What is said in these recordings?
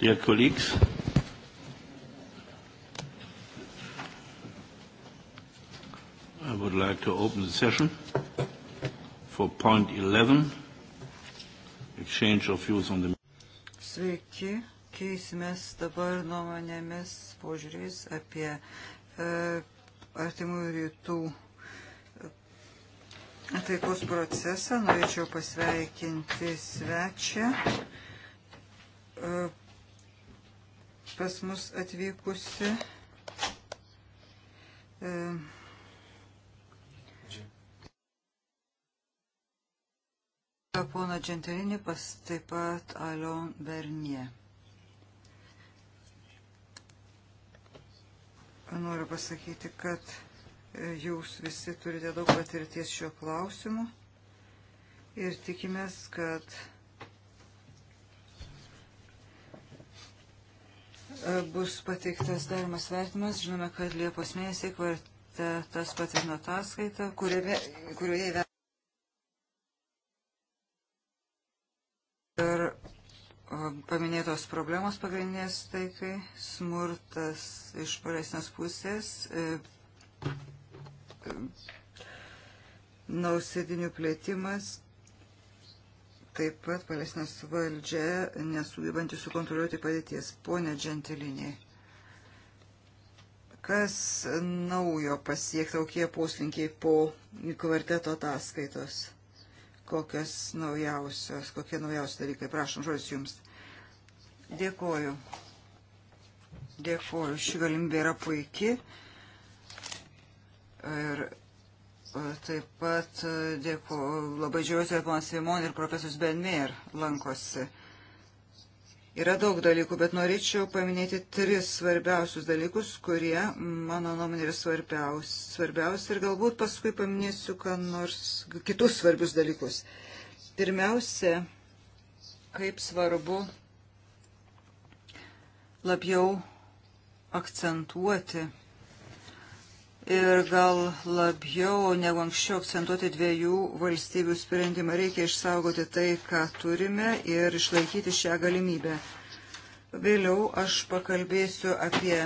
Dear colleagues, I would like to open the session for point 11, exchange of views on the... Sveiki, keisimės dabar nuomonėmis požiūrės apie e, artimų rytų e, taikos procesą. Norėčiau pasveikinti svečią. E, pas mus atvykusi. E, Pona Džentelinį, pas taip pat Alion Bernie. Noriu pasakyti, kad e, jūs visi turite daug patirties šiuo klausimu ir tikimės, kad E, bus pateiktas darimas vertimas. Žinome, kad Liepos mėnesį kvartetas patvirtino ataskaitą, kurioje, kurioje įvertino. Ir paminėtos problemos pagrindinės taikai, smurtas iš paresnės pusės, e, e, nausėdinių plėtimas, taip pat Palestinos valdžia nesugebanti sukontroliuoti padėties. Pone Džentiliniai, kas naujo pasiekta, kokie poslinkiai po kvarteto ataskaitos? Kokios naujausios, kokie naujausi dalykai? Prašom, žodis jums. Dėkoju. Dėkoju. Ši galimybė yra puikia. Ir Taip pat e, dėku, labai džiaugiuosi, kad ponas Vimon ir profesorius Benmėr lankosi. Yra daug dalykų, bet norėčiau paminėti tris svarbiausius dalykus, kurie, mano nuomonė, yra svarbiausi, svarbiausi ir galbūt paskui paminėsiu ką nors kitus svarbius dalykus. Pirmiausia, kaip svarbu labiau akcentuoti ir gal labiau negu anksčiau akcentuoti dviejų valstybių sprendimą. Reikia išsaugoti tai, ką turime ir išlaikyti šią galimybę. Vėliau aš pakalbėsiu apie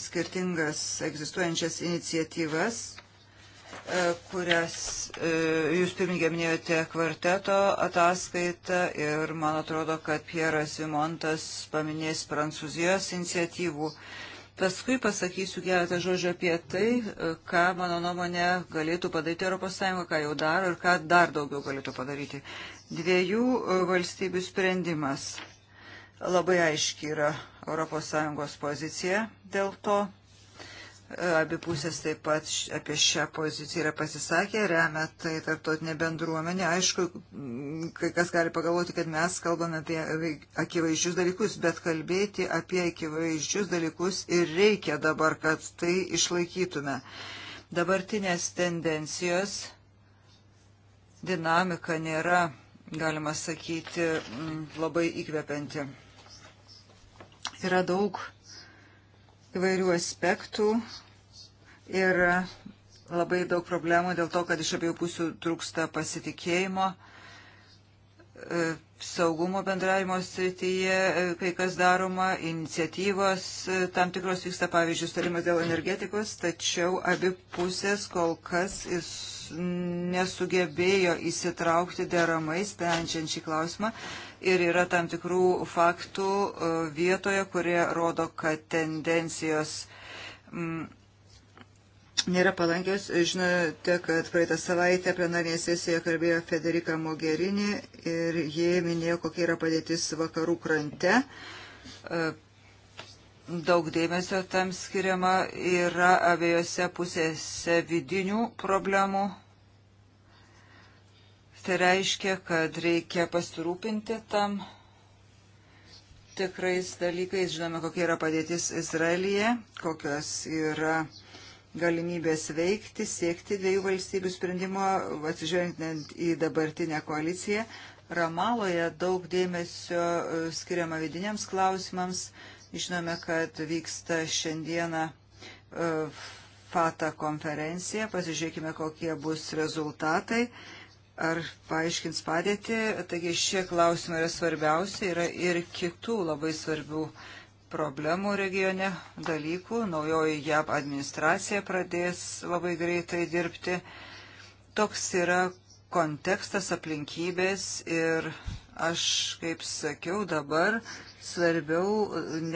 skirtingas egzistuojančias iniciatyvas, e, kurias e, jūs pirmininkė minėjote kvarteto ataskaitą ir man atrodo, kad Pieras Vimontas paminės Prancūzijos iniciatyvų. Paskui pasakysiu keletą žodžių apie tai, e, ką mano nuomonė galėtų padaryti ES, ką jau daro ir ką dar daugiau galėtų padaryti. Dviejų e, valstybių sprendimas. Labai aiški yra ES pozicija dėl to abipusės taip pat apie šią poziciją yra pasisakę, remia tai tarptautinė bendruomenė. Aišku, kai kas gali pagalvoti, kad mes kalbame apie akivaizdžius dalykus, bet kalbėti apie akivaizdžius dalykus ir reikia dabar, kad tai išlaikytume. Dabartinės tendencijos dinamika nėra, galima sakyti, labai įkvepianti. Yra daug įvairių aspektų ir labai daug problemų dėl to, kad iš abiejų pusių trūksta pasitikėjimo, e, saugumo bendravimo srityje, e, kai kas daroma, iniciatyvos e, tam tikros vyksta, pavyzdžiui, starimas dėl energetikos, tačiau abi pusės kol kas nesugebėjo įsitraukti deramai, sprendžiant šį klausimą ir yra tam tikrų faktų e, vietoje, kurie rodo, kad tendencijos mm, nėra palankios. Žinote, kad praeitą savaitę plenarinėje sesijoje kalbėjo Federika Mogherini ir jie minėjo, kokia yra padėtis vakarų krante. E, daug dėmesio tam skiriama yra abiejose pusėse vidinių problemų Tai reiškia, kad reikia pasirūpinti tam tikrais dalykais. Žinome, kokia yra padėtis Izraelyje, kokios yra galimybės veikti, siekti dviejų valstybių sprendimo, atsižiūrint į dabartinę koaliciją. Ramaloje daug dėmesio e, skiriama vidiniams klausimams. Žinome, kad vyksta šiandieną e, FATA konferencija. Pasižiūrėkime, kokie bus rezultatai ar paaiškins padėtį. Taigi šie klausimai yra svarbiausia, yra ir kitų labai svarbių problemų regione dalykų. Naujoji JAP administracija pradės labai greitai dirbti. Toks yra kontekstas, aplinkybės ir aš, kaip sakiau, dabar svarbiau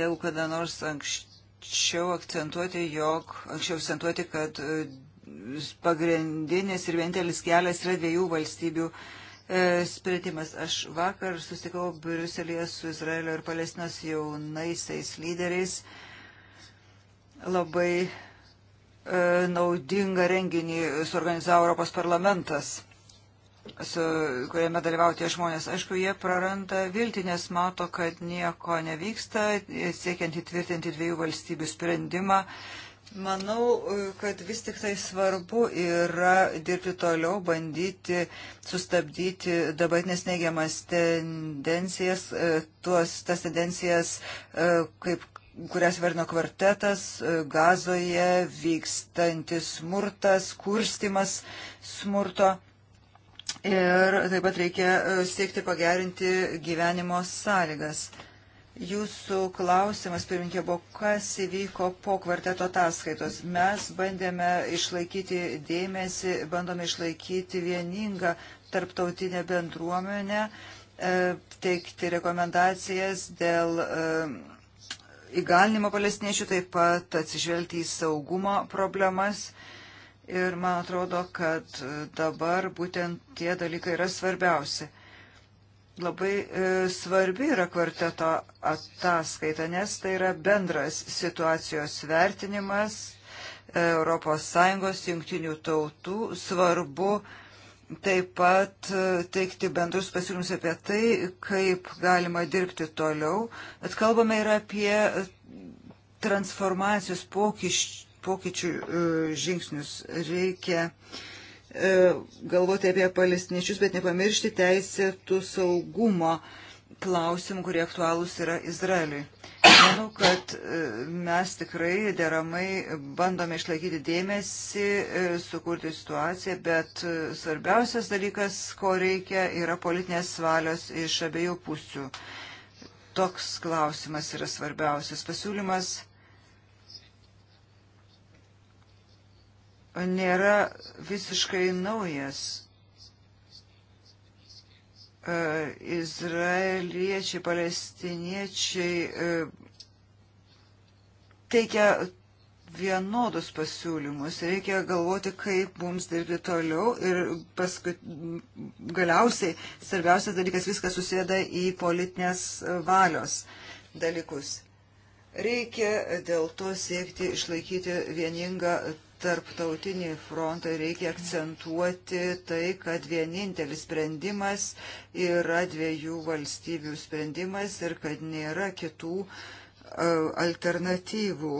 negu kada nors anksčiau akcentuoti, jog, anksčiau akcentuoti, kad pagrindinis ir vienintelis kelias yra dviejų valstybių e, sprendimas. Aš vakar susitikau Briuselėje su Izraelio ir Palestinos jaunaisiais lyderiais. Labai e, naudingą renginį suorganizavo Europos parlamentas su kuriame dalyvauti tie žmonės. Aišku, jie praranda viltį, nes mato, kad nieko nevyksta, siekiant įtvirtinti dviejų valstybių sprendimą. Uh, Manau, kad vis tik tai svarbu yra dirbti toliau, bandyti sustabdyti dabartinės neigiamas tendencijas, e, tuos, tas tendencijas, e, kaip, kurias verno kvartetas, e, gazoje vykstantis smurtas, kurstimas smurto. Ir taip pat reikia siekti pagerinti gyvenimo sąlygas. Jūsų klausimas, pirminkė, buvo, kas įvyko po kvarteto ataskaitos. Mes bandėme išlaikyti dėmesį, bandome išlaikyti vieningą tarptautinę bendruomenę, e, teikti rekomendacijas dėl e, įgalinimo palestiniečių, taip pat atsižvelgti į saugumo problemas. Ir man atrodo, kad dabar būtent tie dalykai yra svarbiausi labai e, svarbi yra kvarteto ataskaita, nes tai yra bendras situacijos vertinimas ES jungtinių tautų. Svarbu taip pat e, teikti bendrus pasiūlymus apie tai, kaip galima dirbti toliau. Bet kalbame ir apie transformacijos pokyčių, pokyčių e, žingsnius. Reikia uh, E, galvoti apie palestiniečius, bet nepamiršti teisėtų saugumo klausimų, kurie aktualūs yra Izraeliui. Manau, kad e, mes tikrai deramai bandome išlaikyti dėmesį, e, sukurti situaciją, bet svarbiausias dalykas, ko reikia, yra politinės valios iš abiejų pusių. Toks klausimas yra svarbiausias pasiūlymas nėra visiškai naujas. E, Izraeliečiai, palestiniečiai e, teikia vienodus pasiūlymus. Reikia galvoti, kaip mums dirbti toliau ir paskui galiausiai svarbiausias dalykas viskas susėda į politinės valios dalykus. Reikia dėl to siekti išlaikyti vieningą tarptautinį frontą ir reikia akcentuoti tai, kad vienintelis sprendimas yra dviejų valstybių sprendimas ir kad nėra kitų e, alternatyvų.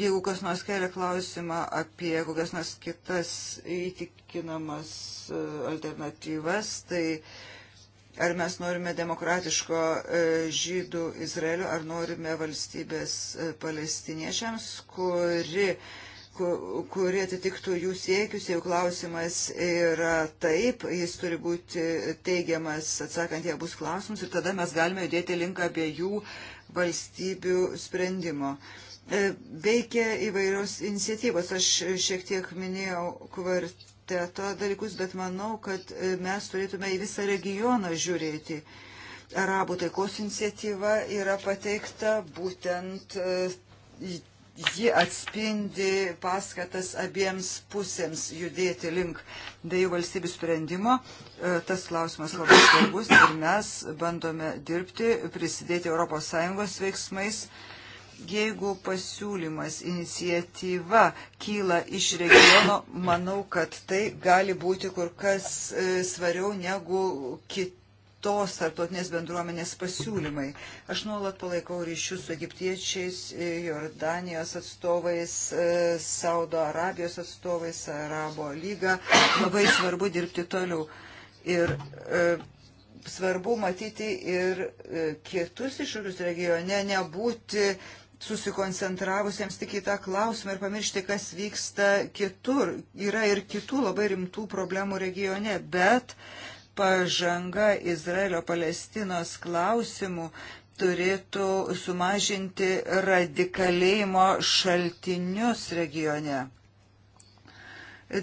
Jeigu kas nors kelia klausimą apie kokias nors kitas įtikinamas e, alternatyvas, tai uh, Ar mes norime demokratiško e, žydų Izraelio, ar norime valstybės e, palestiniečiams, kuri, kuri atitiktų jų siekius, jeigu klausimas yra taip, jis turi būti teigiamas, atsakant jie bus klausimus, ir tada mes galime judėti link abiejų valstybių sprendimo. E, veikia įvairios iniciatyvos. Aš šiek tiek minėjau kvartalą komiteto dalykus, bet manau, kad e, mes turėtume į visą regioną žiūrėti. Arabų taikos iniciatyva yra pateikta būtent e, ji atspindi paskatas abiems pusėms judėti link dviejų valstybių sprendimo. E, tas klausimas labai svarbus ir mes bandome dirbti, prisidėti ES veiksmais Jeigu pasiūlymas, iniciatyva kyla iš regiono, manau, kad tai gali būti kur kas e, svariau negu kitos tarptautinės bendruomenės pasiūlymai. Aš nuolat palaikau ryšius su egiptiečiais, e, Jordanijos atstovais, e, Saudo Arabijos atstovais, Arabo lyga. Labai svarbu dirbti toliau. Ir, svarbu matyti ir kitus iššūkius regione, nebūti susikoncentravusiems tik į tą klausimą ir pamiršti, kas vyksta kitur. Yra ir kitų labai rimtų problemų regione, bet pažanga Izraelio-Palestinos klausimų turėtų sumažinti radikalėjimo šaltinius regione.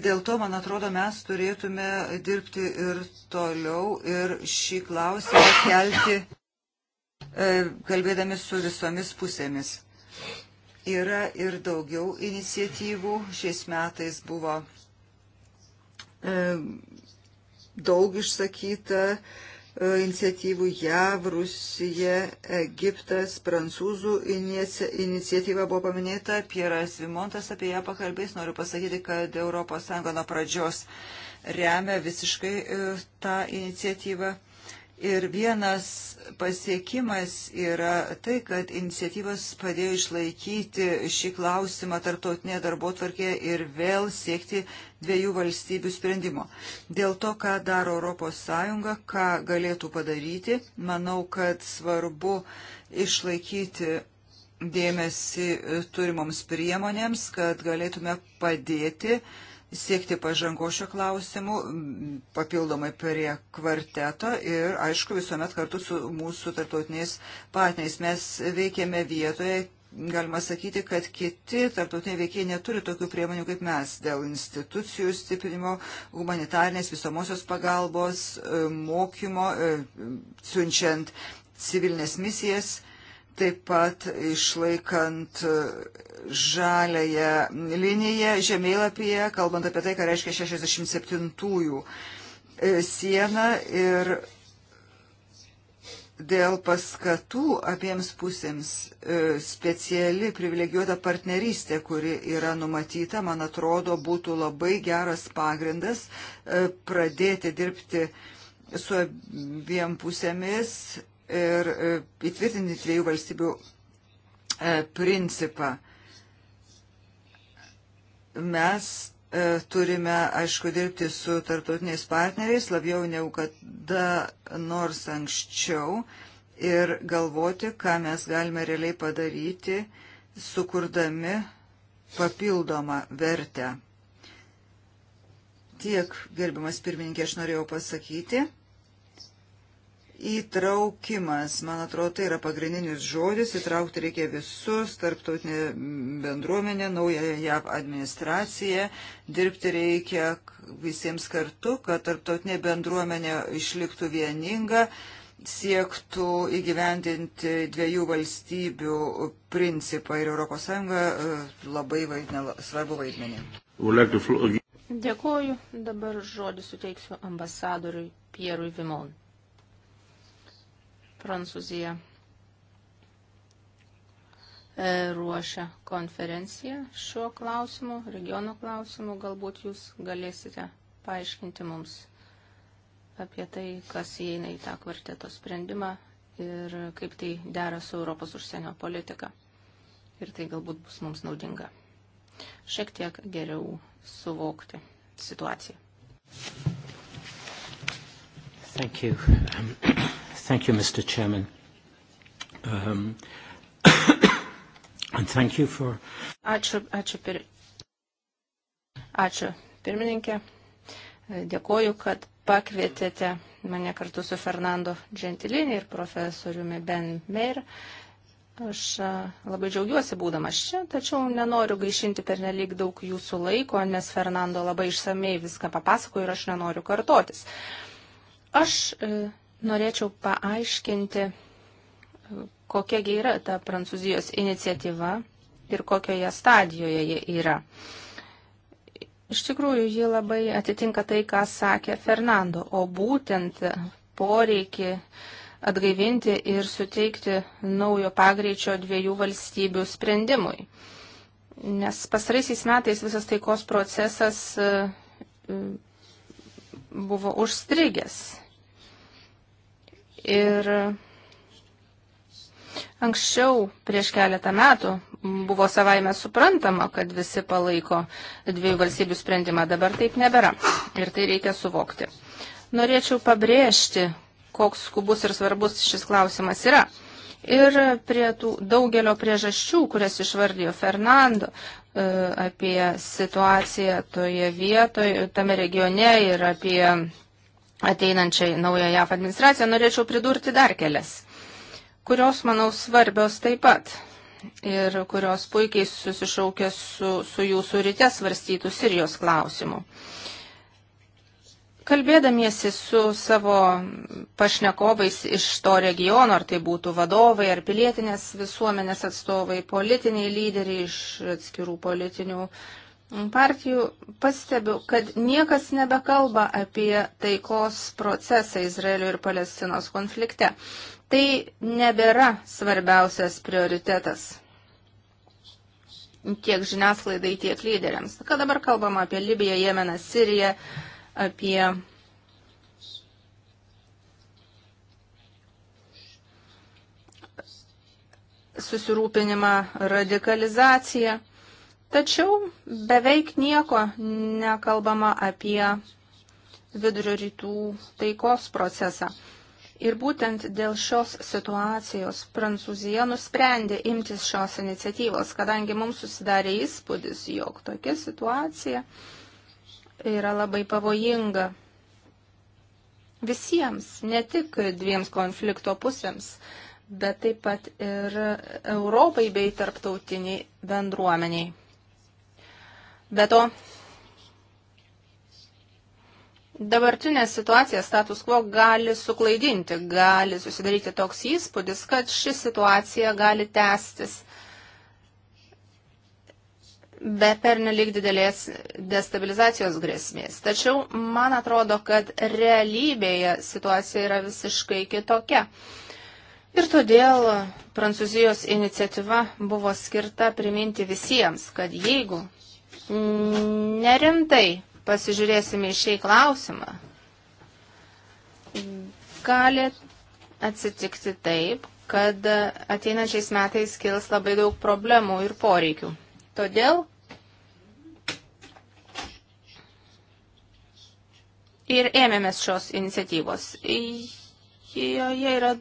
Dėl to, man atrodo, mes turėtume dirbti ir toliau ir šį klausimą kelti E, kalbėdami su visomis pusėmis. Yra ir daugiau iniciatyvų. Šiais metais buvo e, daug išsakyta e, iniciatyvų JAV, Rusija, Egiptas, prancūzų iniciatyva buvo paminėta, Pieras Vimontas apie ją pakalbės. Noriu pasakyti, kad ES nuo pradžios remia visiškai tą iniciatyvą. Ir vienas pasiekimas yra tai, kad iniciatyvas padėjo išlaikyti šį klausimą tarptautinėje darbo tvarkėje ir vėl siekti dviejų valstybių sprendimo. Dėl to, ką daro ES, ką galėtų padaryti, manau, kad svarbu išlaikyti dėmesį turimoms priemonėms, kad galėtume padėti uh, siekti pažango šio klausimu, papildomai prie kvarteto ir, aišku, visuomet kartu su mūsų tarptautiniais partneriais. Mes veikėme vietoje, galima sakyti, kad kiti tarptautiniai veikėjai neturi tokių priemonių kaip mes dėl institucijų stiprinimo, humanitarnės visamosios pagalbos, e, mokymo, e, siunčiant civilinės misijas taip pat išlaikant žalėje liniją žemėlapyje, kalbant apie tai, ką reiškia 67-ųjų e, siena ir dėl paskatų abiems pusėms e, speciali privilegijuota partnerystė, kuri yra numatyta, man atrodo, būtų labai geras pagrindas e, pradėti dirbti su abiem pusėmis ir e, įtvirtinti dviejų valstybių e, principą. Mes e, turime, aišku, dirbti su tarptautiniais partneriais labiau negu kada nors anksčiau ir galvoti, ką mes galime realiai padaryti, sukurdami papildomą vertę. Tiek, gerbiamas pirmininkė, aš norėjau pasakyti. Įtraukimas, man atrodo, tai yra pagrindinis žodis, įtraukti reikia visus, tarptautinė bendruomenė, naują JAV administraciją, dirbti reikia visiems kartu, kad tarptautinė bendruomenė išliktų vieninga, siektų įgyvendinti dviejų valstybių principą ir ES e, labai vaidina, svarbu vaidmenį. Dėkuoju, dabar žodį suteiksiu ambasadoriui Pierui Vimont. Prancūzija e, ruošia konferenciją šiuo klausimu, regiono klausimu. Galbūt jūs galėsite paaiškinti mums apie tai, kas įeina į tą kvarteto sprendimą ir kaip tai dera su Europos užsienio politika. Ir tai galbūt bus mums naudinga. Šiek tiek geriau suvokti situaciją. Thank you. Um, Thank you, Mr. Chairman. Um, and thank you for... Ačiū, ačiū, pir... ačiū pirmininkė. Dėkoju, kad pakvietėte mane kartu su Fernando Gentilinį ir profesoriumi Ben Meir. Aš labai džiaugiuosi būdamas čia, tačiau nenoriu gaišinti per nelik daug jūsų laiko, nes Fernando labai išsamei viską papasakojo ir aš nenoriu kartotis. Aš e, Norėčiau paaiškinti, kokiagi yra ta Prancūzijos iniciatyva ir kokioje stadijoje ji yra. Iš tikrųjų, ji labai atitinka tai, ką sakė Fernando, o būtent poreikį atgaivinti ir suteikti naujo pagreičio dviejų valstybių sprendimui. Nes pasaraisiais metais visas taikos procesas e, buvo užstrigęs Ir anksčiau, prieš keletą metų, buvo savaime suprantama, kad visi palaiko dviejų valstybių sprendimą, dabar taip nebėra. Ir tai reikia suvokti. Norėčiau pabrėžti, koks skubus ir svarbus šis klausimas yra. Ir prie tų daugelio priežasčių, kurias išvardijo Fernando e, apie situaciją toje vietoje, tame regione ir apie ateinančiai naują JAF administraciją, norėčiau pridurti dar kelias, kurios, manau, svarbios taip pat ir kurios puikiai susišaukė su, su jūsų ryte svarstytų Sirijos klausimu. Kalbėdamiesi su savo pašnekovais iš to regiono, ar tai būtų vadovai, ar pilietinės visuomenės atstovai, politiniai lyderiai iš atskirų politinių uh, partijų pastebiu, kad niekas nebekalba apie taikos procesą Izraelio ir Palestinos konflikte. Tai nebėra svarbiausias prioritetas tiek žiniasklaidai, tiek lyderiams. Ką dabar kalbam apie Libiją, Jemeną, Siriją, apie susirūpinimą radikalizaciją. Tačiau beveik nieko nekalbama apie vidurio rytų taikos procesą. Ir būtent dėl šios situacijos Prancūzija nusprendė imtis šios iniciatyvos, kadangi mums susidarė įspūdis, jog tokia situacija yra labai pavojinga visiems, ne tik dviems konflikto pusėms, bet taip pat ir Europai bei tarptautiniai bendruomeniai. Be to, Dabartinė situacija status quo gali suklaidinti, gali susidaryti toks įspūdis, kad ši situacija gali tęstis be pernelik didelės destabilizacijos grėsmės. Tačiau man atrodo, kad realybėje situacija yra visiškai kitokia. Ir todėl Prancūzijos iniciatyva buvo skirta priminti visiems, kad jeigu nerimtai pasižiūrėsime į šį klausimą, gali atsitikti taip, kad ateinančiais metais kils labai daug problemų ir poreikių. Todėl ir ėmėmės šios iniciatyvos. Joje yra,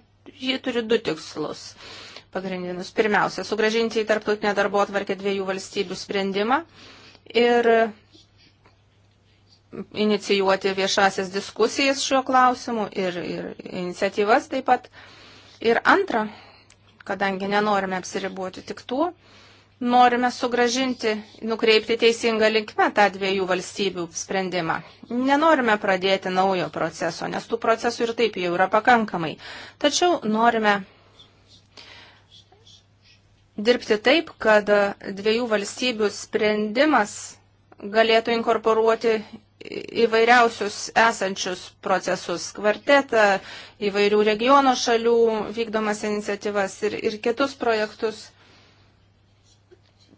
jie turi du tikslus pagrindinius. Pirmiausia, sugražinti į tarptautinę darbo atvarkę dviejų valstybių sprendimą ir inicijuoti viešasias diskusijas šiuo klausimu ir, ir iniciatyvas taip pat. Ir antra, kadangi nenorime apsiribuoti tik tuo, norime sugražinti, nukreipti teisingą linkmę tą dviejų valstybių sprendimą. Nenorime pradėti naujo proceso, nes tų procesų ir taip jau yra pakankamai. Tačiau norime dirbti taip, kad dviejų valstybių sprendimas galėtų inkorporuoti įvairiausius esančius procesus, kvartetą, įvairių regiono šalių vykdomas iniciatyvas ir, ir kitus projektus,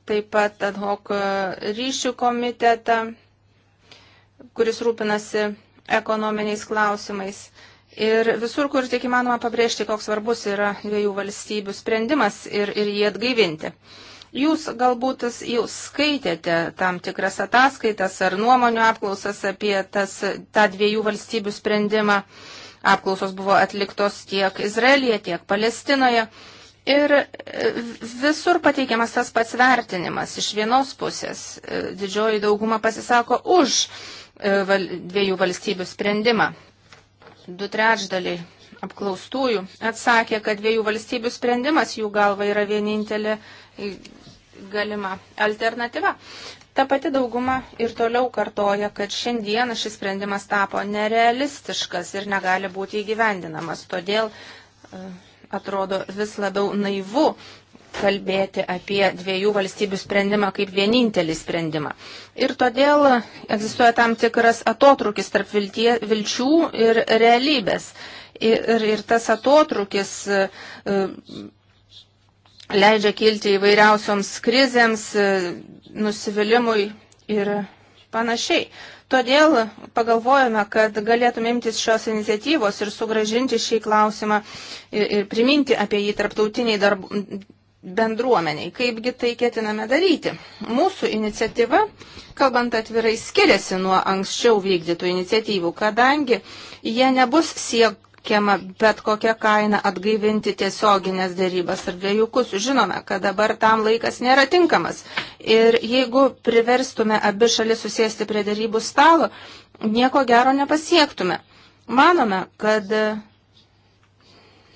taip pat ad hoc ryšių komitetą, kuris rūpinasi ekonominiais klausimais. Ir visur, kur tik įmanoma pabrėžti, koks svarbus yra dviejų valstybių sprendimas ir, ir jį atgaivinti. Jūs galbūt jau skaitėte tam tikras ataskaitas ar nuomonių apklausas apie tas, tą dviejų valstybių sprendimą. Apklausos buvo atliktos tiek Izraelyje, tiek Palestinoje. Ir e, visur pateikiamas tas pats vertinimas. Iš vienos pusės e, didžioji dauguma pasisako už e, dviejų valstybių sprendimą. Du trečdaliai apklaustųjų atsakė, kad dviejų valstybių sprendimas jų galva yra vienintelė galima alternatyva. Ta pati dauguma ir toliau kartoja, kad šiandien šis sprendimas tapo nerealistiškas ir negali būti įgyvendinamas. Todėl e, atrodo vis labiau naivu kalbėti apie dviejų valstybių sprendimą kaip vienintelį sprendimą. Ir todėl egzistuoja tam tikras atotrukis tarp viltie, vilčių ir realybės. Ir, ir, ir tas atotrukis e, leidžia kilti įvairiausioms krizėms, e, nusivylimui ir panašiai. Todėl pagalvojame, kad galėtume imtis šios iniciatyvos ir sugražinti šį klausimą ir, ir priminti apie jį tarptautiniai darb, bendruomeniai. Kaipgi tai ketiname daryti? Mūsų iniciatyva, kalbant atvirai, skiriasi nuo anksčiau vykdytų iniciatyvų, kadangi jie nebus siekiama bet kokią kainą atgaivinti tiesioginės dėrybas ar dviejukus. Žinome, kad dabar tam laikas nėra tinkamas. Ir jeigu priverstume abi šalis susėsti prie dėrybų stalo, nieko gero nepasiektume. Manome, kad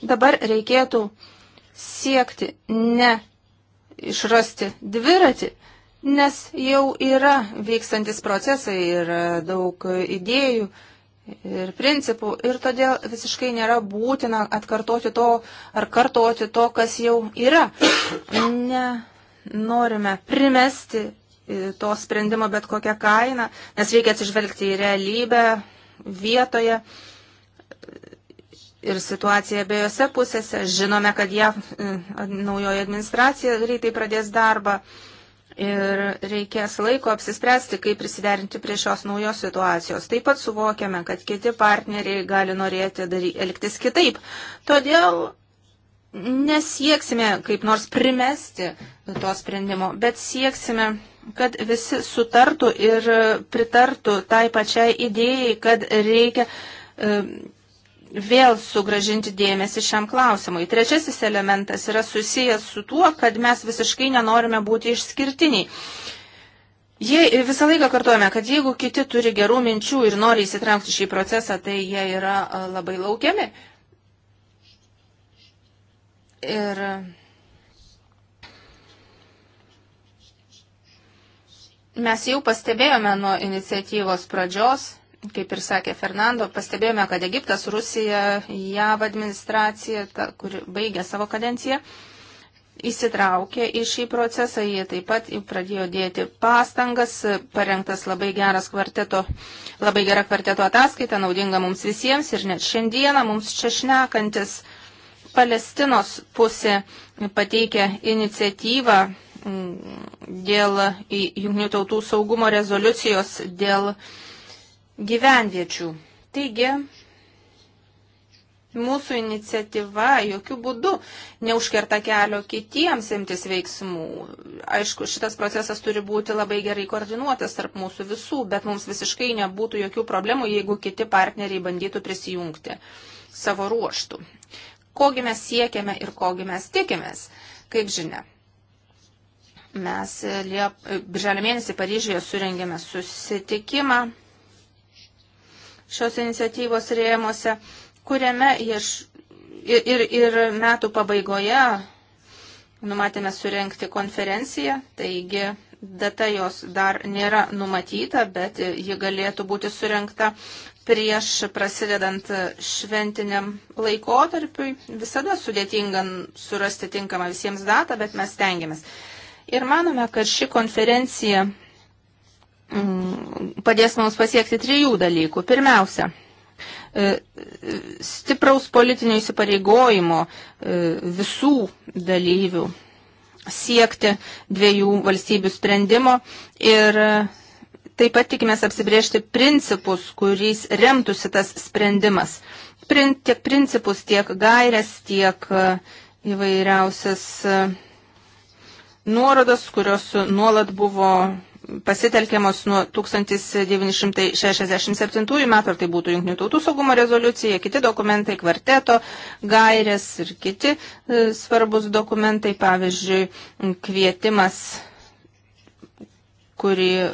dabar reikėtų siekti ne išrasti dviratį, nes jau yra vykstantis procesai, yra daug idėjų ir principų ir todėl visiškai nėra būtina atkartoti to ar kartoti to, kas jau yra. Ne norime primesti e, to sprendimo bet kokią kainą, nes reikia atsižvelgti į realybę vietoje ir situacija abiejose pusėse. Žinome, kad JAV e, naujoji administracija greitai pradės darbą ir reikės laiko apsispręsti, kaip prisiderinti prie šios naujos situacijos. Taip pat suvokiame, kad kiti partneriai gali norėti dary, elgtis kitaip. Todėl nesieksime kaip nors primesti to sprendimo, bet sieksime kad visi sutartų ir pritartų tai pačiai idėjai, kad reikia e, vėl sugražinti dėmesį šiam klausimui. Trečiasis elementas yra susijęs su tuo, kad mes visiškai nenorime būti išskirtiniai. Jie visą laiką kartuojame, kad jeigu kiti turi gerų minčių ir nori įsitraukti šį procesą, tai jie yra labai laukiami. Ir mes jau pastebėjome nuo iniciatyvos pradžios, Kaip ir sakė Fernando, pastebėjome, kad Egiptas, Rusija, JAV administracija, ta, kuri baigė savo kadenciją, įsitraukė į šį procesą, jie taip pat pradėjo dėti pastangas, parengtas labai, geras kvarteto, labai gera kvarteto ataskaita, naudinga mums visiems ir net šiandieną mums čia šnekantis Palestinos pusė pateikė iniciatyvą mm, dėl jungtinių tautų saugumo rezoliucijos dėl uh, gyvenviečių. Taigi, mūsų iniciatyva jokių būdų neužkerta kelio kitiems imtis veiksmų. Aišku, šitas procesas turi būti labai gerai koordinuotas tarp mūsų visų, bet mums visiškai nebūtų jokių problemų, jeigu kiti partneriai bandytų prisijungti savo ruoštų. Kogi mes siekiame ir kogi mes tikimės, kaip žinia. Mes liep... Birželio mėnesį Paryžiuje surengėme susitikimą šios iniciatyvos rėmose, kuriame ieš, ir, ir, ir metų pabaigoje numatėme surenkti konferenciją, taigi data jos dar nėra numatyta, bet ji galėtų būti surenkta prieš prasidedant šventiniam laikotarpiui. Visada sudėtinga surasti tinkamą visiems datą, bet mes tengiamės. Ir manome, kad ši konferencija Mm, padės mums pasiekti trijų dalykų. Pirmiausia, e, stipraus politinio įsipareigojimo e, visų dalyvių siekti dviejų valstybių sprendimo ir e, taip pat tikimės apsibriežti principus, kuriais remtųsi tas sprendimas. Prin, tiek principus, tiek gairias, tiek įvairiausias nuorodas, kurios nuolat buvo pasitelkiamos nuo 1967 metų, ar tai būtų Junktinių tautų saugumo rezoliucija, kiti dokumentai, kvarteto, gairės ir kiti e, svarbus dokumentai, pavyzdžiui, kvietimas, kurį e,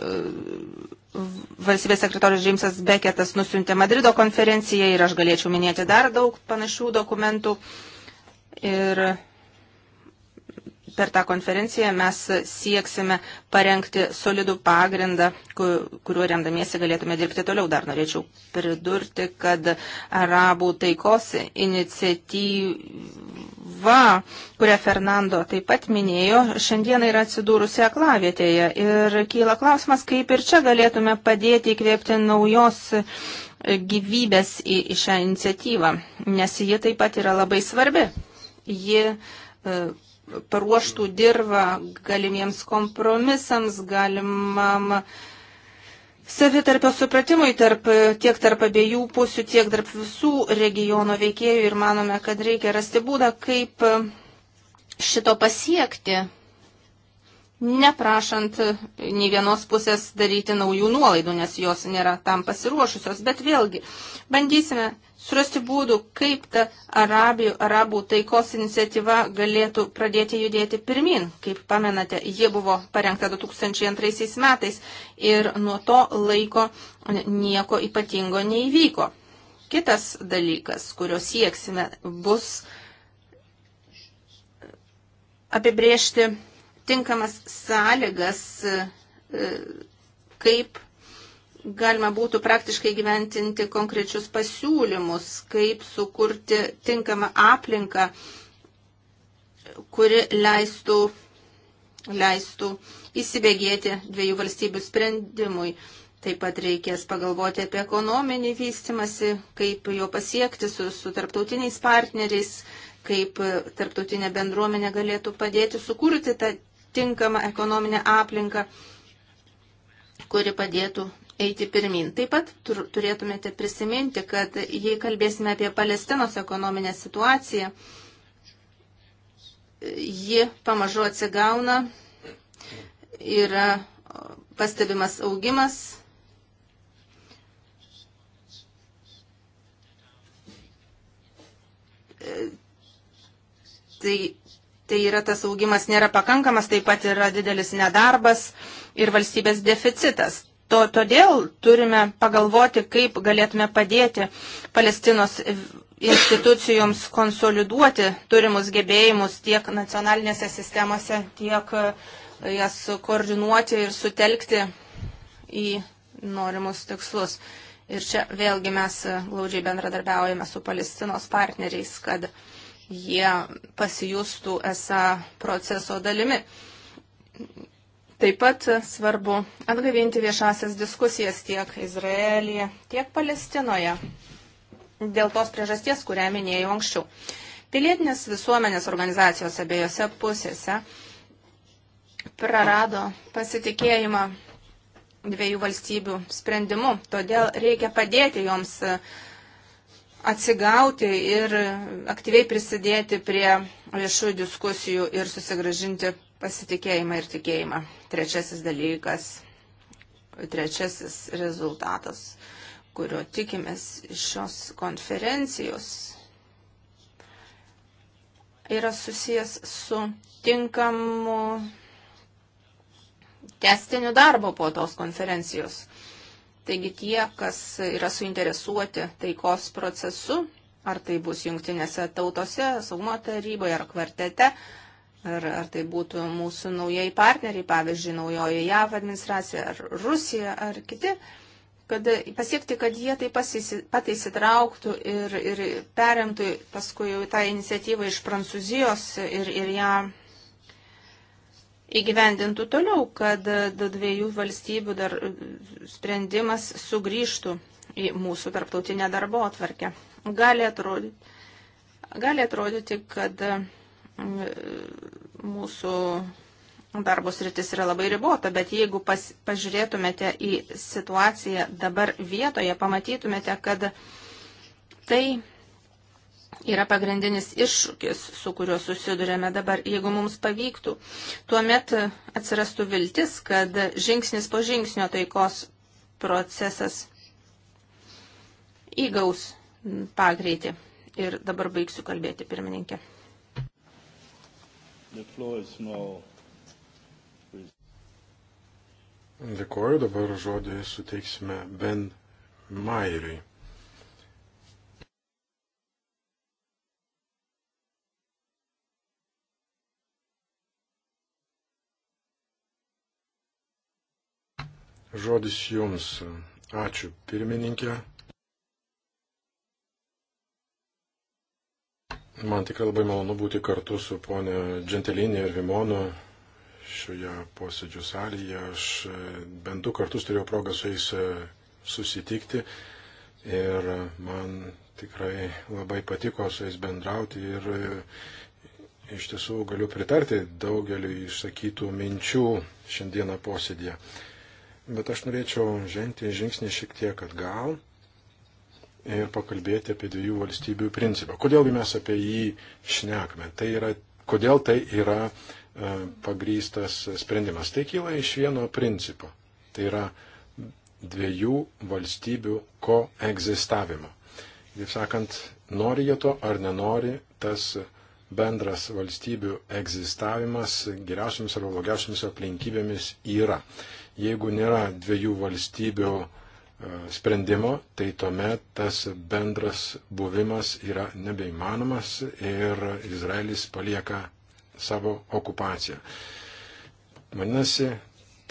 valstybės sekretorius Džeimsas Beketas nusiuntė Madrido konferenciją ir aš galėčiau minėti dar daug panašių dokumentų. Ir per tą konferenciją mes sieksime parengti solidų pagrindą, kuriuo remdamiesi galėtume dirbti toliau. Dar norėčiau pridurti, kad arabų taikos iniciatyva, kurią Fernando taip pat minėjo, šiandien yra atsidūrusi aklavietėje. Ir kyla klausimas, kaip ir čia galėtume padėti įkvėpti naujos gyvybės į, į šią iniciatyvą, nes ji taip pat yra labai svarbi. Ji e, paruoštų dirbą galimiems kompromisams, galimam savitarpio supratimui tarp, tiek tarp abiejų pusių, tiek tarp visų regiono veikėjų ir manome, kad reikia rasti būdą, kaip šito pasiekti, neprašant nei vienos pusės daryti naujų nuolaidų, nes jos nėra tam pasiruošusios. Bet vėlgi, bandysime surasti būdų, kaip ta Arabijų, Arabų taikos iniciatyva galėtų pradėti judėti pirmin. Kaip pamenate, ji buvo parengta 2002 metais ir nuo to laiko nieko ypatingo neįvyko. Kitas dalykas, kurio sieksime, bus apibriežti tinkamas sąlygas, e, kaip galima būtų praktiškai gyventinti konkrečius pasiūlymus, kaip sukurti tinkamą aplinką, kuri leistų, leistų įsibėgėti dviejų valstybių sprendimui. Taip pat reikės pagalvoti apie ekonominį vystimasi, kaip jo pasiekti su, su tarptautiniais partneriais, kaip tarptautinė bendruomenė galėtų padėti sukurti tą tinkamą ekonominę aplinką, kuri padėtų eiti pirmin. Taip pat turėtumėte prisiminti, kad jei kalbėsime apie Palestinos ekonominę situaciją, ji pamažu atsigauna, yra pastebimas augimas. Tai, tai yra tas augimas nėra pakankamas, taip pat yra didelis nedarbas ir valstybės deficitas to, todėl turime pagalvoti, kaip galėtume padėti Palestinos institucijoms konsoliduoti turimus gebėjimus tiek nacionalinėse sistemose, tiek e, jas koordinuoti ir sutelkti į norimus tikslus. Ir čia vėlgi mes e, glaudžiai bendradarbiaujame su Palestinos partneriais, kad jie pasijustų esą proceso dalimi. Taip pat svarbu atgavinti viešasias diskusijas tiek Izraelyje, tiek Palestinoje dėl tos priežasties, kurią minėjau anksčiau. Pilietinės visuomenės organizacijos abiejose pusėse prarado pasitikėjimą dviejų valstybių sprendimu, todėl reikia padėti joms atsigauti ir aktyviai prisidėti prie viešų diskusijų ir susigražinti pasitikėjimą ir tikėjimą. Trečiasis dalykas, trečiasis rezultatas, kurio tikimės iš šios konferencijos, yra susijęs su tinkamu testiniu darbu po tos konferencijos. Taigi tie, kas yra suinteresuoti taikos procesu, ar tai bus jungtinėse tautose, saugumo taryboje ar kvartete, Ar, ar tai būtų mūsų naujai partneriai, pavyzdžiui, naujoji JAV administracija, ar Rusija, ar kiti, kad pasiekti, kad jie taip pat įsitrauktų ir, ir perimtų paskui jau tą iniciatyvą iš Prancūzijos ir, ir ją įgyvendintų toliau, kad dviejų valstybių dar sprendimas sugrįžtų į mūsų tarptautinę darbo atvarkę. Gali atrodyti, gali atrodyti kad mūsų darbos rytis yra labai ribota, bet jeigu pas, pažiūrėtumėte į situaciją dabar vietoje, pamatytumėte, kad tai yra pagrindinis iššūkis, su kuriuo susidurėme dabar. Jeigu mums pavyktų, tuomet atsirastų viltis, kad žingsnis po žingsnio taikos procesas įgaus pagreitį. Ir dabar baigsiu kalbėti, pirmininkė. The floor is now Dėkuoju, dabar žodį suteiksime Ben Mairiui. Žodis jums. Ačiū pirmininkė. Man tikrai labai malonu būti kartu su ponia Džentelinė ir Vimonu šioje posėdžių salėje. Aš e, bent du kartus turėjau progą su jais e, susitikti ir man tikrai labai patiko su jais bendrauti ir e, iš tiesų galiu pritarti daugeliu išsakytų minčių šiandieną posėdėje. Bet aš norėčiau žengti žingsnį šiek tiek atgal ir pakalbėti apie dviejų valstybių principą. Kodėl mes apie jį šnekame? Tai yra, kodėl tai yra e, pagrystas sprendimas? Tai kyla iš vieno principo. Tai yra dviejų valstybių koegzistavimo. Taip sakant, nori jie to ar nenori, tas bendras valstybių egzistavimas geriausiamis ar blogiausiamis aplinkybėmis yra. Jeigu nėra dviejų valstybių uh, E, sprendimo, tai tuomet tas bendras buvimas yra nebeįmanomas ir Izraelis palieka savo okupaciją. Vadinasi,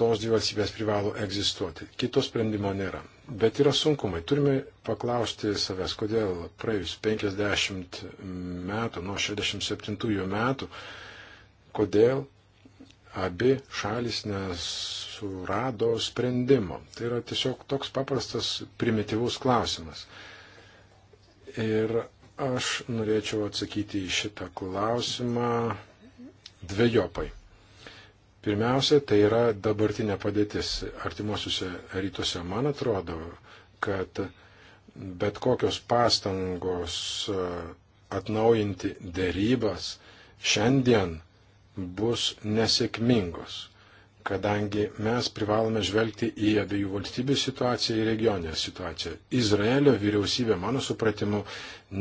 tos dvi valstybės privalo egzistuoti. Kito sprendimo nėra. Bet yra sunkumai. Turime paklausti savęs, kodėl praėjus 50 metų, nuo 67 metų, kodėl abi šalis nesurado sprendimo. Tai yra tiesiog toks paprastas primityvus klausimas. Ir aš norėčiau atsakyti į šitą klausimą dviejopai. Pirmiausia, tai yra dabartinė padėtis artimuosiuose rytuose. Man atrodo, kad bet kokios pastangos atnaujinti dėrybas šiandien bus nesėkmingos, kadangi mes privalome žvelgti į abiejų valstybių situaciją ir regioninę situaciją. Izraelio vyriausybė, mano supratimu,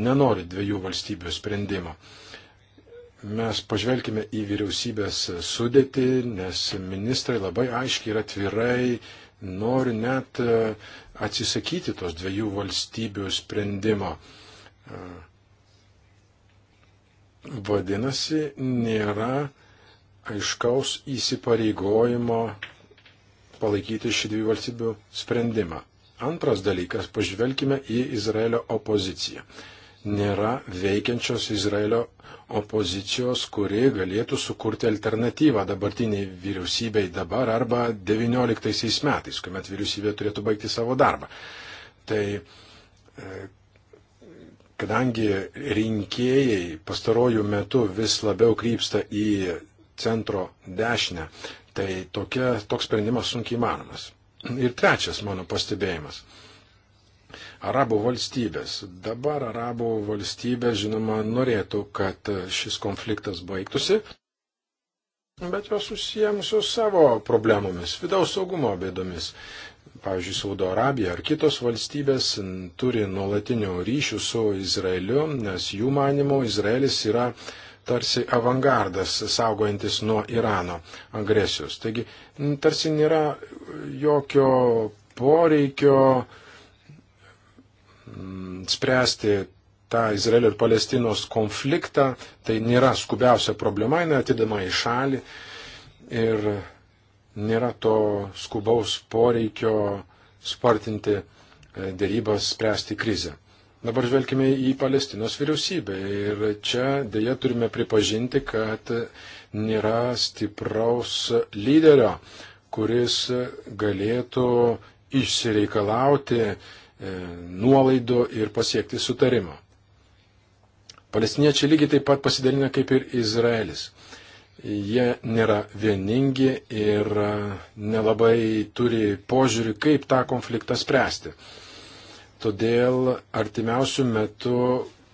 nenori dviejų valstybių sprendimo. Mes pažvelkime į vyriausybės sudėtį, nes ministrai labai aiškiai ir atvirai nori net e, atsisakyti tos dviejų valstybių sprendimo. E, vadinasi, nėra aiškaus įsipareigojimo palaikyti šį dviejų valstybių sprendimą. Antras dalykas, pažvelkime į Izraelio opoziciją. Nėra veikiančios Izraelio opozicijos, kuri galėtų sukurti alternatyvą dabartiniai vyriausybei dabar arba 19 metais, kuomet vyriausybė turėtų baigti savo darbą. Tai e, kadangi rinkėjai pastarojų metų vis labiau krypsta į centro dešinę. Tai tokia, toks sprendimas sunkiai įmanomas. Ir trečias mano pastebėjimas. Arabų valstybės. Dabar arabų valstybės, žinoma, norėtų, kad šis konfliktas baigtųsi, bet jos susijęms su savo problemomis, vidaus saugumo bėdomis. Pavyzdžiui, Saudo Arabija ar kitos valstybės turi nuolatinių ryšių su Izraeliu, nes jų manimo Izraelis yra tarsi avangardas saugojantis nuo Irano agresijos. Taigi tarsi nėra jokio poreikio spręsti tą Izraelio ir Palestinos konfliktą, tai nėra skubiausia problema, jinai atidama į šalį ir nėra to skubaus poreikio spartinti e, dėrybas, spręsti krizę. Dabar žvelgime į Palestinos vyriausybę ir čia dėja turime pripažinti, kad nėra stipraus lyderio, kuris galėtų išsireikalauti e, nuolaidų ir pasiekti sutarimą. Palestiniečiai lygiai taip pat pasidalina kaip ir Izraelis. Jie nėra vieningi ir nelabai turi požiūrį, kaip tą konfliktą spręsti. Todėl artimiausių metų,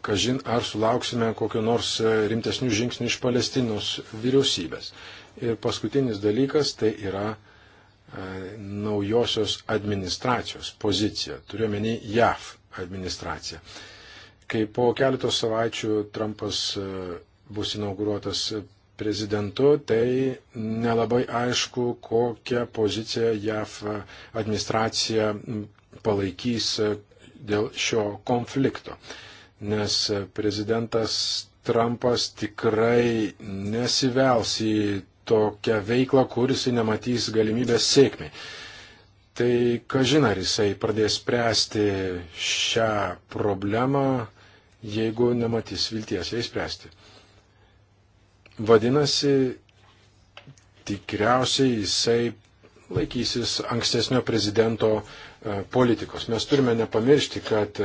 kažin ar sulauksime kokio nors e, rimtesnių žingsnių iš Palestinos vyriausybės. Ir paskutinis dalykas tai yra e, naujosios administracijos pozicija, turiuomenį JAV administraciją. Kai po keletos savaičių Trumpas e, bus inauguruotas prezidentu, tai nelabai aišku, kokią poziciją JAF administracija palaikys dėl šio konflikto, nes prezidentas Trumpas tikrai nesivels į tokią veiklą, kuris nematys galimybės sėkmiai. Tai kažin ar jisai pradės spręsti šią problemą, jeigu nematys vilties ją įspręsti. Vadinasi, tikriausiai jisai laikysis ankstesnio prezidento E, politikos. Mes turime nepamiršti, kad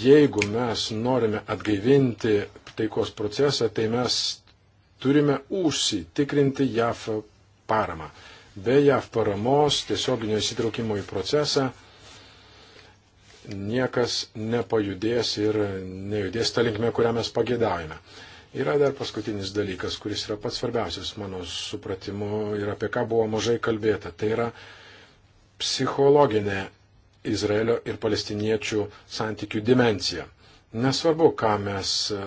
jeigu mes norime atgaivinti taikos procesą, tai mes turime užsitikrinti JAF paramą. Be JAF paramos tiesioginio įsitraukimo į procesą niekas nepajudės ir nejudės tą linkmę, kurią mes pagėdavome. Yra dar paskutinis dalykas, kuris yra pats svarbiausias mano supratimu ir apie ką buvo mažai kalbėta. Tai yra psichologinė Izraelio ir palestiniečių santykių dimenciją. Nesvarbu, ką mes e,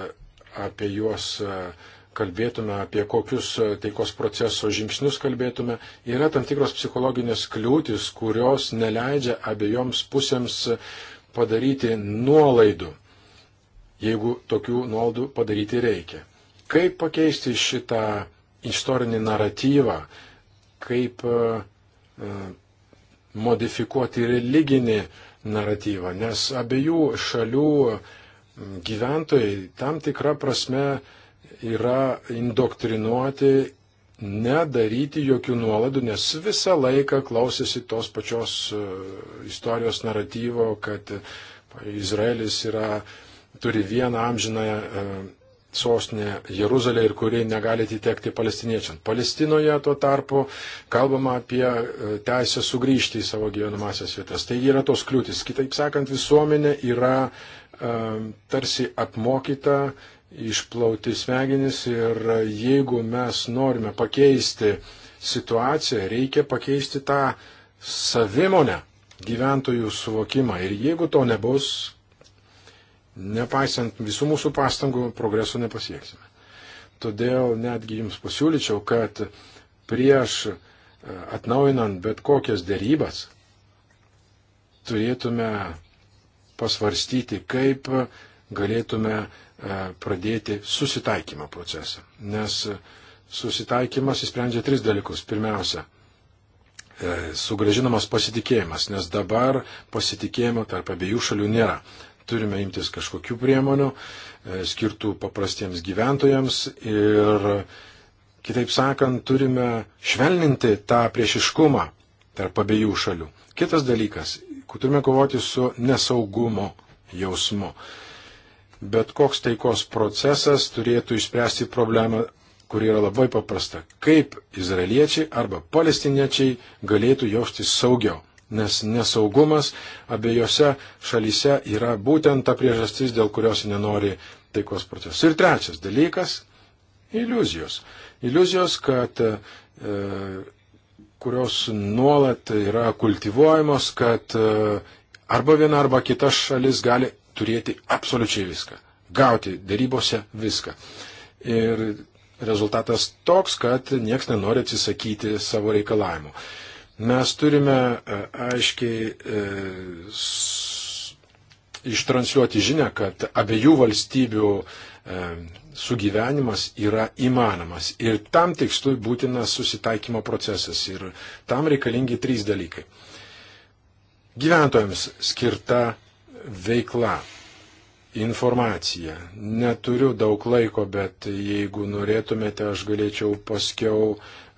apie juos e, kalbėtume, apie kokius e, taikos proceso žingsnius kalbėtume, yra tam tikros psichologinės kliūtis, kurios neleidžia abiejoms pusėms padaryti nuolaidų, jeigu tokių nuolaidų padaryti reikia. Kaip pakeisti šitą istorinį naratyvą, kaip modifikuoti religinį naratyvą, nes abiejų šalių gyventojai tam tikrą prasme yra indoktrinuoti nedaryti jokių nuoladų, nes visą laiką klausėsi tos pačios e, istorijos naratyvo, kad e, Izraelis yra, turi vieną amžinąją e, sostinė Jeruzalė ir kuri negali atitekti palestiniečiam. Palestinoje tuo tarpu kalbama apie e, teisę sugrįžti į savo gyvenamasias vietas. Tai yra tos kliūtis. Kitaip sakant, visuomenė yra um, tarsi apmokyta išplauti smegenis ir jeigu mes norime pakeisti situaciją, reikia pakeisti tą savimonę gyventojų suvokimą. Ir jeigu to nebus, Nepaisant visų mūsų pastangų, progreso nepasieksime. Todėl netgi jums pasiūlyčiau, kad prieš e, atnaujinant bet kokias dėrybas turėtume pasvarstyti, kaip galėtume e, pradėti susitaikymo procesą. Nes susitaikymas įsprendžia tris dalykus. Pirmiausia, e, sugražinamas pasitikėjimas, nes dabar pasitikėjimo tarp abiejų šalių nėra turime imtis kažkokių priemonių e, skirtų paprastiems gyventojams ir, kitaip sakant, turime švelninti tą priešiškumą tarp abiejų šalių. Kitas dalykas, turime kovoti su nesaugumo jausmu. Bet koks taikos procesas turėtų išspręsti problemą, kuri yra labai paprasta. Kaip izraeliečiai arba palestiniečiai galėtų jaustis saugiau nes nesaugumas abiejose šalyse yra būtent ta priežastis, dėl kurios nenori taikos procesas. Ir trečias dalykas - iliuzijos. Iliuzijos, kad e, kurios nuolat yra kultivuojamos, kad e, arba viena arba kita šalis gali turėti absoliučiai viską, gauti darybose viską. Ir rezultatas toks, kad nieks nenori atsisakyti savo reikalavimų. Mes turime e, aiškiai e, ištransliuoti žinę, kad abiejų valstybių e, sugyvenimas yra įmanomas. Ir tam tikslui būtinas susitaikymo procesas. Ir tam reikalingi trys dalykai. Gyventojams skirta veikla, informacija. Neturiu daug laiko, bet jeigu norėtumėte, aš galėčiau paskiau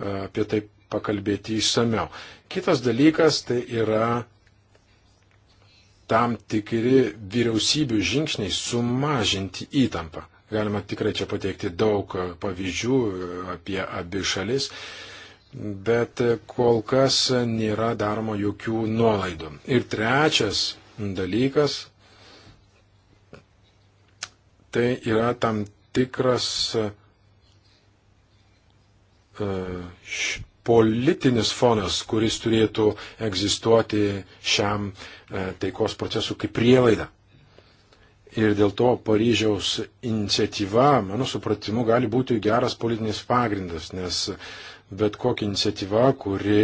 apie tai pakalbėti išsameu. Kitas dalykas tai yra tam tikri vyriausybių žingsniai sumažinti įtampą. Galima tikrai čia pateikti daug pavyzdžių apie abi šalis, bet kol kas nėra daroma jokių nuolaidų. Ir trečias dalykas tai yra tam tikras e, politinis fonas, kuris turėtų egzistuoti šiam e, taikos procesui kaip prielaida. Ir dėl to Paryžiaus iniciatyva, mano supratimu, gali būti geras politinis pagrindas, nes bet kokia iniciatyva, kuri,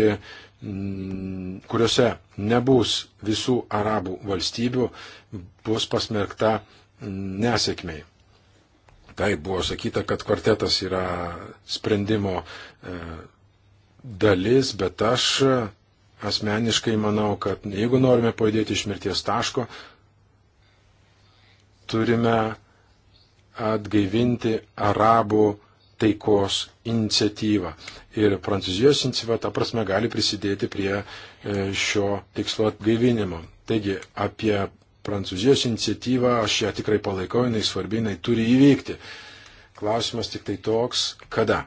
mm, kuriuose nebus visų arabų valstybių, bus pasmerkta nesėkmiai. Tai buvo sakyta, kad kvartetas yra sprendimo e, dalis, bet aš asmeniškai manau, kad jeigu norime pajudėti iš mirties taško, turime atgaivinti arabų taikos iniciatyvą. Ir Prancūzijos iniciatyva, ta prasme, gali prisidėti prie e, šio tikslo atgaivinimo. Taigi, apie Prancūzijos iniciatyvą aš ją tikrai palaikau, jinai svarbi, jinai turi įvykti. Klausimas tik tai toks, kada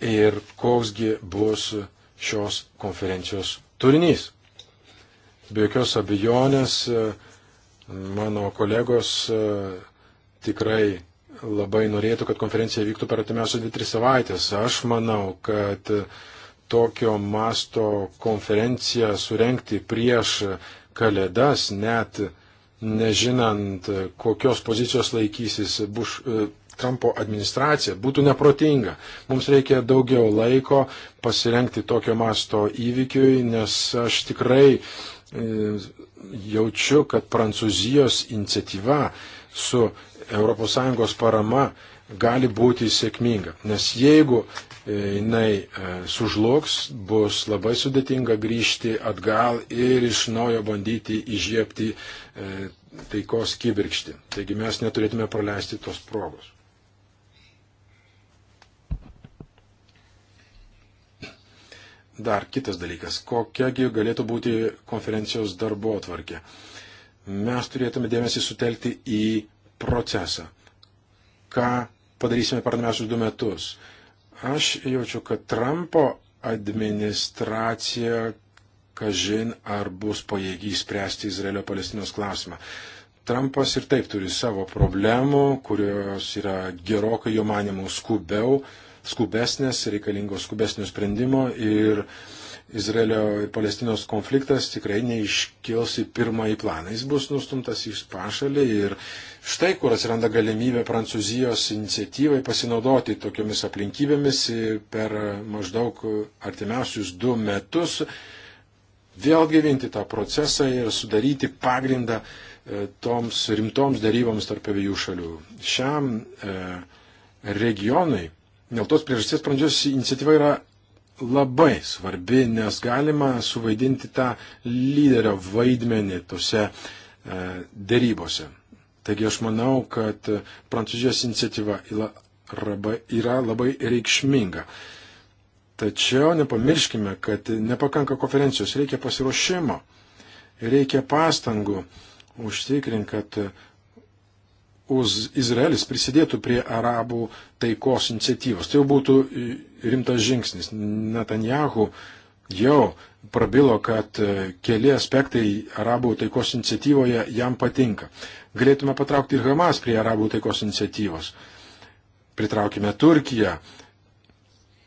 ir koksgi bus šios konferencijos turinys. Be jokios abejonės mano kolegos e, tikrai labai norėtų, kad konferencija vyktų per atimiausias 2-3 savaitės. Aš manau, kad tokio masto konferenciją surenkti prieš kalėdas, net nežinant, kokios pozicijos laikysis Bush, e, Trumpo administracija būtų neprotinga. Mums reikia daugiau laiko pasirenkti tokio masto įvykiui, nes aš tikrai e, jaučiu, kad Prancūzijos iniciatyva su ES parama gali būti sėkminga. Nes jeigu e, jinai e, sužlugs, bus labai sudėtinga grįžti atgal ir iš naujo bandyti išjėpti taikos kibirkšti. Taigi mes neturėtume praleisti tos progos. Dar kitas dalykas, kokiagi galėtų būti konferencijos darbo atvarkė. Mes turėtume dėmesį sutelkti į procesą. Ką padarysime per namiausius du metus. Aš jaučiu, kad Trumpo administracija, kažin ar bus pajėgi įspręsti Izraelio-Palestinos klausimą. Trumpas ir taip turi savo problemų, kurios yra gerokai jo manimų skubiau skubesnės, reikalingos skubesnio sprendimo ir Izraelio ir Palestinos konfliktas tikrai neiškils į pirmąjį planą. Jis bus nustumtas į pašalį ir štai kur atsiranda galimybė Prancūzijos iniciatyvai pasinaudoti tokiomis aplinkybėmis per maždaug artimiausius du metus vėl atgyvinti tą procesą ir sudaryti pagrindą e, toms rimtoms daryboms tarp abiejų šalių. Šiam e, regionui Dėl tos priežasties Prancūzijos iniciatyva yra labai svarbi, nes galima suvaidinti tą lyderio vaidmenį tose e, dėrybose. Taigi aš manau, kad Prancūzijos iniciatyva yra labai reikšminga. Tačiau nepamirškime, kad nepakanka konferencijos, reikia pasiruošimo, reikia pastangų užtikrinti, kad uz Izraelis prisidėtų prie arabų taikos iniciatyvos. Tai jau būtų rimtas žingsnis. Netanjahu jau prabilo, kad e, keli aspektai arabų taikos iniciatyvoje jam patinka. Galėtume patraukti ir Hamas prie arabų taikos iniciatyvos. Pritraukime Turkiją,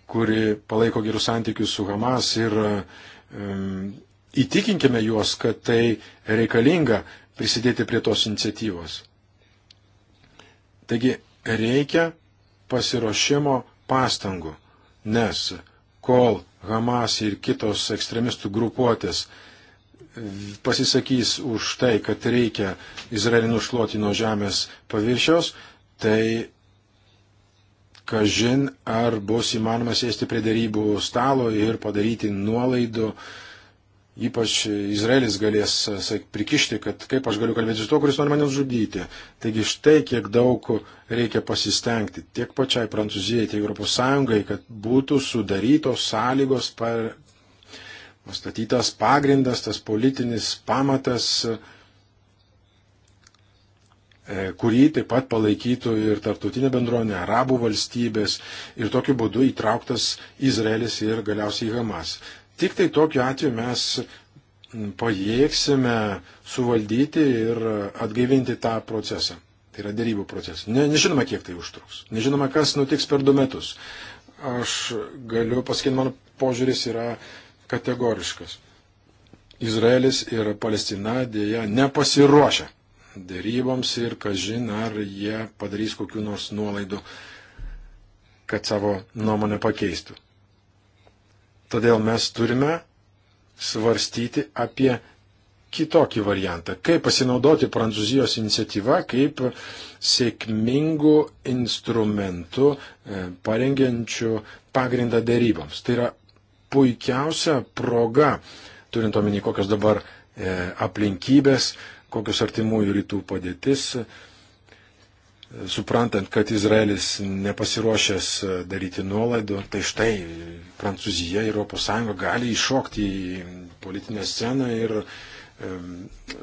kuri palaiko gerus santykius su Hamas ir um, įtikinkime juos, kad tai reikalinga prisidėti prie tos iniciatyvos. Taigi reikia pasiruošimo pastangų, nes kol Hamas ir kitos ekstremistų grupuotės pasisakys už tai, kad reikia Izraelį nušluoti nuo žemės paviršiaus, tai kažin ar bus įmanoma sėsti prie darybų stalo ir padaryti nuolaidų uh, Ypač Izraelis galės e, saik, prikišti, kad kaip aš galiu kalbėti su tuo, kuris nori mane žudyti. Taigi štai kiek daug reikia pasistengti tiek pačiai Prancūzijai, tiek Europos Sąjungai, kad būtų sudarytos sąlygos, par, pastatytas pagrindas, tas politinis pamatas, e, kurį taip pat palaikytų ir tarptautinė bendruomenė, arabų valstybės ir tokiu būdu įtrauktas Izraelis ir galiausiai Hamas. Tik tai tokiu atveju mes pajėgsime suvaldyti ir atgaivinti tą procesą. Tai yra dėrybų procesas. Ne, nežinoma, kiek tai užtruks. Nežinoma, kas nutiks per du metus. Aš galiu pasakyti, mano požiūris yra kategoriškas. Izraelis ir Palestina dėja nepasiruošia dėryboms ir kažin ar jie padarys kokiu nors nuolaidu, kad savo nuomonę pakeistų. Todėl mes turime svarstyti apie kitokį variantą. Kaip pasinaudoti Prancūzijos iniciatyvą, kaip sėkmingų instrumentų e, parengiančių pagrindą dėryboms. Tai yra puikiausia proga, turint omeny kokios dabar e, aplinkybės, kokios artimųjų rytų padėtis, suprantant, kad Izraelis nepasiruošęs e, daryti nuolaidų, tai štai Prancūzija ir ES gali iššokti į politinę sceną ir um,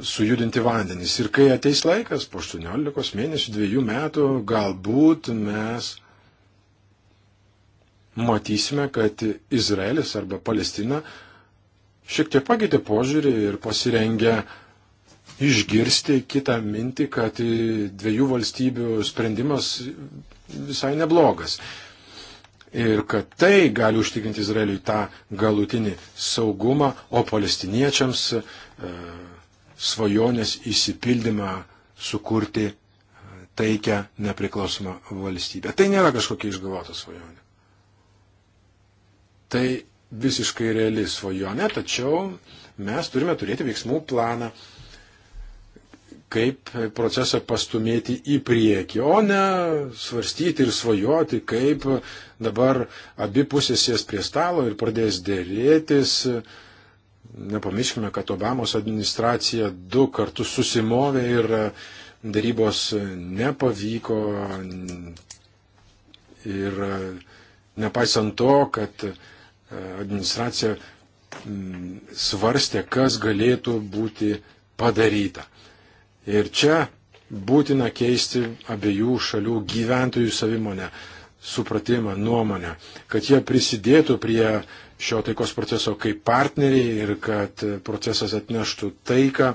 sujudinti vandenis. Ir kai ateis laikas, po 18 mėnesių, 2 metų, galbūt mes matysime, kad Izraelis arba Palestina šiek tiek pakeitė požiūrį ir pasirengė uh, išgirsti kitą mintį, kad dviejų valstybių sprendimas visai neblogas. Ir kad tai gali užtikrinti Izraeliui tą galutinį saugumą, o palestiniečiams e, svajonės įsipildymą sukurti e, taikę nepriklausomą valstybę. Tai nėra kažkokia išgalvota svajonė. Tai visiškai reali svajonė, tačiau mes turime turėti veiksmų planą, kaip procesą pastumėti į priekį, o ne svarstyti ir svajoti, kaip dabar abi pusės sės prie stalo ir pradės dėrėtis. Nepamirškime, kad Obamos administracija du kartus susimovė ir darybos nepavyko. Ir nepaisant to, kad administracija mm, svarstė, kas galėtų būti padaryta. Ir čia būtina keisti abiejų šalių gyventojų savimonę, supratimą, nuomonę, kad jie prisidėtų prie šio taikos proceso kaip partneriai ir kad procesas atneštų taiką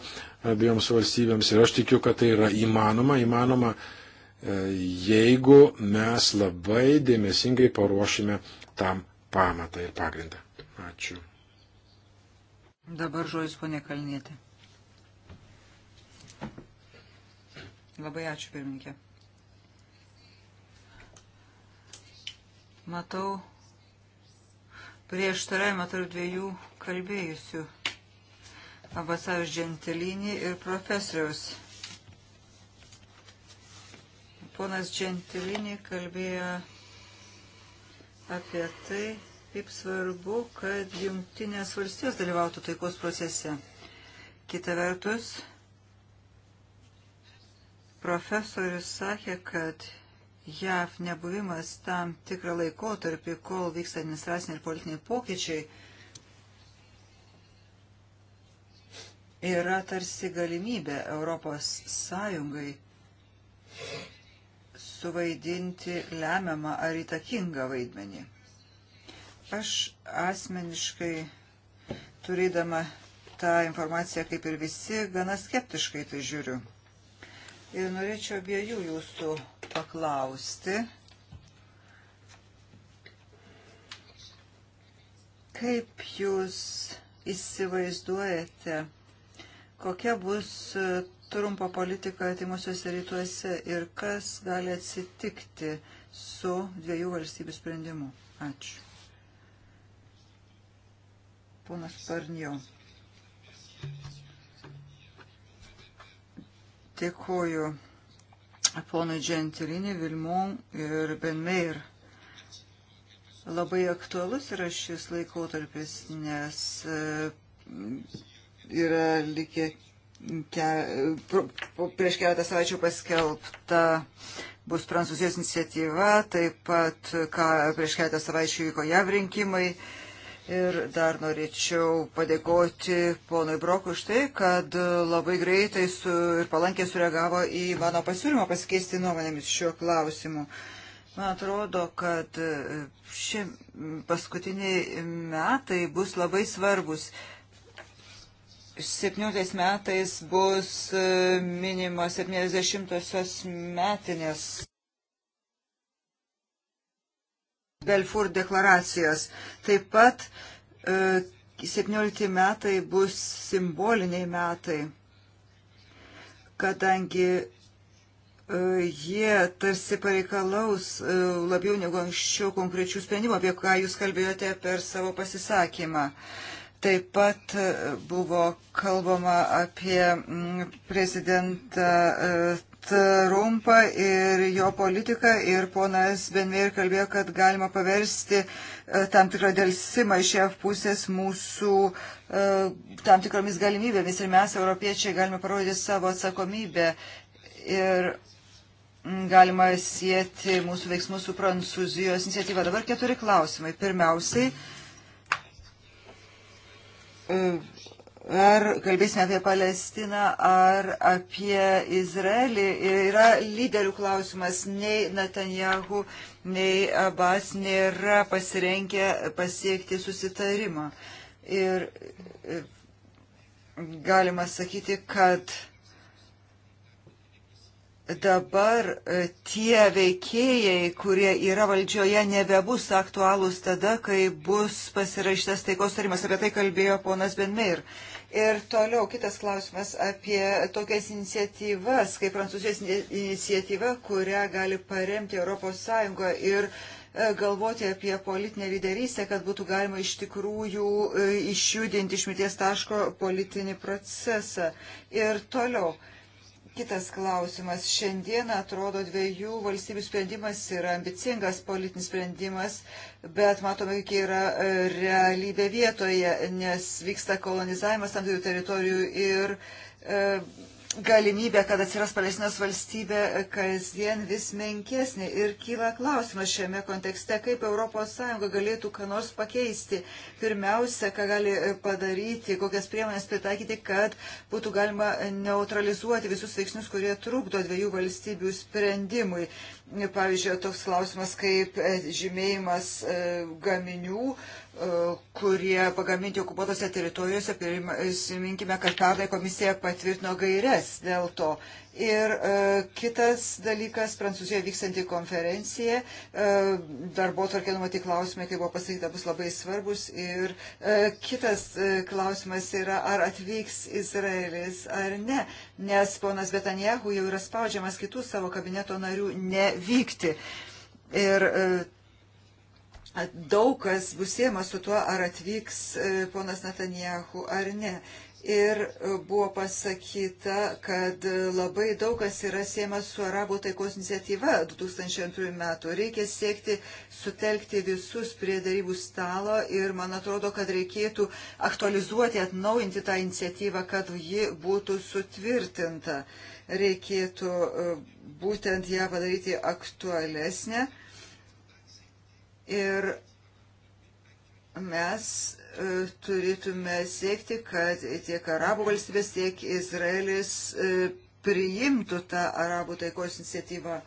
abiejoms valstybėms. Ir aš tikiu, kad tai yra įmanoma, įmanoma, e, jeigu mes labai dėmesingai paruošime tam pamatą ir pagrindą. Ačiū. Dabar žodis ponė Kalnėti. Labai ačiū, pirminkė. Matau prieštaravimą tarp dviejų kalbėjusių ambasadorius Džentelinį ir profesoriaus. Ponas Džentelinį kalbėjo apie tai, kaip svarbu, kad jungtinės valstijos dalyvautų taikos procese. Kita vertus, Profesorius sakė, kad JAV nebuvimas tam tikrą laikotarpį, kol vyksta administraciniai ir politiniai pokyčiai, yra tarsi galimybė Europos Sąjungai suvaidinti lemiamą ar įtakingą vaidmenį. Aš asmeniškai, turėdama tą informaciją kaip ir visi, gana skeptiškai tai žiūriu. Ir norėčiau abiejų jūsų paklausti, kaip jūs įsivaizduojate, kokia bus trumpo politika atimuosiuose rytuose ir kas gali atsitikti su dviejų valstybių sprendimu. Ačiū. Ponas Parnio. Dėkuoju ponui Džentilinį, Vilmum ir Benmeir. Labai aktualus yra šis laikotarpis, nes e, yra likę ke, prieš keletą savaičių paskelbta bus Prancūzijos iniciatyva, taip pat ką, prieš keletą savaičių vyko JAV rinkimai. E, Ir dar norėčiau padėkoti ponui Brokui už tai, kad labai greitai su, ir palankiai sureagavo į mano pasiūlymą pasikeisti nuomonėmis šiuo klausimu. Man atrodo, kad šie paskutiniai metai bus labai svarbus. 17 metais bus minimos 70-osios metinės Belfur deklaracijos. Taip pat 17 e, metai bus simboliniai metai, kadangi e, jie tarsi pareikalaus e, labiau negu anksčiau konkrečių sprendimų, apie ką jūs kalbėjote per savo pasisakymą. Taip pat buvo kalbama apie prezidentą Trumpą ir jo politiką ir ponas Benmeir kalbėjo, kad galima paversti e, tam tikrą dėlsimą iš JAV pusės mūsų e, tam tikromis galimybėmis ir mes, europiečiai, galime parodyti savo atsakomybę ir galima sieti mūsų veiksmus su Prancūzijos iniciatyva. Dabar keturi klausimai. Pirmiausiai, e, Ar kalbėsime apie Palestiną, ar apie Izraelį, yra lyderių klausimas. Nei Netanjahu, nei Abbas nėra pasirenkę pasiekti susitarimą. Ir e, galima sakyti, kad dabar e, tie veikėjai, kurie yra valdžioje, nebebus aktualūs tada, kai bus pasirašytas taikos tarimas. Apie tai kalbėjo ponas Benmeir. ir Ir toliau kitas klausimas apie tokias iniciatyvas, kaip Prancūzijos iniciatyva, kurią gali paremti ES ir e, galvoti apie politinę lyderystę, kad būtų galima iš tikrųjų e, išjudinti iš mirties taško politinį procesą. Ir toliau Kitas klausimas. Šiandien atrodo dviejų valstybių sprendimas yra ambicingas politinis sprendimas, bet matome, kokia yra e, realybė vietoje, nes vyksta kolonizavimas tam tikrų teritorijų ir e, galimybė, kad atsiras Palestinos valstybė, kasdien vis menkesnė. Ir kyla klausimas šiame kontekste, kaip ES galėtų ką nors pakeisti. Pirmiausia, ką gali padaryti, kokias priemonės pritaikyti, kad būtų galima neutralizuoti visus veiksnius, kurie trukdo dviejų valstybių sprendimui. Pavyzdžiui, toks klausimas kaip žymėjimas e, gaminių E, kurie pagaminti okupuotose teritorijose, prisiminkime, kad pernai komisija patvirtino gairias dėl to. Ir e, kitas dalykas, Prancūzijoje vykstanti konferencija, e, darbo tvarkė numatyti klausimai, kaip buvo pasakyta, bus labai svarbus. Ir e, kitas e, klausimas yra, ar atvyks Izraelis ar ne, nes ponas Betanjahu jau yra spaudžiamas kitų savo kabineto narių nevykti. Ir e, daug kas bus siejama su tuo, ar atvyks e, ponas Netanjahu ar ne. Ir e, buvo pasakyta, kad e, labai daug kas yra siejama su Arabų taikos iniciatyva 2002 metų. Reikia siekti sutelkti visus prie darybų stalo ir man atrodo, kad reikėtų aktualizuoti, atnaujinti tą iniciatyvą, kad ji būtų sutvirtinta. Reikėtų būtent ją padaryti aktualesnę Ir mes e, turėtume siekti, kad tiek arabų valstybės, tiek Izraelis e, priimtų tą arabų taikos iniciatyvą.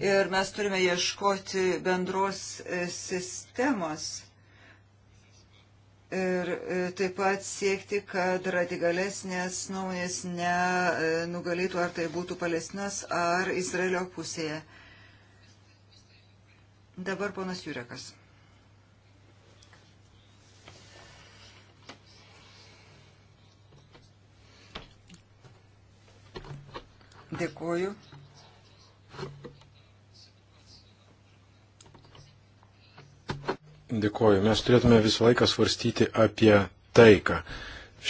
Ir mes turime ieškoti bendros e, sistemos. Ir e, taip pat siekti, kad radikalesnės nuomonės nenugalėtų, e, ar tai būtų Palestinos ar Izraelio pusėje. Dabar ponas Jurekas. Dėkuoju. Dėkuoju. Mes turėtume visą laiką svarstyti apie taiką.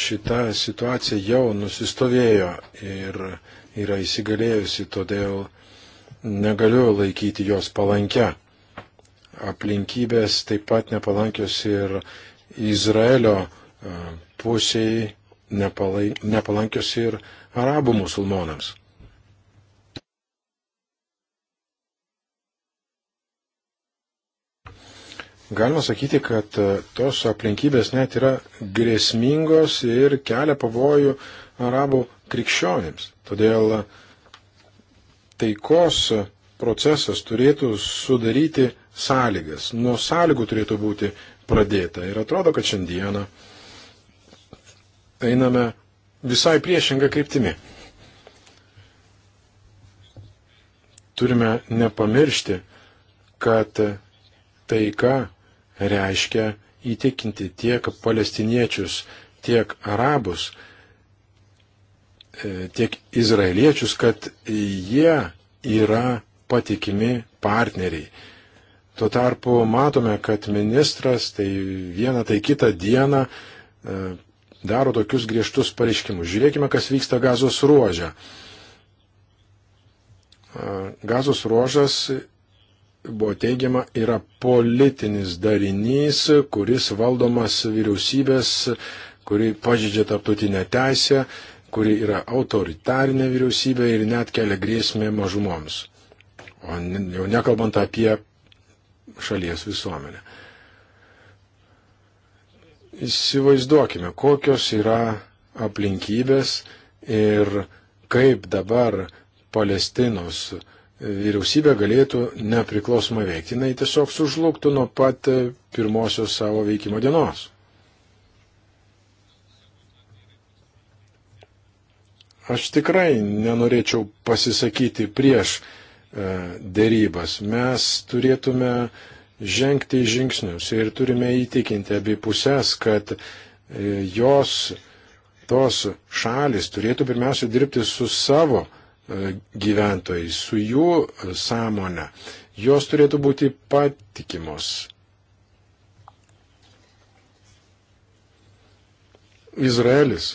Šita situacija jau nusistovėjo ir yra įsigalėjusi, todėl negaliu laikyti jos palankę. Aplinkybės taip pat nepalankios ir Izraelio e, pusiai nepalai, nepalankios ir arabų musulmonams. Galima sakyti, kad e, tos aplinkybės net yra grėsmingos ir kelia pavojų arabų krikščionims. Todėl e, taikos procesas turėtų sudaryti sąlygas. Nuo sąlygų turėtų būti pradėta. Ir atrodo, kad šiandieną einame visai priešingą kryptimį. Turime nepamiršti, kad taika reiškia įtikinti tiek palestiniečius, tiek arabus, e, tiek izraeliečius, kad jie yra patikimi partneriai. Tuo tarpu matome, kad ministras tai vieną tai kitą dieną e, daro tokius griežtus pareiškimus. Žiūrėkime, kas vyksta gazos ruožė. E, gazos ruožas buvo teigiama, yra politinis darinys, kuris valdomas vyriausybės, kuri pažydžia tarptautinę teisę, kuri yra autoritarinė vyriausybė ir net kelia grėsmę mažumoms. O jau nekalbant apie šalies visuomenę. Įsivaizduokime, kokios yra aplinkybės ir kaip dabar Palestinos vyriausybė galėtų nepriklausomai veikti, jinai tiesiog sužlugtų nuo pat e, pirmosios savo veikimo dienos. Aš tikrai nenorėčiau pasisakyti prieš e, dėrybas. Mes turėtume žengti žingsnius ir turime įtikinti abi pusės, kad e, jos, tos šalis turėtų pirmiausia dirbti su savo E, gyventojais, su jų sąmonė. Jos turėtų būti patikimos. Izraelis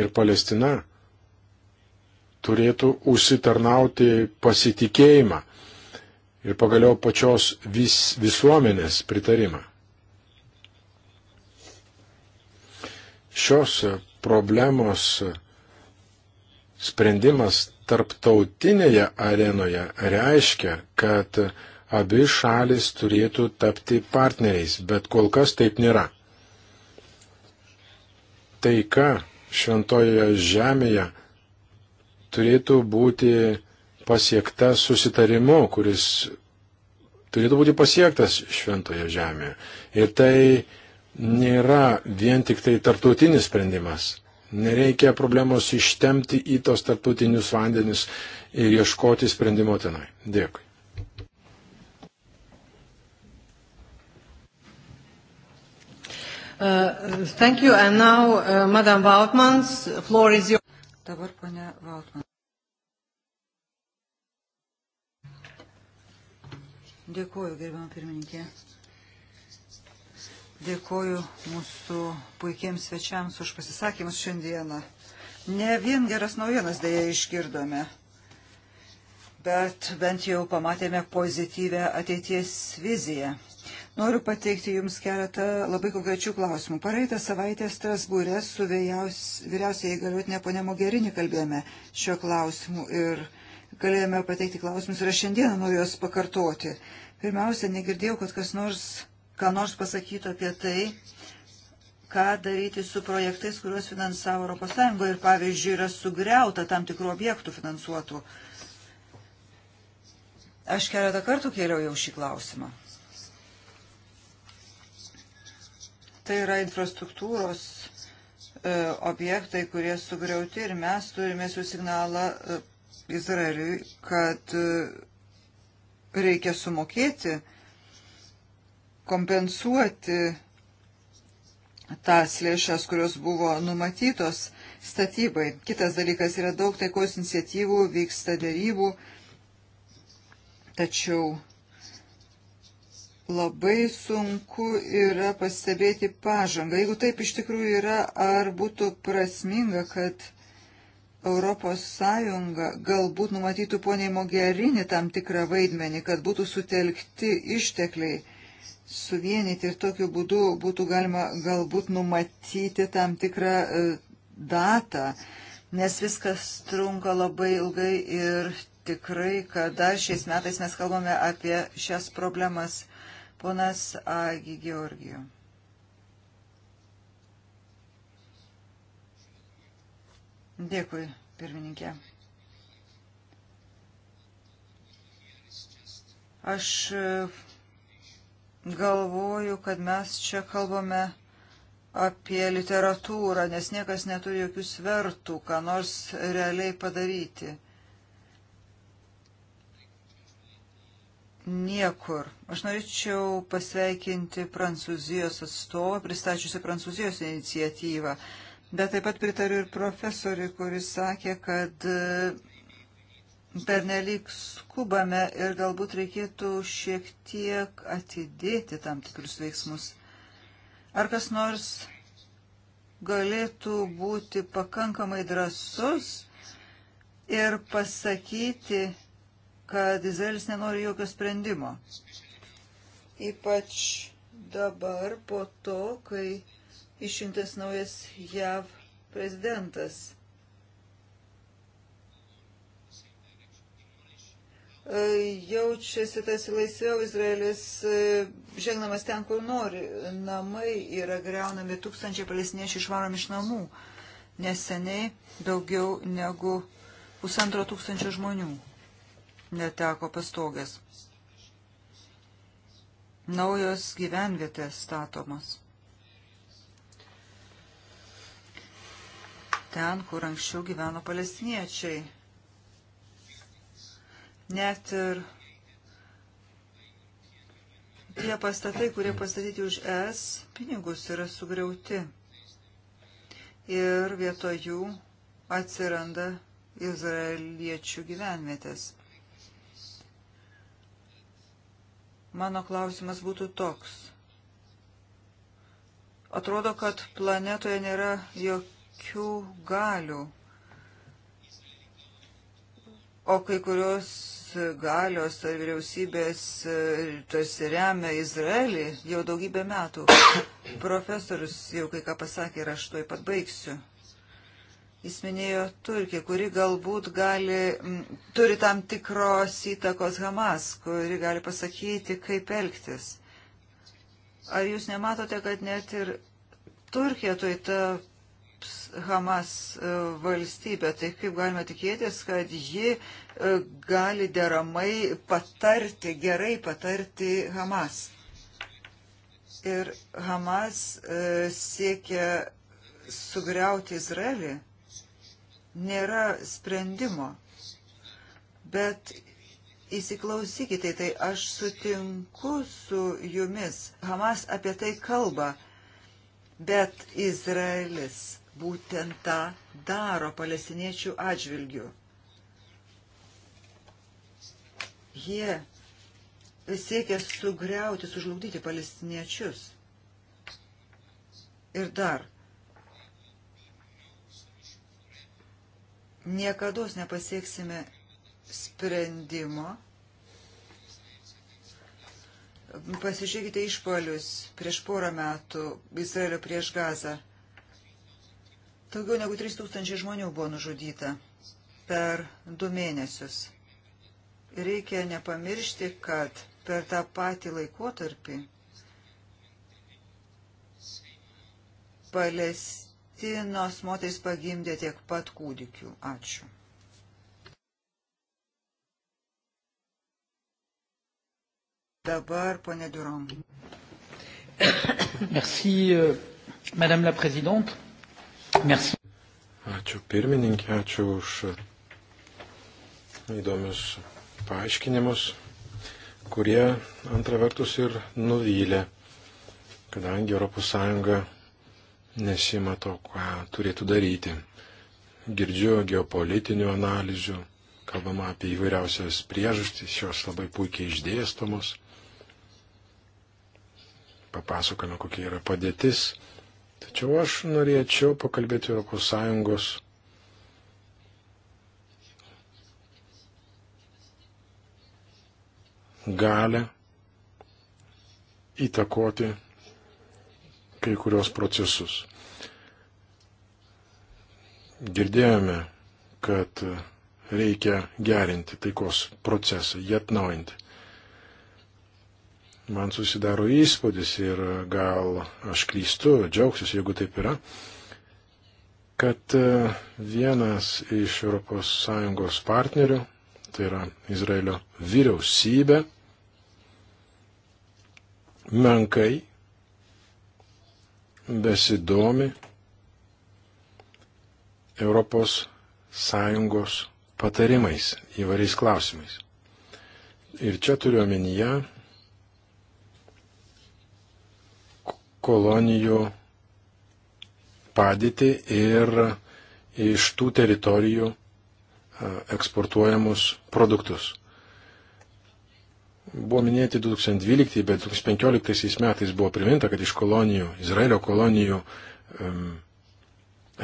ir Palestina turėtų užsitarnauti pasitikėjimą ir pagaliau pačios vis, visuomenės pritarimą. Šios problemos sprendimas tarptautinėje arenoje reiškia, kad abi šalis turėtų tapti partneriais, bet kol kas taip nėra. Taika šventojoje žemėje turėtų būti pasiekta susitarimu, kuris turėtų būti pasiektas šventoje žemėje. Ir tai nėra vien tik tai tartutinis sprendimas. Nereikia problemos ištemti į tos tarptautinius vandenis ir ieškoti sprendimo tenai. Dėkui. Uh, thank you. And now, uh, Madam Vautmans, floor is yours. Dabar ponia Vautman. Dėkuoju, gerbiamą pirmininkę. Dėkoju mūsų puikiems svečiams už pasisakymus šiandieną. Ne vien geras naujienas dėja išgirdome, bet bent jau pamatėme pozityvę ateities viziją. Noriu pateikti Jums keletą labai konkrečių klausimų. Pareitą savaitę Strasbūrė su vyriausiai įgaliotinė ponė Mogerinį kalbėjome šio klausimu ir galėjome pateikti klausimus ir aš šiandieną noriu juos pakartoti. Pirmiausia, negirdėjau, kad kas nors ką nors pasakytų apie tai, ką daryti su projektais, kuriuos finansavo ES ir, pavyzdžiui, yra sugriauta tam tikrų objektų finansuotų. Aš keletą kartų kėliau jau šį klausimą. Tai yra infrastruktūros e, objektai, kurie sugriauti ir mes turime su signalą e, Izraeliui, kad e, reikia sumokėti e, kompensuoti tas lėšas, kurios buvo numatytos statybai. Kitas dalykas yra daug taikos iniciatyvų, vyksta dėrybų, tačiau labai sunku yra pastebėti pažangą. Jeigu taip iš tikrųjų yra, ar būtų prasminga, kad Europos Sąjunga galbūt numatytų poniai Mogerinį tam tikrą vaidmenį, kad būtų sutelkti ištekliai suvienyti ir tokiu būdu būtų galima galbūt numatyti tam tikrą e, datą, nes viskas trunka labai ilgai ir tikrai, kada šiais metais mes kalbame apie šias problemas. Ponas Agi Georgijų. Dėkui, pirmininkė. Aš galvoju, kad mes čia kalbame apie literatūrą, nes niekas neturi jokių svertų, ką nors realiai padaryti. Niekur. Aš norėčiau pasveikinti Prancūzijos atstovą, pristačiusi Prancūzijos iniciatyvą, bet taip pat pritariu ir profesoriui, kuris sakė, kad pernelyg skubame ir galbūt reikėtų šiek tiek atidėti tam tikrus veiksmus. Ar kas nors galėtų būti pakankamai drasus ir pasakyti, kad Izraelis nenori jokio sprendimo. Ypač dabar po to, kai išrinktas naujas JAV prezidentas. E, jaučiasi tas laisviau Izraelis e, žengdamas ten, kur nori. Namai yra greunami, tūkstančiai palestiniečių išvaromi iš namų. Neseniai daugiau negu pusantro tūkstančio žmonių neteko pastogės. Naujos gyvenvietės statomos. Ten, kur anksčiau gyveno palestiniečiai, Net ir tie pastatai, kurie pastatyti už S, pinigus yra sugriauti. Ir vietoj jų atsiranda izraeliečių gyvenvietės. Mano klausimas būtų toks. Atrodo, kad planetoje nėra jokių galių o kai kurios galios ar vyriausybės e, tarsi remia Izraelį jau daugybę metų. Profesorius jau kai ką pasakė ir aš tuoj pat baigsiu. Jis minėjo Turkiją, kuri galbūt gali, m, turi tam tikros įtakos Hamas, kuri gali pasakyti, kaip elgtis. Ar jūs nematote, kad net ir Turkija tuoj ta taps Hamas e, valstybė, tai kaip galima tikėtis, kad ji e, gali deramai patarti, gerai patarti Hamas. Ir Hamas e, siekia sugriauti Izraelį. Nėra sprendimo. Bet įsiklausykite, tai aš sutinku su jumis. Hamas apie tai kalba. Bet Izraelis būtent tą daro palestiniečių atžvilgių. Jie siekia sugriauti, sužlugdyti palestiniečius. Ir dar. Niekados nepasieksime sprendimo. Pasižiūrėkite išpolius prieš porą metų Izraelio prieš Gazą. Daugiau negu 3000 žmonių buvo nužudyta per du mėnesius. Reikia nepamiršti, kad per tą patį laikotarpį Palestinos moteris pagimdė tiek pat kūdikių. Ačiū. Dabar ponė Durom. Merci, euh, Madame la Présidente. Merci. Ačiū pirmininkė, ačiū už įdomius paaiškinimus, kurie antra vertus ir nuvylė, kadangi ES nesimato, ką turėtų daryti. Girdžiu geopolitinių analizių, kalbama apie įvairiausias priežastis, jos labai puikiai išdėstomos. Papasakome, kokia yra padėtis Tačiau aš norėčiau pakalbėti Europos Sąjungos galę įtakoti kai kurios procesus. Girdėjome, kad reikia gerinti taikos procesą, jį atnaujinti man susidaro įspūdis ir gal aš klystu, džiaugsiuosi, jeigu taip yra, kad e, vienas iš ES partnerių, tai yra Izraelio vyriausybė, menkai besidomi ES patarimais įvairiais klausimais. Ir čia turiu omenyje kolonijų padėtį ir iš tų teritorijų eksportuojamus produktus. Buvo minėti 2012, bet 2015 metais buvo priminta, kad iš kolonijų, Izraelio kolonijų um,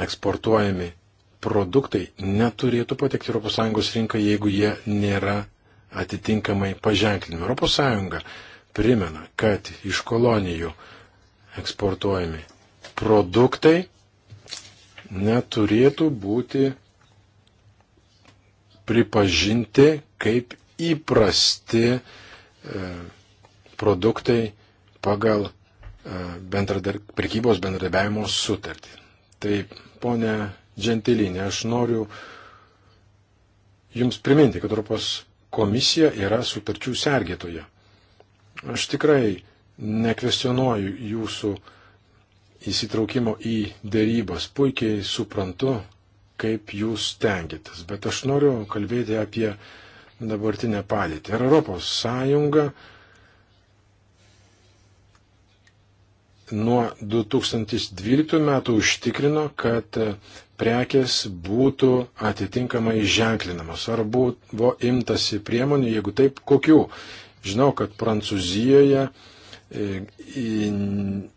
eksportuojami produktai neturėtų patekti ES rinką, jeigu jie nėra atitinkamai paženklinami. ES primena, kad iš kolonijų uh, eksportuojami produktai neturėtų būti pripažinti kaip įprasti e, produktai pagal e, bendradar, prekybos bendradarbiavimo sutartį. Tai, ponė Džentilinė, aš noriu Jums priminti, kad Europos komisija yra sutarčių sergėtoja. Aš tikrai nekvestionuoju jūsų įsitraukimo į dėrybas. Puikiai suprantu, kaip jūs tenkitės, bet aš noriu kalbėti apie dabartinę padėtį. Ar Europos Sąjunga nuo 2012 metų užtikrino, kad prekės būtų atitinkamai ženklinamos. Ar buvo imtasi priemonių, jeigu taip, kokių? Žinau, kad Prancūzijoje E,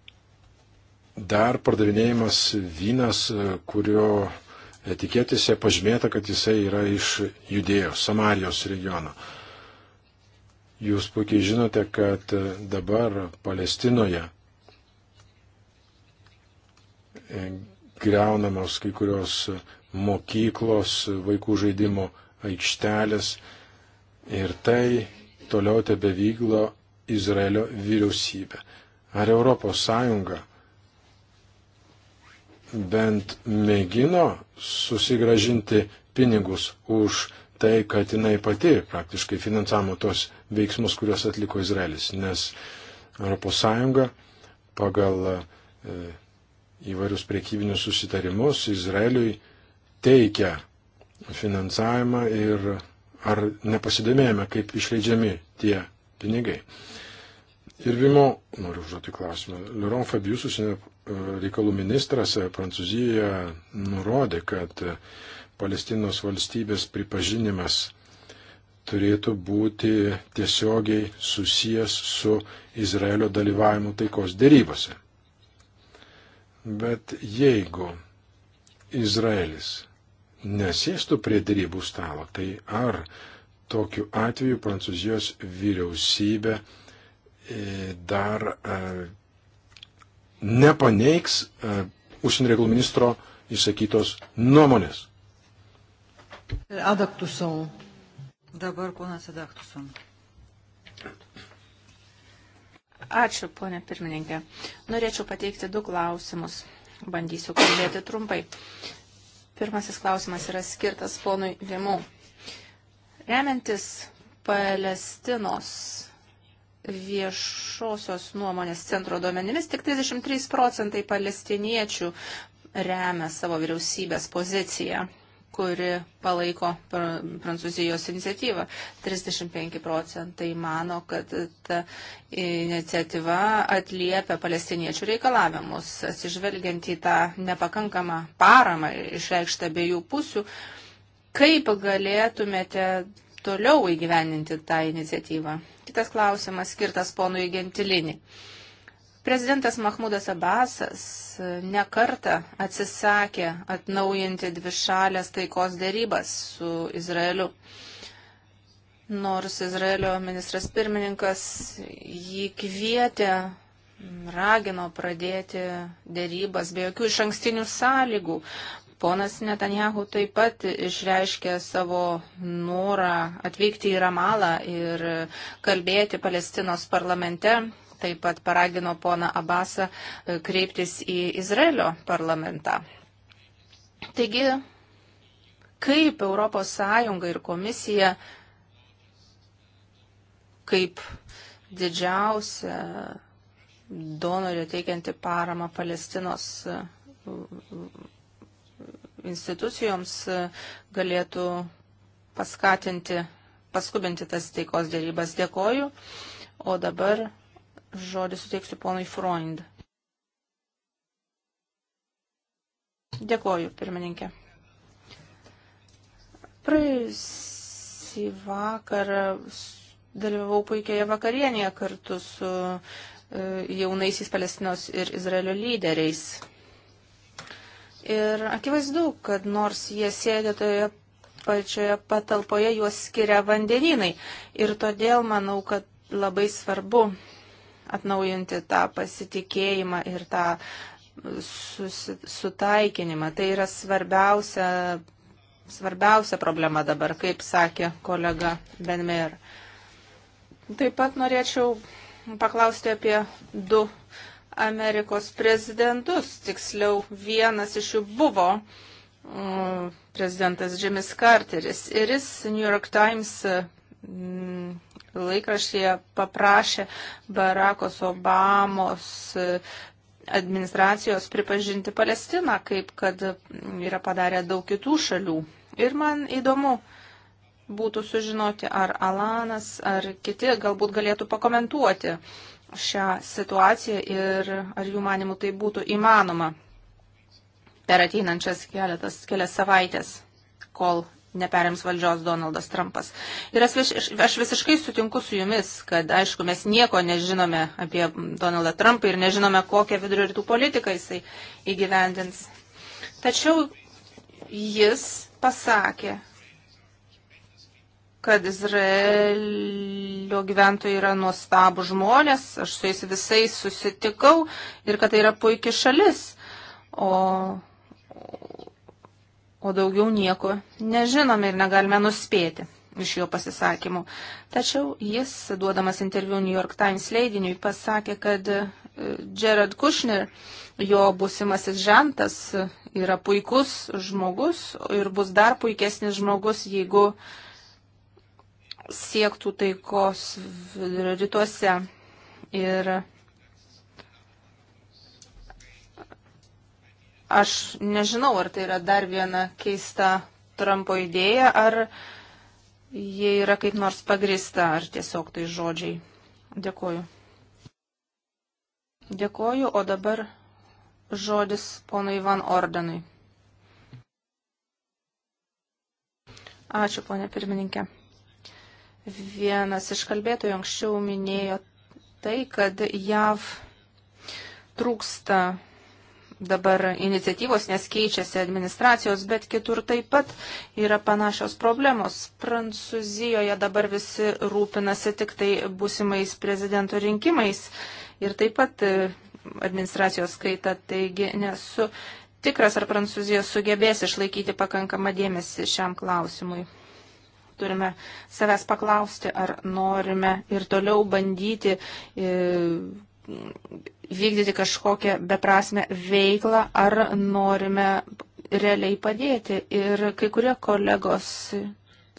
dar pardavinėjimas vynas, e, kurio etiketėse pažymėta, kad jisai yra iš judėjos, Samarijos regiono. Jūs puikiai žinote, kad dabar Palestinoje e, greunamos kai kurios mokyklos, vaikų žaidimo aikštelės ir tai toliau tebe vyklo Izraelio vyriausybę. Ar ES bent mėgino susigražinti pinigus už tai, kad jinai pati praktiškai finansavo tos veiksmus, kuriuos atliko Izraelis, nes ES pagal e, įvairius priekybinius susitarimus Izraeliui teikia finansavimą ir ar nepasidomėjome, kaip išleidžiami tie pinigai. Ir Vimo, noriu užduoti klausimą. Laurent Fabius, užsienio e, reikalų ministras e, Prancūzijoje, nurodė, kad e, Palestinos valstybės pripažinimas turėtų būti tiesiogiai susijęs su Izraelio dalyvavimu taikos dėrybose. Bet jeigu Izraelis nesėstų prie dėrybų stalo, tai ar Tokiu atveju Prancūzijos vyriausybė e, dar e, nepaneigs e, užsienio reikalų ministro išsakytos nuomonės. Adaktuson. Dabar ponas Adaktuson. Ačiū, ponė pirmininkė. Norėčiau pateikti du klausimus. Bandysiu kalbėti trumpai. Pirmasis klausimas yra skirtas ponui Vimu. Remiantis Palestinos viešosios nuomonės centro duomenimis, tik 33 procentai palestiniečių remia savo vyriausybės poziciją kuri palaiko Prancūzijos iniciatyvą. 35 procentai mano, kad ta iniciatyva atliepia palestiniečių reikalavimus. Atsižvelgiant į tą nepakankamą paramą išreikštą abiejų pusių, uh, Kaip galėtumėte toliau įgyveninti tą iniciatyvą? Kitas klausimas skirtas ponui Gentilinį. Prezidentas Mahmudas Abbasas nekarta atsisakė atnaujinti dvišalės taikos dėrybas su Izraeliu. Nors Izraelio ministras pirmininkas jį kvietė, ragino pradėti dėrybas be jokių iš ankstinių sąlygų. Ponas Netanjahu taip pat išreiškė savo norą atvykti į Ramalą ir kalbėti Palestinos parlamente. Taip pat paragino poną Abasą e, kreiptis į Izraelio parlamentą. Taigi, kaip ES ir komisija, kaip didžiausia donorė teikianti paramą Palestinos e, institucijoms e, galėtų paskatinti, paskubinti tas taikos dėrybas. Dėkoju. O dabar žodį suteiksiu ponui Freund. Dėkoju, pirmininkė. Praėjusį vakarą dalyvavau puikioje vakarienėje kartu su e, jaunaisiais Palestinos ir Izraelio lyderiais. Ir akivaizdu, kad nors jie sėdė toje pačioje patalpoje, juos skiria vandenynai. Ir todėl manau, kad labai svarbu atnaujinti tą pasitikėjimą ir tą sutaikinimą. Tai yra svarbiausia, svarbiausia problema dabar, kaip sakė kolega Benmeir. Taip pat norėčiau paklausti apie du Amerikos prezidentus. Tiksliau, vienas iš jų buvo prezidentas Jimis Carteris. Ir jis New York Times mm, laikrašyje paprašė Barackos Obamos e, administracijos pripažinti Palestiną, kaip kad yra padarę daug kitų šalių. Ir man įdomu būtų sužinoti, ar Alanas, ar kiti galbūt galėtų pakomentuoti šią situaciją ir ar jų manimų tai būtų įmanoma per ateinančias keletas, kelias savaitės, kol neperims valdžios Donaldas Trumpas. Ir aš, aš visiškai sutinku su jumis, kad aišku, mes nieko nežinome apie Donaldą Trumpą ir nežinome, kokią vidurio rytų politiką jisai įgyvendins. Tačiau jis pasakė, kad Izraelio gyventojai yra nuostabų žmonės, aš su jais visais susitikau ir kad tai yra puikia šalis, o, o daugiau nieko nežinome ir negalime nuspėti iš jo pasisakymų. Tačiau jis, duodamas interviu New York Times leidiniui, pasakė, kad e, Jared Kushner, jo busimasis žentas, yra puikus žmogus ir bus dar puikesnis žmogus, jeigu uh, siektų taikos rytuose ir aš nežinau, ar tai yra dar viena keista Trumpo idėja, ar jie yra kaip nors pagrista, ar tiesiog tai žodžiai. Dėkuoju. Dėkuoju, o dabar žodis ponui Ivan Ordenui. Ačiū, ponė pirmininkė. Vienas iš kalbėtojų anksčiau minėjo tai, kad JAV trūksta dabar iniciatyvos, nes keičiasi administracijos, bet kitur taip pat yra panašios problemos. Prancūzijoje dabar visi rūpinasi tik tai būsimais prezidento rinkimais ir taip pat e, administracijos skaita, taigi nesu tikras, ar Prancūzija sugebės išlaikyti pakankamą dėmesį šiam klausimui turime savęs paklausti, ar norime ir toliau bandyti e, vykdyti kažkokią beprasme veiklą, ar norime realiai padėti. Ir kai kurie kolegos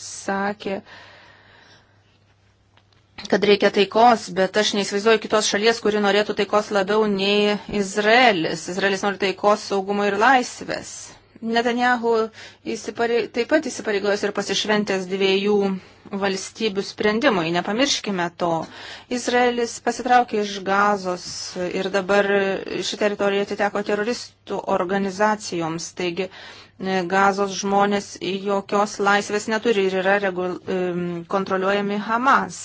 sakė, kad reikia taikos, bet aš neįsivaizduoju kitos šalies, kuri norėtų taikos labiau nei Izraelis. Izraelis nori taikos, saugumo ir laisvės. Netanjahu įsipare... taip pat įsipareigojęs ir pasišventęs dviejų valstybių sprendimui. Nepamirškime to. Izraelis pasitraukė iš gazos ir dabar ši teritorija atiteko teroristų organizacijoms. Taigi e, gazos žmonės jokios laisvės neturi ir yra regul... E, kontroliuojami Hamas.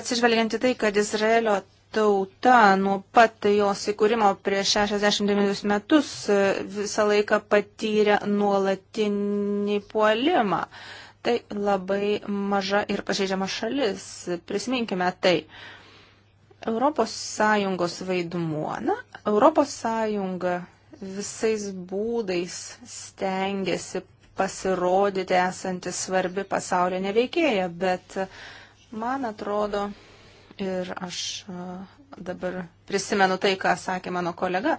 Atsižvelgiant į tai, kad Izraelio tauta nuo pat jos įkūrimo prieš 69 metus e, visą laiką patyrė nuolatinį puolimą. Tai labai maža ir pažeidžiama šalis. Prisiminkime tai. Europos Sąjungos vaidmuo. Na, Europos Sąjunga visais būdais stengiasi pasirodyti esanti svarbi pasaulio neveikėja, bet man atrodo, Ir aš dabar prisimenu tai, ką sakė mano kolega.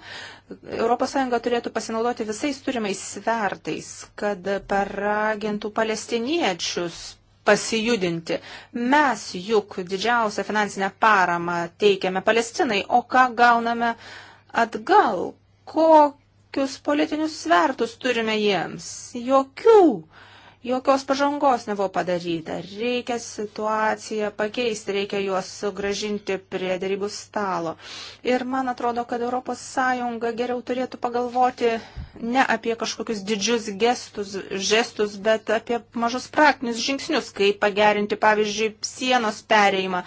ES turėtų pasinaudoti visais turimais svertais, kad paragintų palestiniečius pasijudinti. Mes juk didžiausią finansinę paramą teikiame Palestinai, o ką gauname atgal? Kokius politinius svertus turime jiems? Jokių Jokios pažangos nebuvo padaryta. Reikia situaciją pakeisti, reikia juos sugražinti prie darybų stalo. Ir man atrodo, kad ES geriau turėtų pagalvoti ne apie kažkokius didžius gestus, žestus, bet apie mažus praktinius žingsnius, kaip pagerinti, pavyzdžiui, sienos pereimą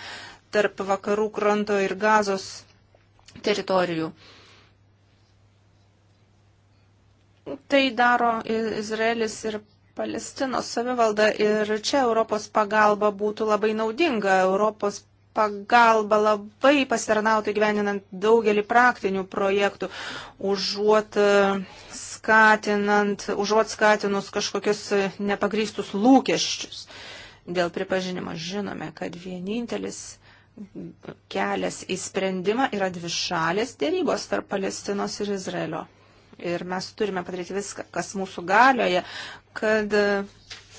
tarp vakarų kranto ir gazos teritorijų. Tai daro Izraelis ir Palestinos savivalda ir čia Europos pagalba būtų labai naudinga. Europos pagalba labai pasitarnautų gyveninant daugelį praktinių projektų, užuot e, skatinant, užuot skatinus kažkokius nepagrystus lūkesčius. Dėl pripažinimo žinome, kad vienintelis kelias į sprendimą yra dvišalės dėrybos tarp Palestinos ir Izraelio. Ir mes turime padaryti viską, kas mūsų galioje, kad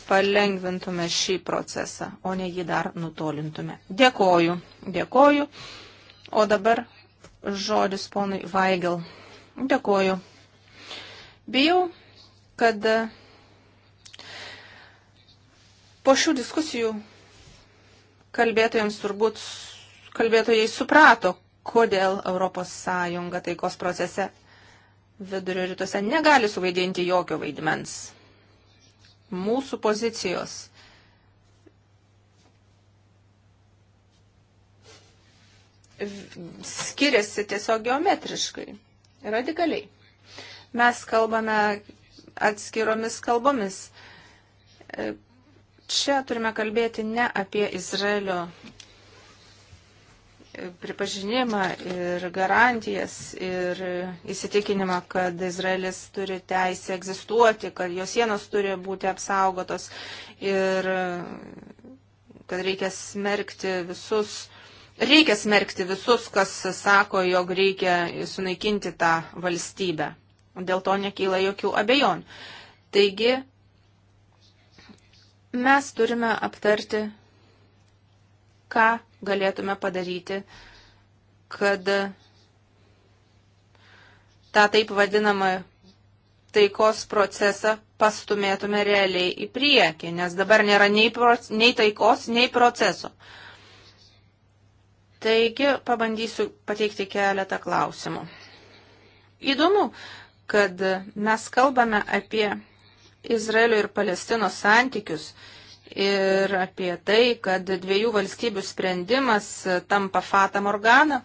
palengvintume šį procesą, o ne jį dar nutolintume. Dėkoju, dėkoju. O dabar žodis ponui Vaigel. Dėkoju. Bijau, kad po šių diskusijų kalbėtojams turbūt kalbėtojai suprato, kodėl ES taikos procese vidurio rytuose negali suvaidinti jokio vaidmens mūsų pozicijos. skiriasi tiesiog geometriškai, radikaliai. Mes kalbame atskiromis kalbomis. Čia turime kalbėti ne apie Izraelio pripažinimą ir garantijas ir įsitikinimą, kad Izraelis turi teisę egzistuoti, kad jos sienos turi būti apsaugotos ir kad reikia smerkti visus. Reikia smerkti visus, kas sako, jog reikia sunaikinti tą valstybę. Dėl to nekyla jokių abejonių. Taigi, mes turime aptarti ką galėtume padaryti, kad tą taip vadinamą taikos procesą pastumėtume realiai į priekį, nes dabar nėra nei, proc, nei taikos, nei proceso. Taigi pabandysiu pateikti keletą klausimų. Įdomu, kad mes kalbame apie Izraelio ir Palestinos santykius ir apie tai, kad dviejų valstybių sprendimas tampa fatą morganą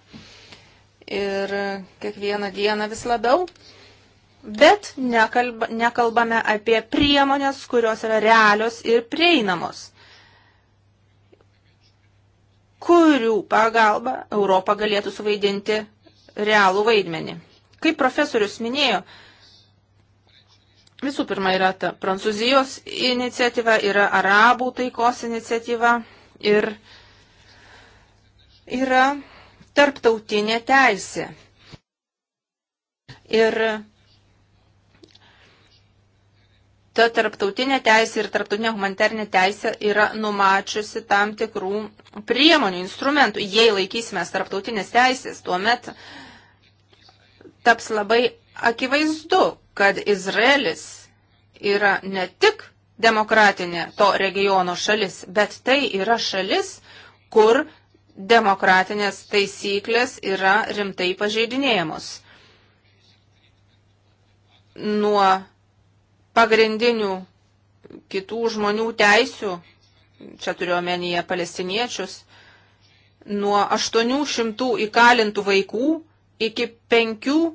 ir kiekvieną dieną vis labiau. Bet nekalba, nekalbame apie priemonės, kurios yra realios ir prieinamos, kurių pagalba Europa galėtų suvaidinti realų vaidmenį. Kaip profesorius minėjo, Visų pirma yra ta Prancūzijos iniciatyva, yra Arabų taikos iniciatyva ir yra tarptautinė teisė. Ir ta tarptautinė teisė ir tarptautinė humanitarinė teisė yra numačiusi tam tikrų priemonių, instrumentų. Jei laikysime tarptautinės teisės, tuomet taps labai Akivaizdu, kad Izraelis yra ne tik demokratinė to regiono šalis, bet tai yra šalis, kur demokratinės taisyklės yra rimtai pažeidinėjamos. Nuo pagrindinių kitų žmonių teisių, čia turiu omenyje palestiniečius, nuo 800 įkalintų vaikų iki 5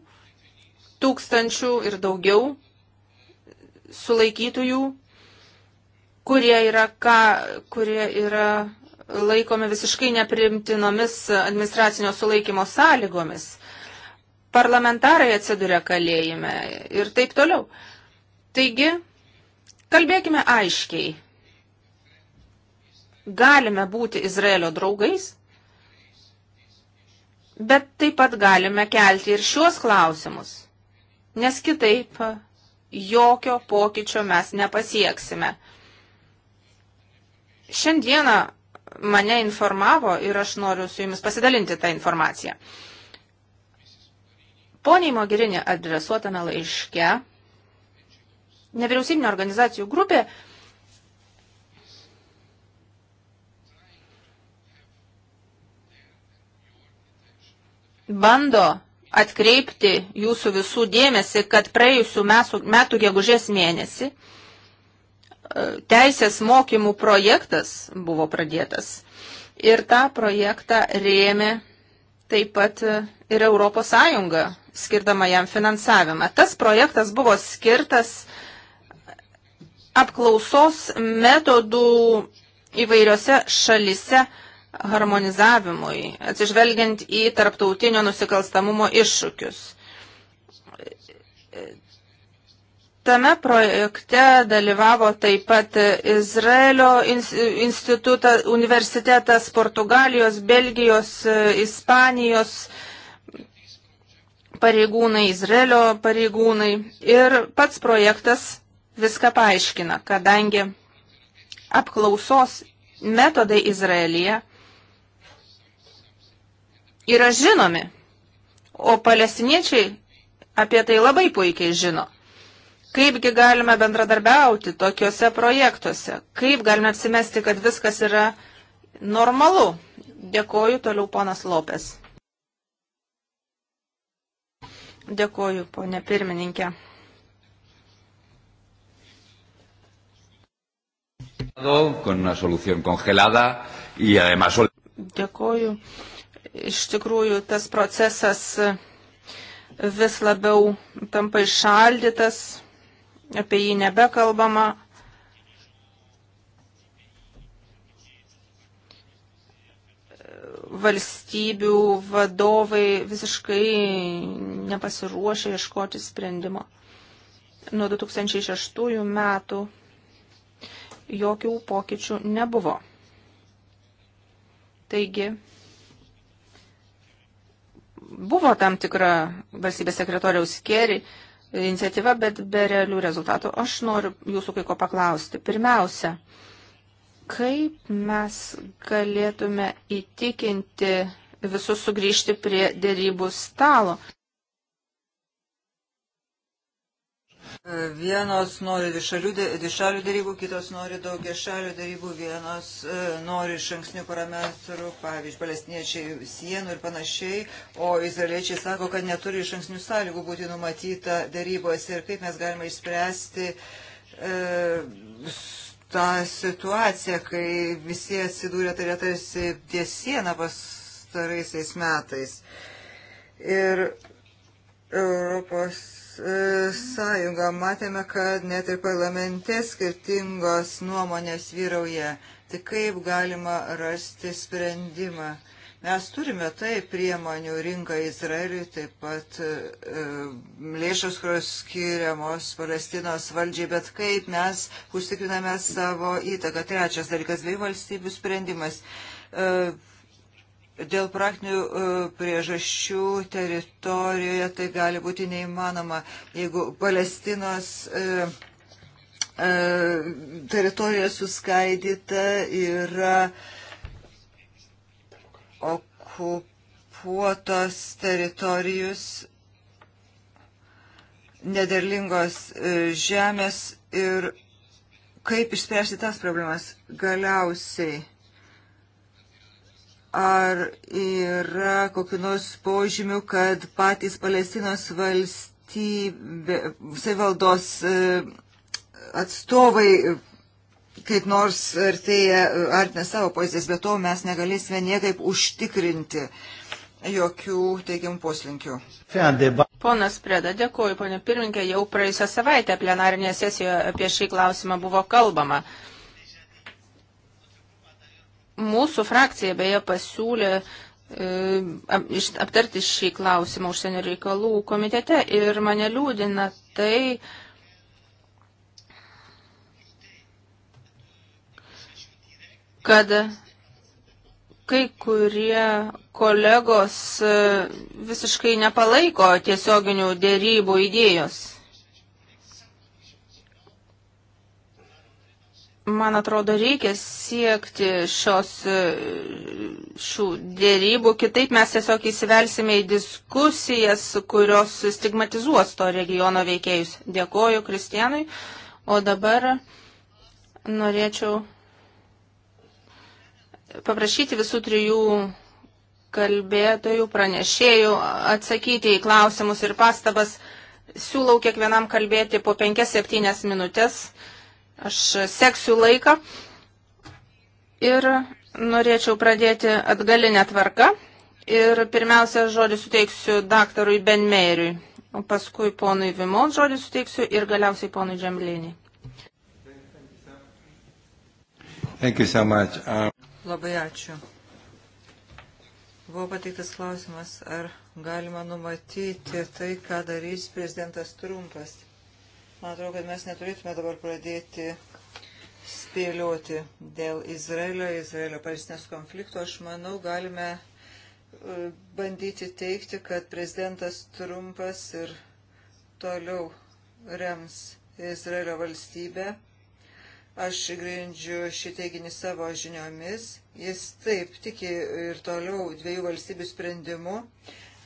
tūkstančių ir daugiau sulaikytųjų, kurie yra, ką, kurie yra laikomi visiškai neprimtinomis administracinio sulaikymo sąlygomis. Parlamentarai atsiduria kalėjime ir taip toliau. Taigi, kalbėkime aiškiai. Galime būti Izraelio draugais, bet taip pat galime kelti ir šiuos klausimus nes kitaip jokio pokyčio mes nepasieksime. Šiandieną mane informavo ir aš noriu su jumis pasidalinti tą informaciją. Poniai Mogirinė adresuotame laiške nevyriausybinio organizacijų grupė bando atkreipti jūsų visų dėmesį, kad praėjusių metų, metų gegužės mėnesį e, teisės mokymų projektas buvo pradėtas. Ir tą projektą rėmė taip pat e, ir Europos Sąjunga, skirdama jam finansavimą. Tas projektas buvo skirtas apklausos metodų įvairiose šalise harmonizavimui, atsižvelgiant į tarptautinio nusikalstamumo iššūkius. Tame projekte dalyvavo taip pat Izraelio institutas, universitetas, Portugalijos, Belgijos, Ispanijos pareigūnai, Izraelio pareigūnai. Ir pats projektas viską paaiškina, kadangi apklausos metodai Izraelyje yra žinomi, o palestiniečiai apie tai labai puikiai žino. Kaipgi galime bendradarbiauti tokiuose projektuose? Kaip galime apsimesti, kad viskas yra normalu? Dėkoju toliau ponas Lopes. Dėkoju, ponė pirmininkė. Dėkoju iš tikrųjų tas procesas vis labiau tampa išaldytas, apie jį nebekalbama. Valstybių vadovai visiškai nepasiruošia ieškoti sprendimo. Nuo 2006 metų jokių pokyčių nebuvo. Taigi, buvo tam tikra valstybės sekretoriaus kėri iniciatyva, bet be realių rezultatų. Aš noriu jūsų kai ko paklausti. Pirmiausia, kaip mes galėtume įtikinti visus sugrįžti prie dėrybų stalo? Vienos nori dišalių darybų, kitos nori daugia šalių darybų, vienos e, nori iš anksnių parametrų, pavyzdžiui, palestiniečiai sienų ir panašiai, o izraeliečiai sako, kad neturi iš anksnių sąlygų būti numatyta darybose ir kaip mes galime išspręsti e, tą situaciją, kai visi atsidūrė tai tarsi ties sieną pastaraisiais metais. Ir Europos E, Sąjungą matėme, kad net ir parlamente skirtingos nuomonės vyrauja. Tai kaip galima rasti sprendimą? Mes turime taip priemonių rinką Izraeliui, taip pat e, lėšos, kurios skiriamos Palestinos valdžiai, bet kaip mes užtikriname savo įtaką. Trečias dalykas - dviejų valstybių sprendimas. E, Dėl praktinių e, priežasčių teritorijoje tai gali būti neįmanoma, jeigu Palestinos e, e, teritorija suskaidyta yra okupuotos teritorijos nederlingos žemės ir kaip išspręsti tas problemas galiausiai. Ar yra kokiu nors požymiu, kad patys Palestinos valstybė, savivaldos e, atstovai kaip nors artėja, artina savo pozicijas, bet to mes negalėsime niekaip užtikrinti jokių teigiamų poslinkių. Ponas Preda, dėkuoju, ponė pirmininkė, jau praėjusią savaitę plenarinėje sesijoje apie šį klausimą buvo kalbama. Uh, Mūsų frakcija beje pasiūlė e, aptarti šį klausimą užsienio reikalų komitete ir mane liūdina tai, kad kai kurie kolegos e, visiškai nepalaiko tiesioginių dėrybų idėjos. man atrodo, reikia siekti šios, e, šių dėrybų, kitaip mes tiesiog įsivelsime į diskusijas, kurios stigmatizuos to regiono veikėjus. Dėkoju Kristianui, o dabar norėčiau paprašyti visų trijų kalbėtojų, pranešėjų atsakyti į klausimus ir pastabas. Siūlau kiekvienam kalbėti po 5-7 minutės. Aš seksiu laiką ir norėčiau pradėti atgalinę tvarką. Ir pirmiausia, žodį suteiksiu daktarui Ben Meiriui, o paskui ponui Vimon žodį suteiksiu ir galiausiai ponui Džemlinį. So much. um... Labai ačiū. Buvo pateiktas klausimas, ar galima numatyti tai, ką darys prezidentas Trumpas. Man atrodo, kad mes neturėtume dabar pradėti spėlioti dėl Izraelio, Izraelio-Palestinės konflikto. Aš manau, galime e, bandyti teikti, kad prezidentas Trumpas ir toliau rems Izraelio valstybę. Aš grindžiu šį teiginį savo žiniomis. Jis taip tiki ir toliau dviejų valstybių sprendimu,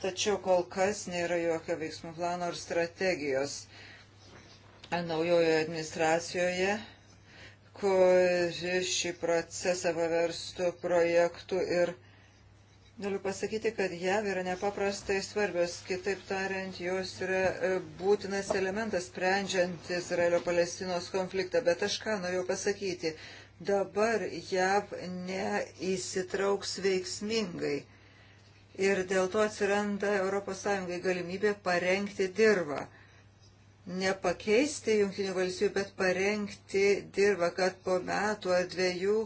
tačiau kol kas nėra jokio veiksmų plano ar strategijos naujojoje administracijoje, kuri šį procesą paverstų projektų ir Galiu pasakyti, kad JAV yra nepaprastai svarbios, kitaip tariant, jos yra e, būtinas elementas sprendžiant Izraelio-Palestinos konfliktą, bet aš ką norėjau pasakyti, dabar JAV neįsitrauks veiksmingai ir dėl to atsiranda ES galimybė parengti dirbą nepakeisti jungtinių valstybių, bet parengti dirbą, kad po metų ar dviejų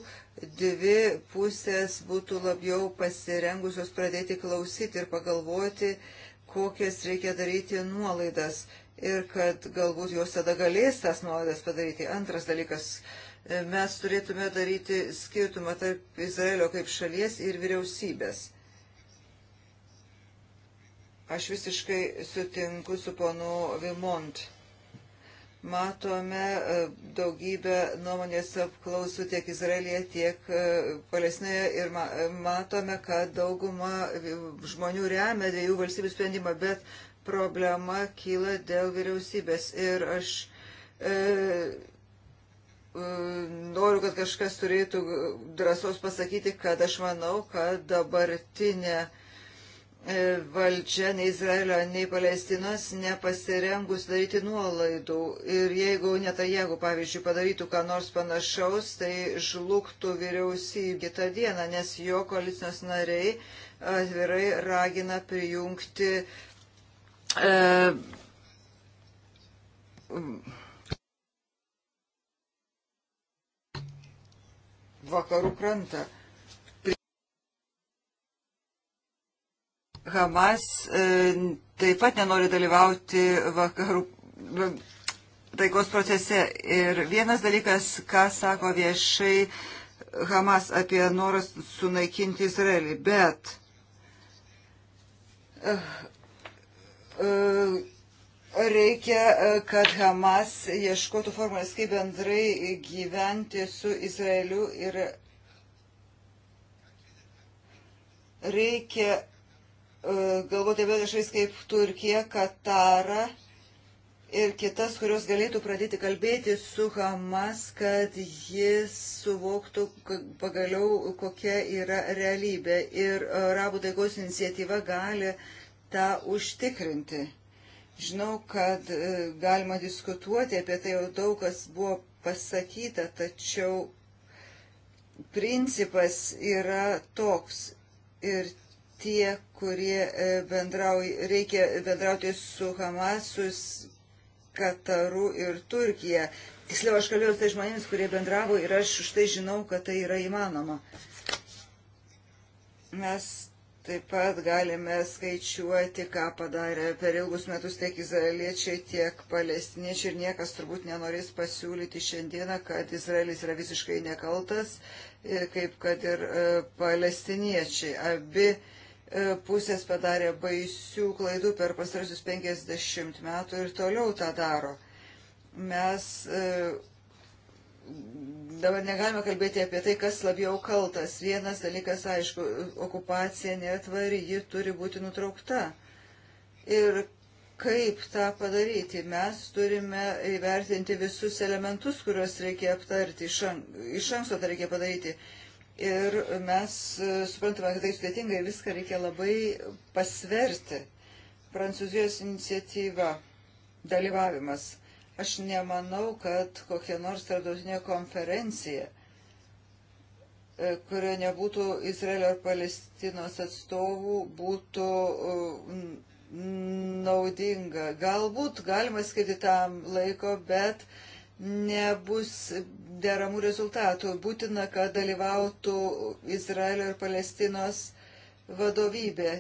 dvi pusės būtų labiau pasirengusios pradėti klausyti ir pagalvoti, kokias reikia daryti nuolaidas ir kad galbūt jos tada galės tas nuolaidas padaryti. Antras dalykas, mes turėtume daryti skirtumą tarp Izraelio kaip šalies ir vyriausybės Aš visiškai sutinku su ponu Vimont. Matome e, daugybę nuomonės apklausų tiek Izraelėje, tiek e, Palestinoje ir matome, kad dauguma žmonių remia dviejų valstybių sprendimą, bet problema kyla dėl vyriausybės. Ir aš e, e noriu, kad kažkas turėtų drąsos pasakyti, kad aš manau, kad dabartinė E, valdžia, nei Izraelio, nei Palestinos nepasirengus daryti nuolaidų. Ir jeigu Netanjahu, pavyzdžiui, padarytų ką nors panašaus, tai žlugtų vyriausybė kitą dieną, nes jo koalicijos nariai atvirai ragina prijungti. E, vakarų krantą. Hamas e, taip pat nenori dalyvauti vakarų e, taikos procese. Ir vienas dalykas, ką sako viešai Hamas apie norą sunaikinti Izraelį, bet e, reikia, kad Hamas ieškotų formulės, kaip bendrai gyventi su Izraeliu ir reikia E, galvoti apie tokias šalis kaip Turkija, Katara ir kitas, kurios galėtų pradėti kalbėti su Hamas, kad jis suvoktų pagaliau, kokia yra realybė. Ir Arabų taikos iniciatyva gali tą užtikrinti. Žinau, kad e, galima diskutuoti, apie tai jau daug kas buvo pasakyta, tačiau principas yra toks ir tie, kurie e, bendrauja, reikia bendrauti su Hamasus, Kataru ir Turkija. Tiksliau, aš kalbėjau su tai žmonėmis, kurie bendravo ir aš už tai žinau, kad tai yra įmanoma. Mes taip pat galime skaičiuoti, ką padarė per ilgus metus tiek izraeliečiai, tiek palestiniečiai ir niekas turbūt nenorės pasiūlyti šiandieną, kad Izraelis yra visiškai nekaltas, e, kaip kad ir e, palestiniečiai. Abi uh, E, pusės padarė baisių klaidų per pastarusius 50 metų ir toliau tą daro. Mes e, dabar negalime kalbėti apie tai, kas labiau kaltas. Vienas dalykas, aišku, okupacija netvari, ji turi būti nutraukta. Ir kaip tą padaryti? Mes turime įvertinti visus elementus, kuriuos reikia aptarti, iš anksto tą reikia padaryti. Ir mes e, suprantame, kad tai sudėtingai viską reikia labai pasverti. Prancūzijos iniciatyva, dalyvavimas. Aš nemanau, kad kokia nors tarptautinė konferencija, e, kurio nebūtų Izraelio ar Palestinos atstovų, būtų e, naudinga. Galbūt galima skirti tam laiko, bet uh, nebus deramų rezultatų. Būtina, kad dalyvautų Izraelio ir Palestinos vadovybė.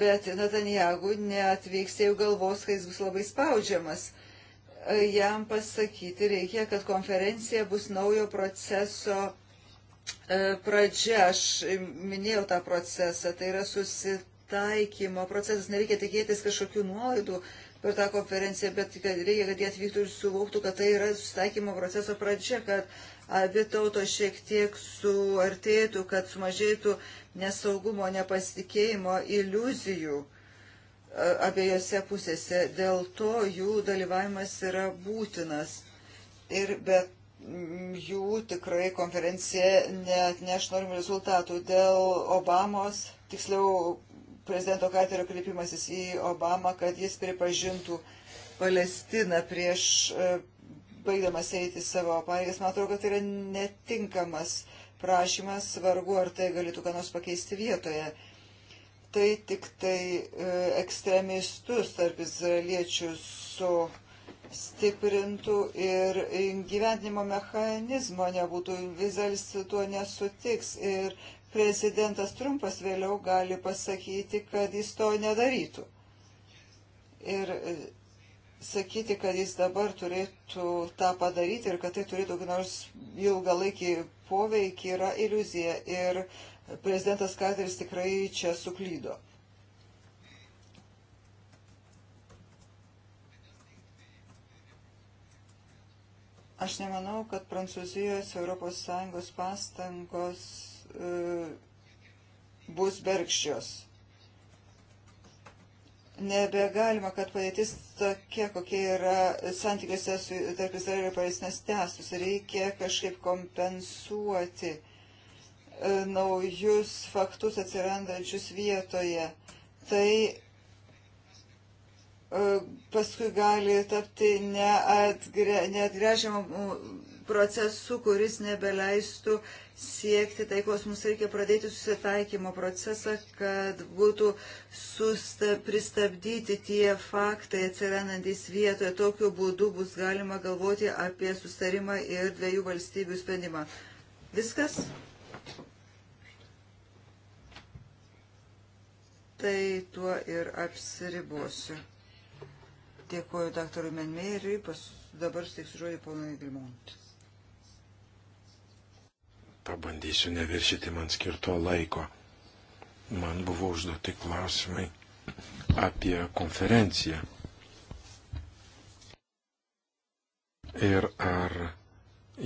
Bet Netanjahu neatvyks, jeigu galvos, kad jis bus labai spaudžiamas. Jam pasakyti reikia, kad konferencija bus naujo proceso e, pradžia. Aš minėjau tą procesą, tai yra susitikti taikymo procesas. Nereikia tikėtis kažkokių nuolaidų per tą konferenciją, bet kad reikia, kad jie atvyktų ir suvoktų, kad tai yra susitaikymo proceso pradžia, kad abi tautos šiek tiek suartėtų, kad sumažėtų nesaugumo, nepasitikėjimo, iliuzijų e, abiejose pusėse. Dėl to jų dalyvavimas yra būtinas. Ir be jų tikrai konferencija net neš norimų rezultatų. Dėl Obamos, tiksliau prezidento Katerio kreipimasis į Obamą, kad jis pripažintų Palestiną prieš e, baigdamas eiti savo pareigas. Man atrodo, kad tai yra netinkamas prašymas, vargu ar tai galėtų ką nors pakeisti vietoje. Tai tik tai e, ekstremistus tarp izraeliečių su stiprintų ir gyvenimo mechanizmo nebūtų, Vizelis su tuo nesutiks ir prezidentas Trumpas vėliau gali pasakyti, kad jis to nedarytų. Ir e, sakyti, kad jis dabar turėtų tą padaryti ir kad tai turėtų kokį nors ilgalaikį poveikį yra iliuzija. Ir prezidentas Kateris tikrai čia suklydo. Aš nemanau, kad Prancūzijos Europos Sąjungos pastangos E, bus bergščios. Nebegalima, kad padėtis tokia, kokia yra santykiuose su, tarp Izraelio ir Palestinos testus. Reikia kažkaip kompensuoti e, naujus faktus atsirandančius vietoje. Tai e, paskui gali tapti neatgre, neatgręžiamą procesu, kuris nebeleistų siekti taikos, mums reikia pradėti susitaikymo procesą, kad būtų susta, pristabdyti tie faktai atsirandantis vietoje. Tokiu būdu bus galima galvoti apie sustarimą ir dviejų valstybių sprendimą. Viskas? Tai tuo ir apsiribosiu. Dėkuoju daktarui Menmeiriui, dabar steiksiu žodį ponui Grimont. Pabandysiu neviršyti man skirto laiko. Man buvo užduoti klausimai apie konferenciją. Ir ar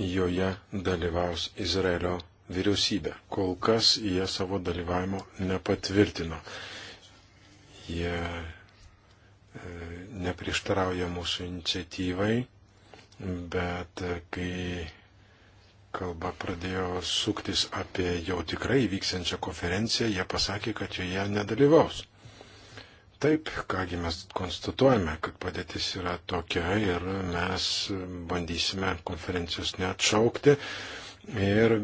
joje dalyvaus Izraelio vyriausybė. Kol kas jie savo dalyvavimo nepatvirtino. Jie e, neprieštarauja mūsų iniciatyvai, bet kai kalba pradėjo suktis apie jau tikrai vyksiančią konferenciją, jie pasakė, kad joje nedalyvaus. Taip, kągi mes konstatuojame, kad padėtis yra tokia ir mes bandysime konferencijos neatšaukti ir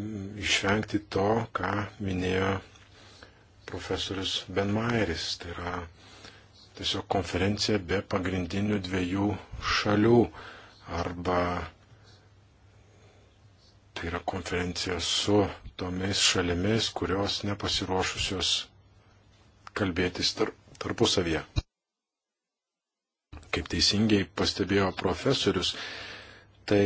išvengti to, ką minėjo profesorius Benmairis. Tai yra tiesiog konferencija be pagrindinių dviejų šalių arba Tai yra konferencija su tomis šalimis, kurios nepasiruošusios kalbėtis tarp, tarpusavyje. Kaip teisingai pastebėjo profesorius, tai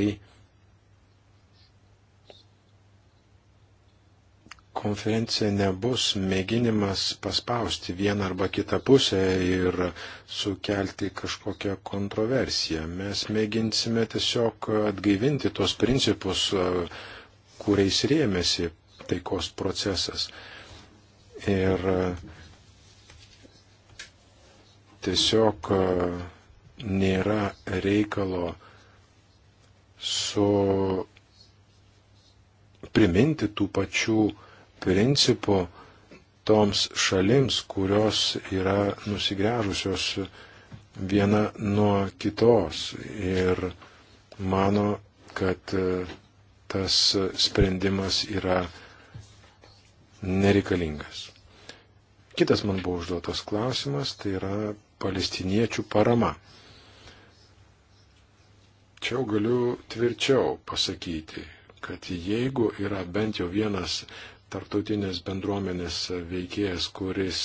konferencija nebus mėginimas paspausti vieną arba kitą pusę ir sukelti kažkokią kontroversiją. Mes mėginsime tiesiog atgaivinti tos principus, kuriais rėmėsi taikos procesas. Ir tiesiog nėra reikalo su priminti tų pačių principų toms šalims, kurios yra nusigręžusios viena nuo kitos ir mano, kad e, tas sprendimas yra nereikalingas. Kitas man buvo užduotas klausimas, tai yra palestiniečių parama. Čia galiu tvirčiau pasakyti, kad jeigu yra bent jau vienas tarptautinės bendruomenės veikėjas, kuris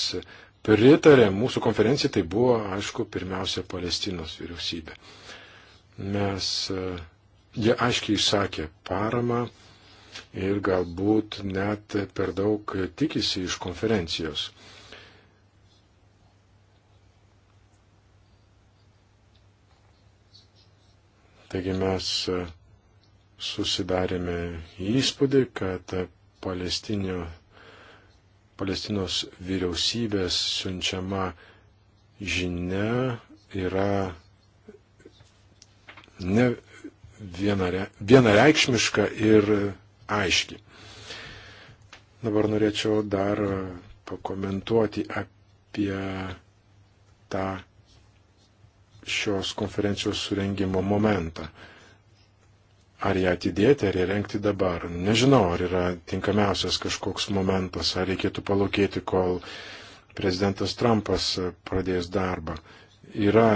pritarė mūsų konferencijai, tai buvo, aišku, pirmiausia Palestinos vyriausybė. Mes, e, jie aiškiai išsakė paramą ir galbūt net per daug tikisi iš konferencijos. Taigi mes e, susidarėme įspūdį, kad Palestinių, Palestinos vyriausybės siunčiama žinia yra ne vienare, vienareikšmiška ir aiški. Dabar norėčiau dar pakomentuoti apie tą šios konferencijos surengimo momentą. Ar ją atidėti, ar ją renkti dabar. Nežinau, ar yra tinkamiausias kažkoks momentas, ar reikėtų palaukėti, kol prezidentas Trumpas pradės darbą. Yra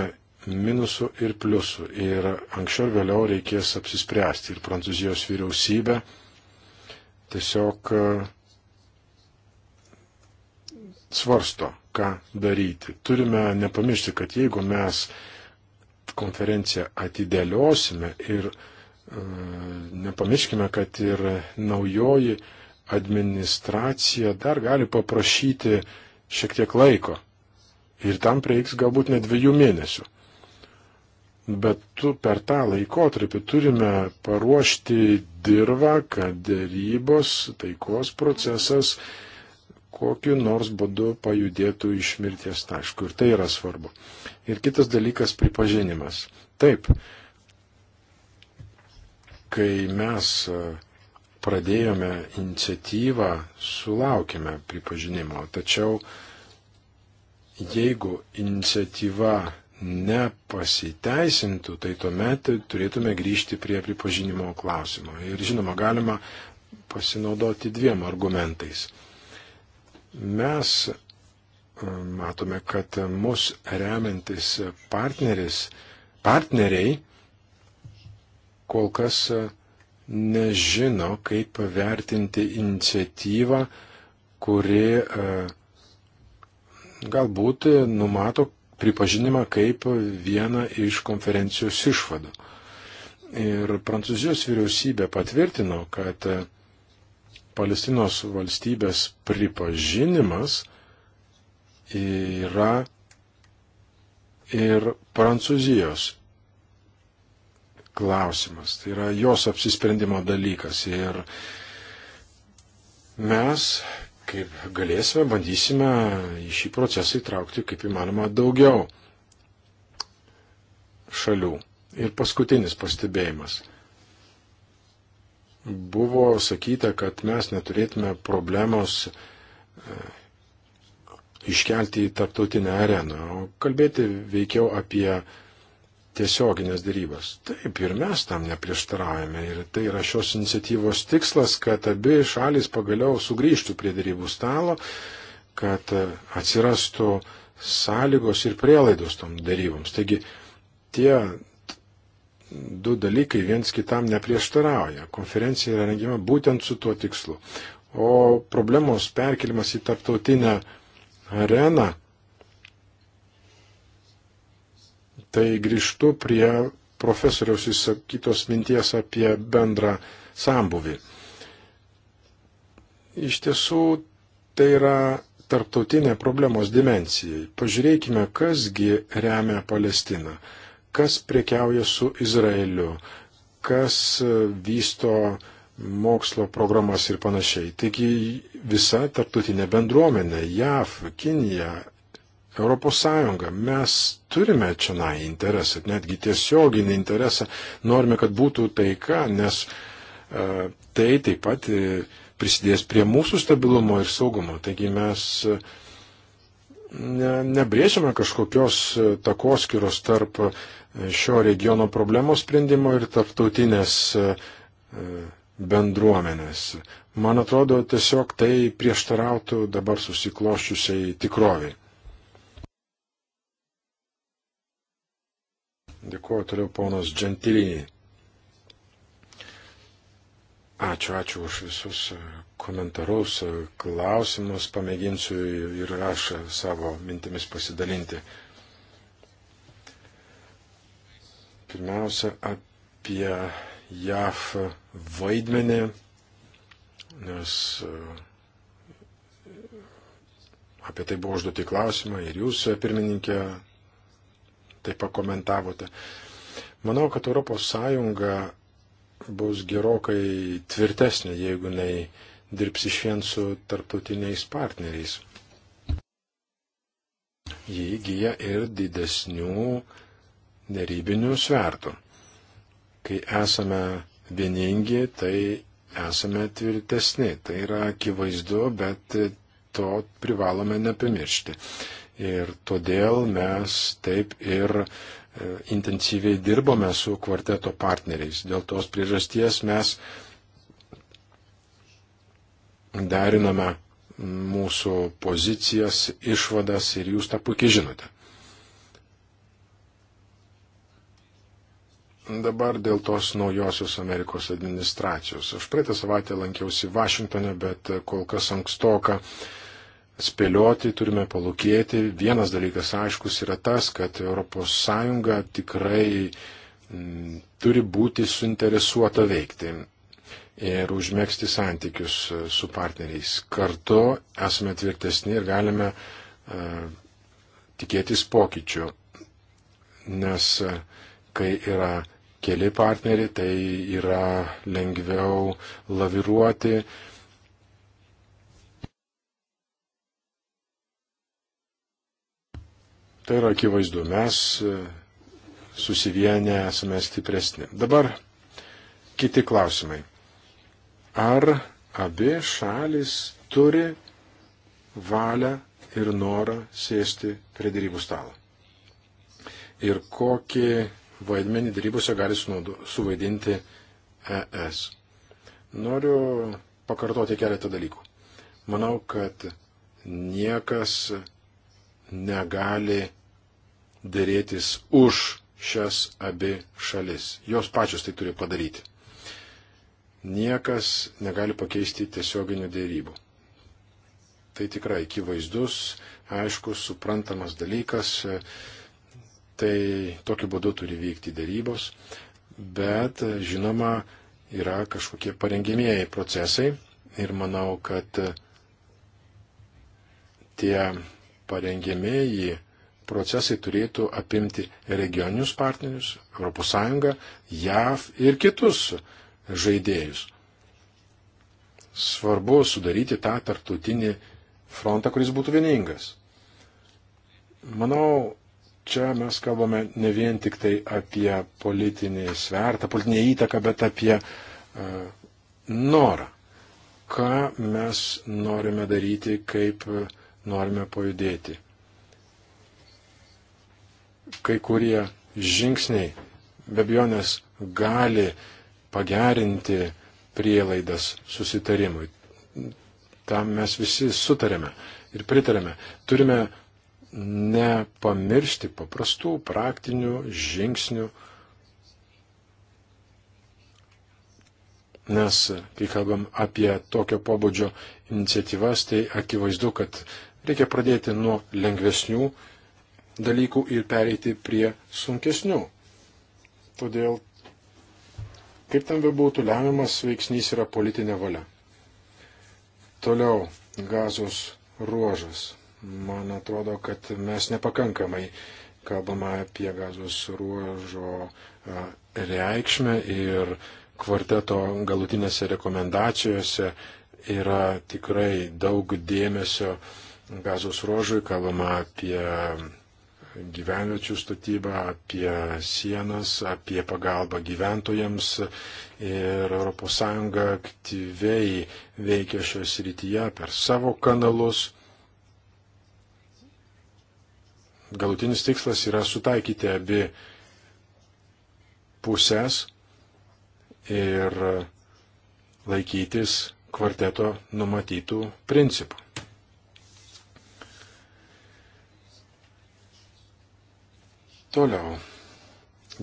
minusų ir pliusų. Ir anksčiau ir vėliau reikės apsispręsti. Ir Prancūzijos vyriausybė tiesiog e, svarsto, ką daryti. Turime nepamiršti, kad jeigu mes konferenciją atidėliosime ir E, nepamirškime, kad ir naujoji administracija dar gali paprašyti šiek tiek laiko. Ir tam prieiks galbūt net dviejų mėnesių. Bet tu per tą laikotarpį turime paruošti dirbą, kad dėrybos, taikos procesas kokiu nors būdu pajudėtų iš mirties taškų. Ir tai yra svarbu. Ir kitas dalykas - pripažinimas. Taip, kai mes e, pradėjome iniciatyvą, sulaukime pripažinimo. Tačiau jeigu iniciatyva nepasiteisintų, tai tuomet turėtume grįžti prie pripažinimo klausimo. Ir žinoma, galima pasinaudoti dviem argumentais. Mes e, matome, kad mus remiantis partneris, partneriai kol kas e, nežino, kaip vertinti iniciatyvą, kuri e, galbūt numato pripažinimą kaip vieną iš konferencijos išvadų. Ir Prancūzijos vyriausybė patvirtino, kad e, Palestinos valstybės pripažinimas yra ir Prancūzijos klausimas, tai yra jos apsisprendimo dalykas. Ir mes, kaip galėsime, bandysime į šį procesą įtraukti kaip įmanoma daugiau šalių. Ir paskutinis pastebėjimas. Buvo sakyta, kad mes neturėtume problemos e, iškelti į tarptautinę areną, o kalbėti veikiau apie tiesioginės dėrybos. Taip, ir mes tam neprieštaravome. Ir tai yra šios iniciatyvos tikslas, kad abi šalis pagaliau sugrįžtų prie dėrybų stalo, kad atsirastų sąlygos ir prielaidos tom dėryboms. Taigi tie du dalykai viens kitam neprieštarauja. Konferencija yra rengiama būtent su tuo tikslu. O problemos perkelimas į tarptautinę areną Tai grįžtu prie profesoriaus įsakytos minties apie bendrą sambuvį. Iš tiesų, tai yra tarptautinė problemos dimencijai. Pažiūrėkime, kasgi remia Palestiną, kas priekiauja su Izraeliu, kas vysto mokslo programas ir panašiai. Taigi visa tarptautinė bendruomenė - JAV, Kinija, Europos Sąjunga. Mes turime čia na interesą, netgi tiesioginį interesą, norime, kad būtų taika, nes e, tai taip pat e, prisidės prie mūsų stabilumo ir saugumo. Taigi mes e, ne, nebrėžiame kažkokios e, takoskiros tarp e, šio regiono problemos sprendimo ir tarptautinės bendruomenės. Man atrodo, tiesiog tai prieštarautų dabar susikloščiusiai tikroviai. Dėkuoju toliau ponas Džentilinį. Ačiū, ačiū už visus e, komentarus, e, klausimus, pamėginsiu ir aš e, savo mintimis pasidalinti. Pirmiausia, apie JAF vaidmenį, nes apie tai buvo užduoti klausimą ir jūs, pirmininkė, tai pakomentavote. Manau, kad ES bus gerokai tvirtesnė, jeigu jinai dirbs iš vien su tarptautiniais partneriais. Jie įgyja ir didesnių dėrybinių svertų. Kai esame vieningi, tai esame tvirtesni. Tai yra akivaizdu, bet to privalome nepamiršti. Ir todėl mes taip ir e, intensyviai dirbome su kvarteto partneriais. Dėl tos priežasties mes deriname mūsų pozicijas, išvadas ir jūs tą puikiai žinote. Dabar dėl tos naujosios Amerikos administracijos. Aš praeitą savaitę lankiausi Vašingtonė, bet kol kas ankstoka uh, spėlioti, turime palūkėti. Vienas dalykas aiškus yra tas, kad ES tikrai m, mm, turi būti suinteresuota veikti ir užmėgsti santykius e, su partneriais. Kartu esame tvirtesni ir galime e, tikėtis pokyčių, nes e, kai yra keli partneriai, tai yra lengviau laviruoti, e, Tai yra akivaizdu, mes e, susivienę esame stipresni. Dabar kiti klausimai. Ar abi šalis turi valią ir norą sėsti prie dėrybų stalo? Ir kokį vaidmenį dėrybose gali suvaidinti ES? Noriu pakartoti keletą dalykų. Manau, kad niekas negali dėrėtis už šias abi šalis. Jos pačios tai turi padaryti. Niekas negali pakeisti tiesioginių dėrybų. Tai tikrai akivaizdus, aiškus, suprantamas dalykas. Tai tokiu būdu turi vykti dėrybos. Bet, žinoma, yra kažkokie parengimieji procesai ir manau, kad tie parengėmėjai procesai turėtų apimti regioninius partnerius, ES, JAV ir kitus žaidėjus. Svarbu sudaryti tą tarptautinį frontą, kuris būtų vieningas. Manau, čia mes kalbame ne vien tik tai apie politinį svertą, politinę įtaką, bet apie uh, norą. Ką mes norime daryti kaip uh, norime pajudėti. Kai kurie žingsniai be abejonės gali pagerinti prielaidas susitarimui. Tam mes visi sutarėme ir pritarėme. Turime nepamiršti paprastų praktinių žingsnių, nes kai kalbam apie tokio pobūdžio iniciatyvas, tai akivaizdu, kad Reikia pradėti nuo lengvesnių dalykų ir pereiti prie sunkesnių. Todėl, kaip tam bebūtų, lemiamas veiksnys yra politinė valia. Toliau, gazos ruožas. Man atrodo, kad mes nepakankamai kalbama apie gazos ruožo reikšmę ir kvarteto galutinėse rekomendacijose yra tikrai daug dėmesio uh, gazos ruožui, kalbama apie gyvenviečių statybą, apie sienas, apie pagalbą gyventojams ir ES aktyviai veikia šios rytyje per savo kanalus. Galutinis tikslas yra sutaikyti abi pusės ir laikytis kvarteto numatytų principų. Toliau.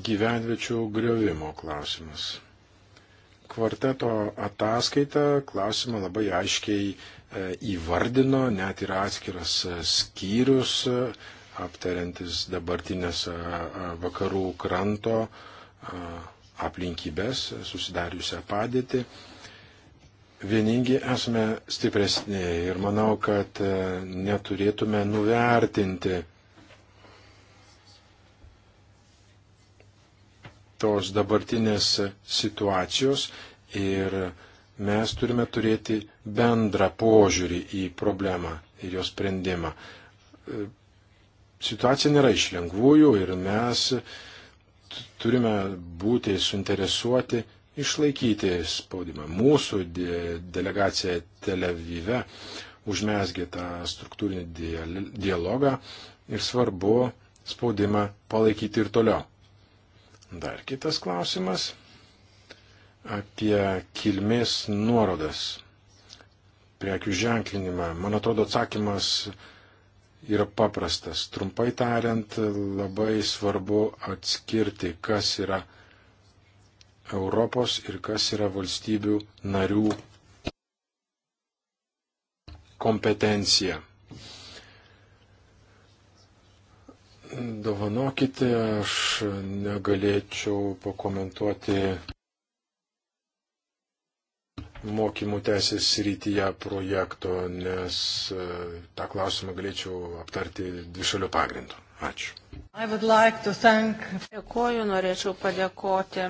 Gyvenviečių griovimo klausimas. Kvarteto ataskaita klausimą labai aiškiai e, įvardino, net yra atskiras e, skyrius e, aptariantis dabartinės vakarų kranto aplinkybės, susidariusią padėtį. Vieningi esame stipresni ir manau, kad neturėtume nuvertinti tos dabartinės situacijos ir mes turime turėti bendrą požiūrį į problemą ir jos sprendimą. E, situacija nėra iš lengvųjų ir mes turime būti suinteresuoti išlaikyti spaudimą. Mūsų de delegacija Televive užmesgė tą struktūrinį dialogą ir svarbu spaudimą palaikyti ir toliau. Dar kitas klausimas apie kilmės nuorodas, prekių ženklinimą. Man atrodo, atsakymas yra paprastas. Trumpai tariant, labai svarbu atskirti, kas yra Europos ir kas yra valstybių narių kompetencija. Dovanokite, aš negalėčiau pakomentuoti mokymų teisės rytyje projekto, nes e, tą klausimą galėčiau aptarti dvišalių pagrindų. Ačiū. Like thank... Dėkuoju, norėčiau padėkoti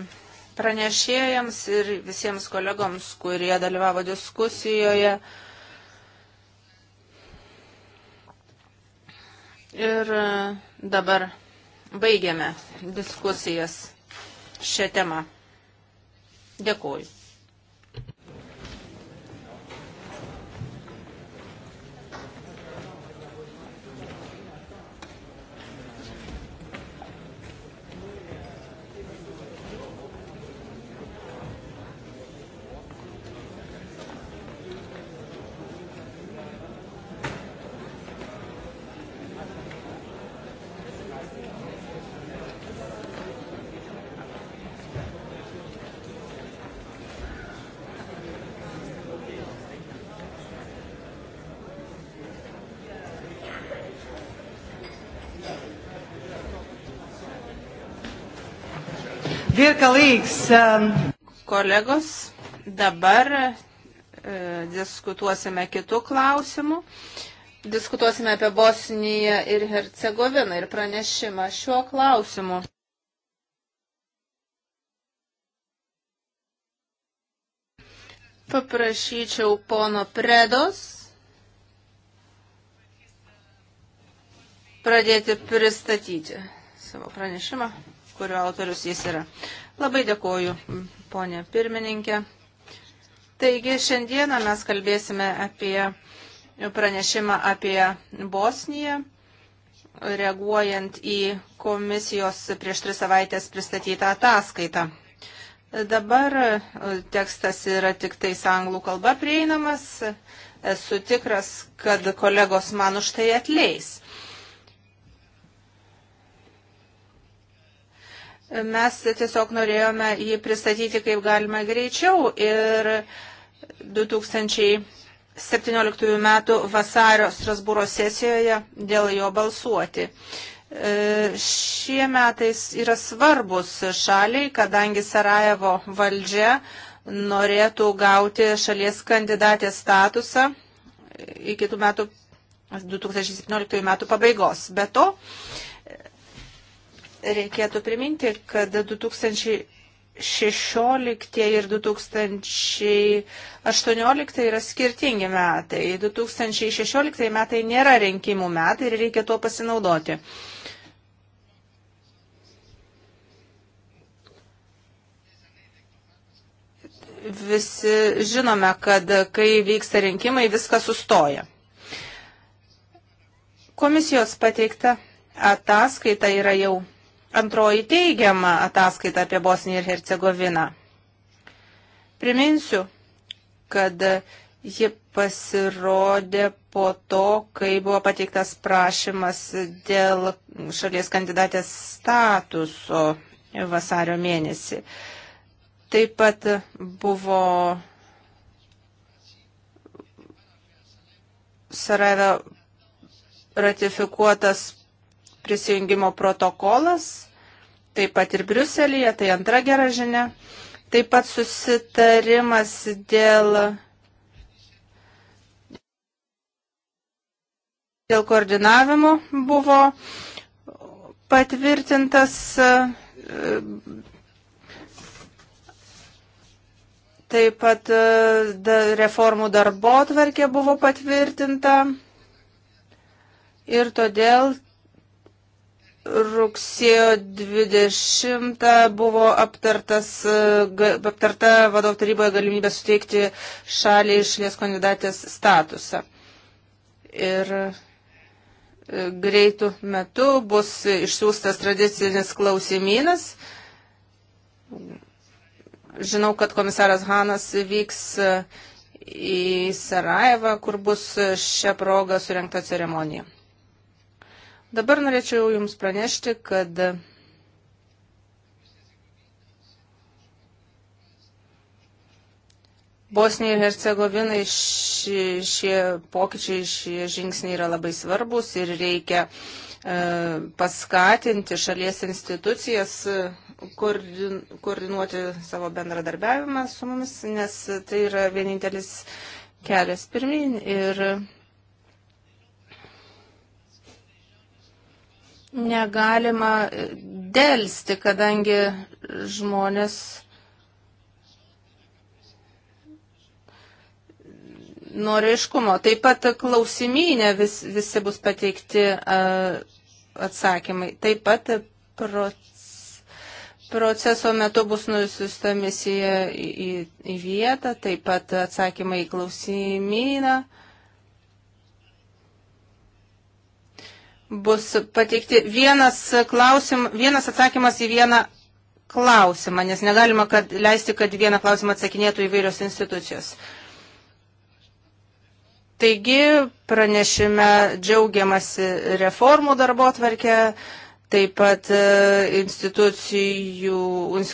pranešėjams ir visiems kolegoms, kurie dalyvavo diskusijoje. Mm. Ir e, dabar baigiame diskusijas šią temą. Dėkuoju. Um, Kolegos, dabar e, diskutuosime kitų klausimų. Diskutuosime apie Bosniją ir Hercegoviną ir pranešimą šiuo klausimu. Paprašyčiau pono Predos pradėti pristatyti savo pranešimą, kurio autorius jis yra. Labai dėkoju, ponė pirmininkė. Taigi šiandieną mes kalbėsime apie pranešimą apie Bosniją, reaguojant į komisijos prieš tris savaitės pristatytą ataskaitą. Dabar e, tekstas yra tik tai anglų kalba prieinamas. Esu tikras, kad kolegos man už tai atleis. Mes tiesiog norėjome jį pristatyti kaip galima greičiau ir 2017 m. vasario Strasbūro sesijoje dėl jo balsuoti. E, šie metais yra svarbus šaliai, kadangi Sarajevo valdžia norėtų gauti šalies kandidatės statusą iki 2017 metų pabaigos. Be to, Reikėtų priminti, kad 2016 ir 2018 yra skirtingi metai. 2016 metai nėra rinkimų metai ir reikia tuo pasinaudoti. visi žinome, kad kai vyksta rinkimai, viskas sustoja. Komisijos pateikta ataskaita yra jau antroji teigiama ataskaita apie Bosniją ir Hercegoviną. Priminsiu, kad ji pasirodė po to, kai buvo pateiktas prašymas dėl šalies kandidatės statuso vasario mėnesį. Taip pat buvo Sarajeve ratifikuotas prisijungimo protokolas, taip pat ir Briuselėje, tai antra gera žinia. Taip pat susitarimas dėl, dėl koordinavimo buvo patvirtintas. Taip pat reformų darbo tvarkė buvo patvirtinta ir todėl Rugsėjo 20 buvo aptartas, aptarta vadovų taryboje galimybė suteikti šaliai šalies kandidatės statusą. Ir e, greitų metų bus išsiųstas tradicinis klausimynas. Žinau, kad komisaras Hanas vyks e, į Sarajevą, kur bus šią progą surinkta ceremonija. Dabar norėčiau Jums pranešti, kad Bosnijai ir Hercegovinai šie, šie pokyčiai, šie žingsniai yra labai svarbus ir reikia e, paskatinti šalies institucijas e, koordinuoti savo bendradarbiavimą su mumis, nes tai yra vienintelis kelias pirmin ir negalima e, dėlsti, kadangi žmonės nori iškumo. Taip pat klausimynė vis, visi bus pateikti e, atsakymai. Taip pat proceso metu bus nusiusta misija į, į, į vietą, taip pat atsakymai į klausimyną. bus pateikti vienas, klausim, vienas atsakymas į vieną klausimą, nes negalima kad, leisti, kad vieną klausimą atsakinėtų įvairios institucijos. Taigi pranešime džiaugiamasi reformų darbo atvarkė, taip pat e, institucijų,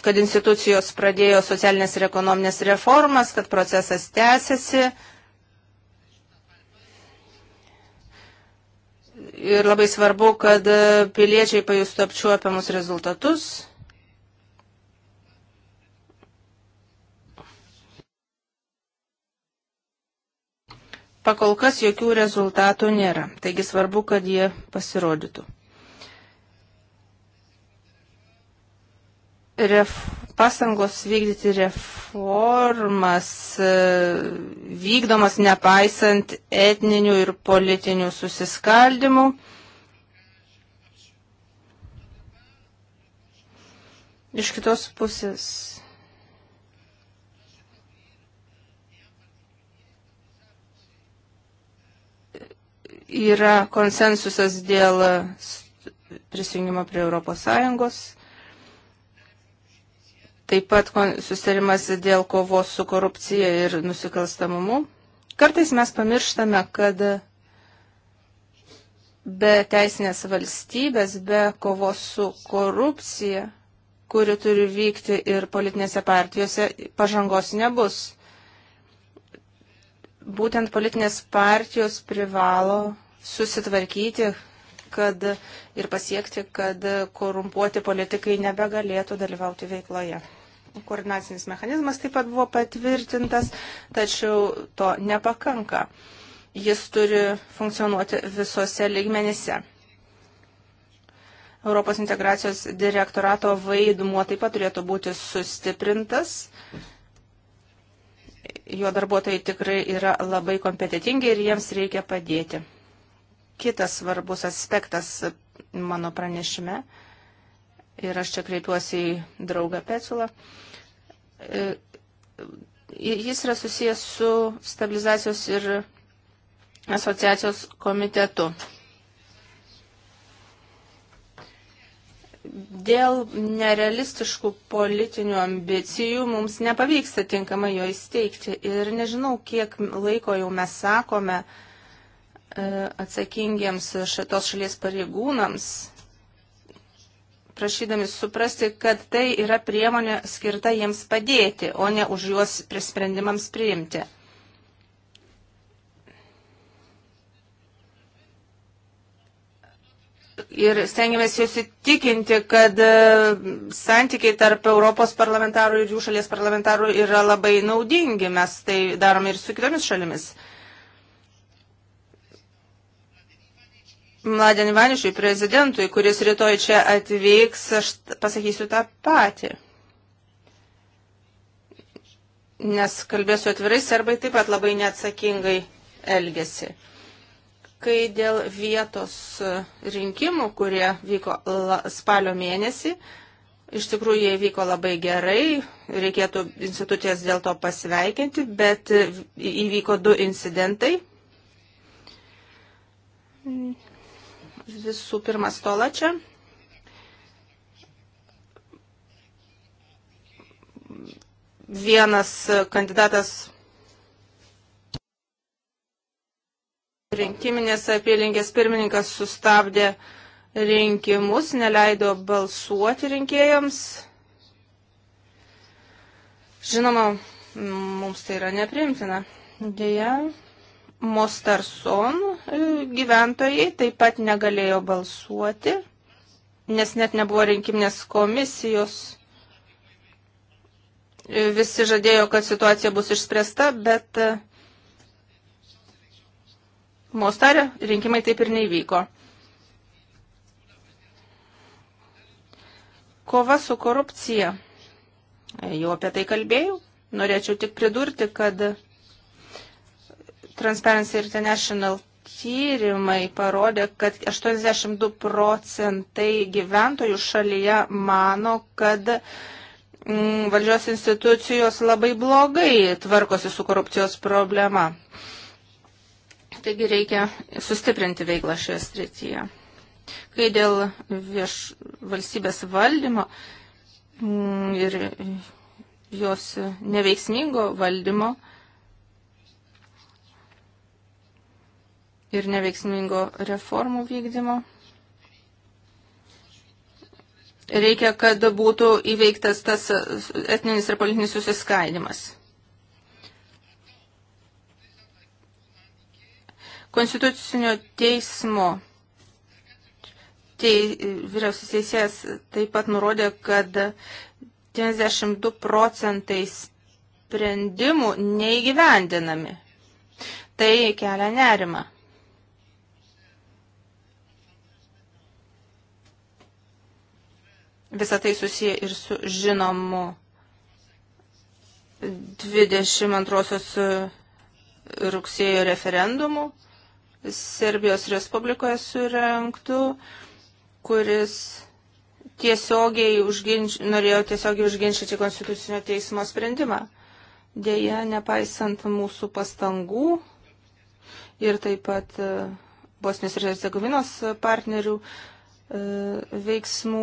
kad institucijos pradėjo socialinės ir ekonominės reformas, kad procesas tęsiasi. ir labai svarbu, kad piliečiai pajustų apčiuopiamus rezultatus. Pakol kas jokių rezultatų nėra, taigi svarbu, kad jie pasirodytų. ref, pasangos vykdyti reformas e, vykdomas nepaisant etninių ir politinių susiskaldimų. Iš kitos pusės. Yra konsensusas dėl prisijungimo prie Europos Sąjungos taip pat susitarimas dėl kovos su korupcija ir nusikalstamumu. Kartais mes pamirštame, kad be teisinės valstybės, be kovos su korupcija, kuri turi vykti ir politinėse partijose, pažangos nebus. Būtent politinės partijos privalo susitvarkyti, kad ir pasiekti, kad korumpuoti politikai nebegalėtų dalyvauti veikloje koordinacinis mechanizmas taip pat buvo patvirtintas, tačiau to nepakanka. Jis turi funkcionuoti visose lygmenyse. Europos integracijos direktorato vaidmuo taip pat turėtų būti sustiprintas jo darbuotojai tikrai yra labai kompetitingi ir jiems reikia padėti. Kitas svarbus aspektas mano pranešime, ir aš čia kreipiuosi į draugą Petsulą, E, jis yra susijęs su stabilizacijos ir asociacijos komitetu. Dėl nerealistiškų politinių ambicijų mums nepavyksta tinkamai jo įsteigti ir nežinau, kiek laiko jau mes sakome e, atsakingiems šitos šalies pareigūnams prašydami suprasti, kad tai yra priemonė skirta jiems padėti, o ne už juos sprendimams priimti. ir stengiamės jūs įtikinti, kad e, santykiai tarp Europos parlamentarų ir jų šalies parlamentarų yra labai naudingi. Mes tai darom ir su kitomis šalimis. Mladen Vanišui, prezidentui, kuris rytoj čia atvyks, aš pasakysiu tą patį. Nes kalbėsiu atvirai, serbai taip pat labai neatsakingai elgesi. Kai dėl vietos rinkimų, kurie vyko spalio mėnesį, Iš tikrųjų, jie vyko labai gerai, reikėtų institucijas dėl to pasveikinti, bet įvyko du incidentai. Visų pirma, stola čia. Vienas kandidatas rinkiminės apylinkės pirmininkas sustabdė rinkimus, neleido balsuoti rinkėjams. Žinoma, mums tai yra neprimtina. Dėja, Mostarson e, gyventojai taip pat negalėjo balsuoti, nes net nebuvo rinkiminės komisijos. E, visi žadėjo, kad situacija bus išspręsta, bet e, Mostarė rinkimai taip ir neįvyko. Kova su korupcija. Jau apie tai kalbėjau. Norėčiau tik pridurti, kad Transparency International tyrimai parodė, kad 82 procentai gyventojų šalyje mano, kad mm, valdžios institucijos labai blogai tvarkosi su korupcijos problema. Taigi reikia sustiprinti veiklą šioje srityje. Kai dėl vieš valstybės valdymo mm, ir jos neveiksmingo valdymo, mm, ir neveiksmingo reformų vykdymo. Reikia, kad būtų įveiktas tas etninis ir politinis susiskaidimas. Konstitucinio teismo tei, vyriausias teisėjas taip pat nurodė, kad 92 procentai sprendimų neįgyvendinami. Tai kelia nerima. Visą tai susiję ir su žinomu 22 e, rugsėjo referendumu Serbijos Respublikoje surenktų, kuris tiesiogiai užginč... norėjo tiesiogiai užginčyti Konstitucinio teismo sprendimą. Deja, nepaisant mūsų pastangų ir taip pat e, Bosnijos ir Hercegovinos partnerių, uh, E, veiksmų.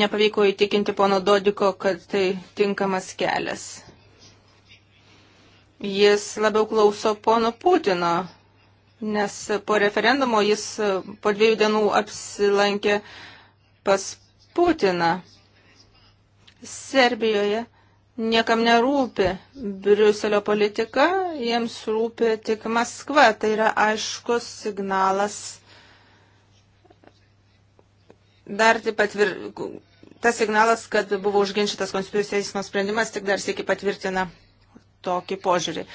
Nepavyko įtikinti pono Dodiko, kad tai tinkamas kelias. Jis labiau klauso pono Putino, nes po referendumo jis e, po dviejų dienų apsilankė pas Putiną. Serbijoje niekam nerūpi Briuselio politika, jiems rūpi tik Maskva. Tai yra aiškus signalas dar taip patvir... tas signalas, kad buvo užginčytas konstitucijos teismo sprendimas, tik dar sėki patvirtina tokį požiūrį.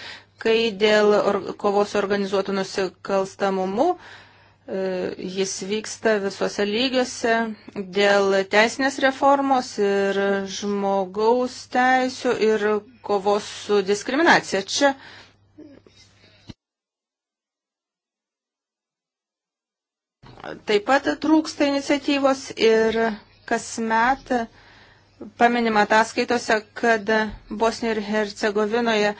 Kai dėl or... kovos organizuotų nusikalstamumu, e, jis vyksta visose lygiuose dėl teisinės reformos ir žmogaus teisų ir kovos su diskriminacija. Čia taip pat trūksta iniciatyvos ir kasmet paminima ataskaitose, kad Bosnijoje ir Hercegovinoje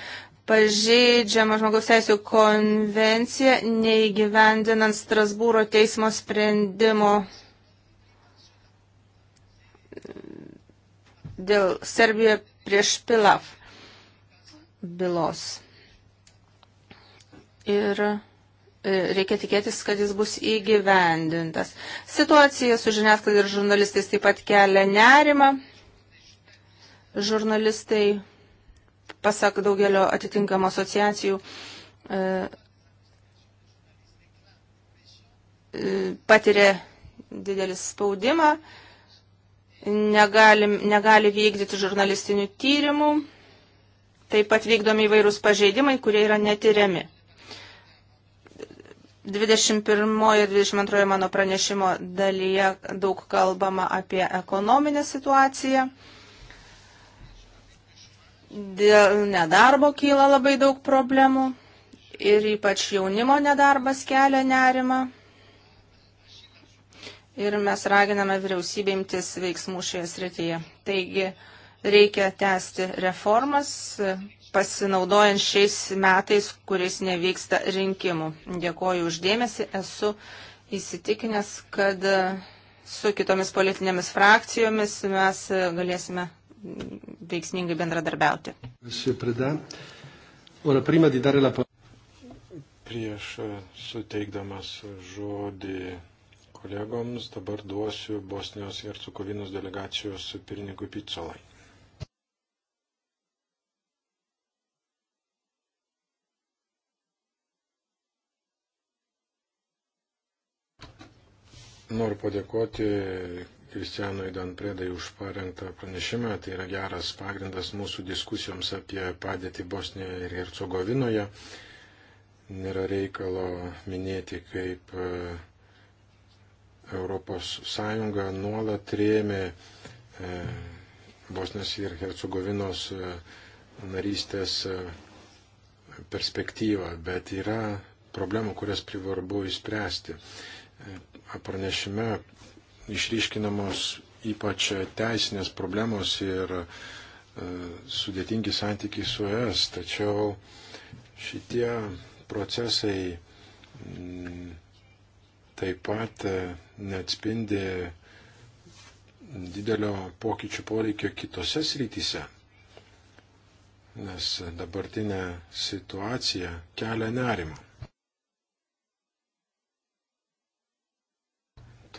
pažeidžiama žmogaus teisų konvencija neįgyvendinant Strasbūro teismo sprendimo dėl Serbijoje prieš Pilaf bylos. Ir E, reikia tikėtis, kad jis bus įgyvendintas. Situacija su žiniasklaida ir žurnalistais taip pat kelia nerimą. Žurnalistai, pasak daugelio atitinkamų asociacijų, e, e, patiria didelį spaudimą, negali, negali vykdyti žurnalistinių tyrimų, taip pat vykdomi įvairūs pažeidimai, kurie yra netyriami. 21 ir 22 mano pranešimo dalyje daug kalbama apie ekonominę situaciją. Dėl nedarbo kyla labai daug problemų ir ypač jaunimo nedarbas kelia nerimą. Ir mes raginame vyriausybę imtis veiksmų šioje srityje. Taigi reikia tęsti reformas, pasinaudojant šiais metais, kuriais nevyksta rinkimų. Dėkoju uždėmesi, esu įsitikinęs, kad su kitomis politinėmis frakcijomis mes galėsime veiksmingai bendradarbiauti. Prieš suteikdamas žodį kolegoms dabar duosiu Bosnijos ir Cukovinos delegacijos pirmininkui Picolai. Noriu padėkoti Kristianui Danpredai už parengtą pranešimą. Tai yra geras pagrindas mūsų diskusijoms apie padėtį Bosnijoje ir Hercegovinoje. Nėra reikalo minėti, kaip ES nuolat rėmė e, Bosnės ir Hercegovinos e, narystės e, perspektyvą, bet yra problemų, kurias privarbu įspręsti pranešime išryškinamos ypač teisinės problemos ir e, sudėtingi santykiai su ES, tačiau šitie procesai taip pat e, neatspindi didelio pokyčių poreikio kitose srityse, nes dabartinė situacija kelia nerimą.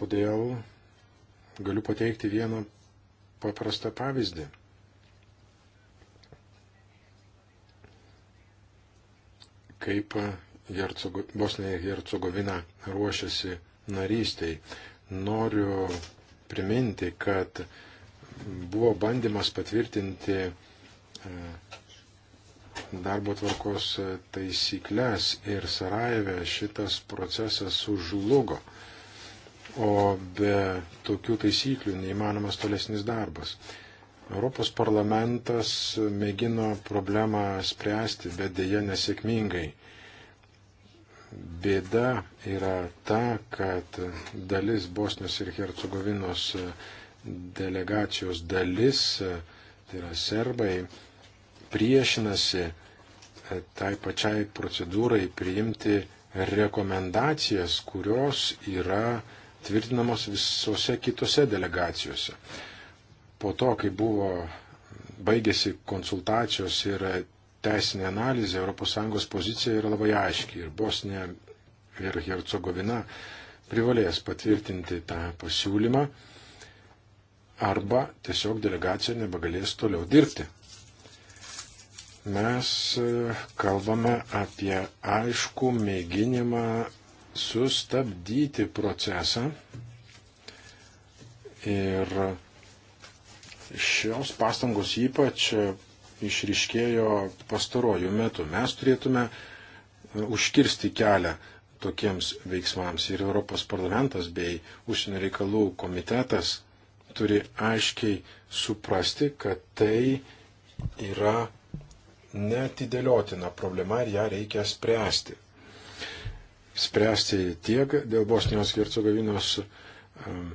Todėl galiu pateikti vieną paprastą pavyzdį. Kaip Hercogo, Bosnija ir Hercegovina ruošiasi narystiai. Noriu priminti, kad buvo bandymas patvirtinti e, darbo tvarkos taisyklės ir Sarajeve šitas procesas sužlugo. O be tokių taisyklių neįmanomas tolesnis darbas. Europos parlamentas mėgino problemą spręsti, bet dėja nesėkmingai. Bėda yra ta, kad dalis Bosnios ir Hercegovinos delegacijos dalis, tai yra serbai, priešinasi tai pačiai procedūrai priimti rekomendacijas, kurios yra tvirtinamos visose kitose delegacijose. Po to, kai buvo baigėsi konsultacijos ir teisinė analizė, ES pozicija yra labai aiški ir Bosnija ir Hercegovina privalės patvirtinti tą pasiūlymą arba tiesiog delegacija nebegalės toliau dirbti. Mes e, kalbame apie aišku mėginimą sustabdyti procesą ir šios pastangos ypač išriškėjo pastarojų metų. Mes turėtume užkirsti kelią tokiems veiksmams ir Europos parlamentas bei užsienio reikalų komitetas turi aiškiai suprasti, kad tai yra netidėliotina problema ir ją reikia spręsti spręsti tiek dėl Bosnijos Hercegovinos um,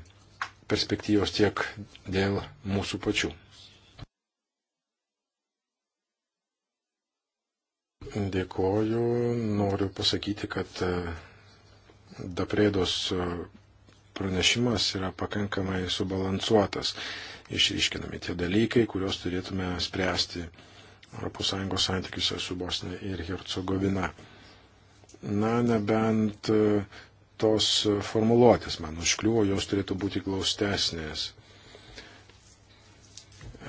perspektyvos, tiek dėl mūsų pačių. Dėkoju, noriu pasakyti, kad uh, Daprėdos uh, pranešimas yra pakankamai subalansuotas, išryškinami tie dalykai, kuriuos turėtume spręsti ES santykiuose su Bosnija ir Hercegovina. Na, nebent e, tos formuluotės man užkliuvo, jos turėtų būti glaustesnės.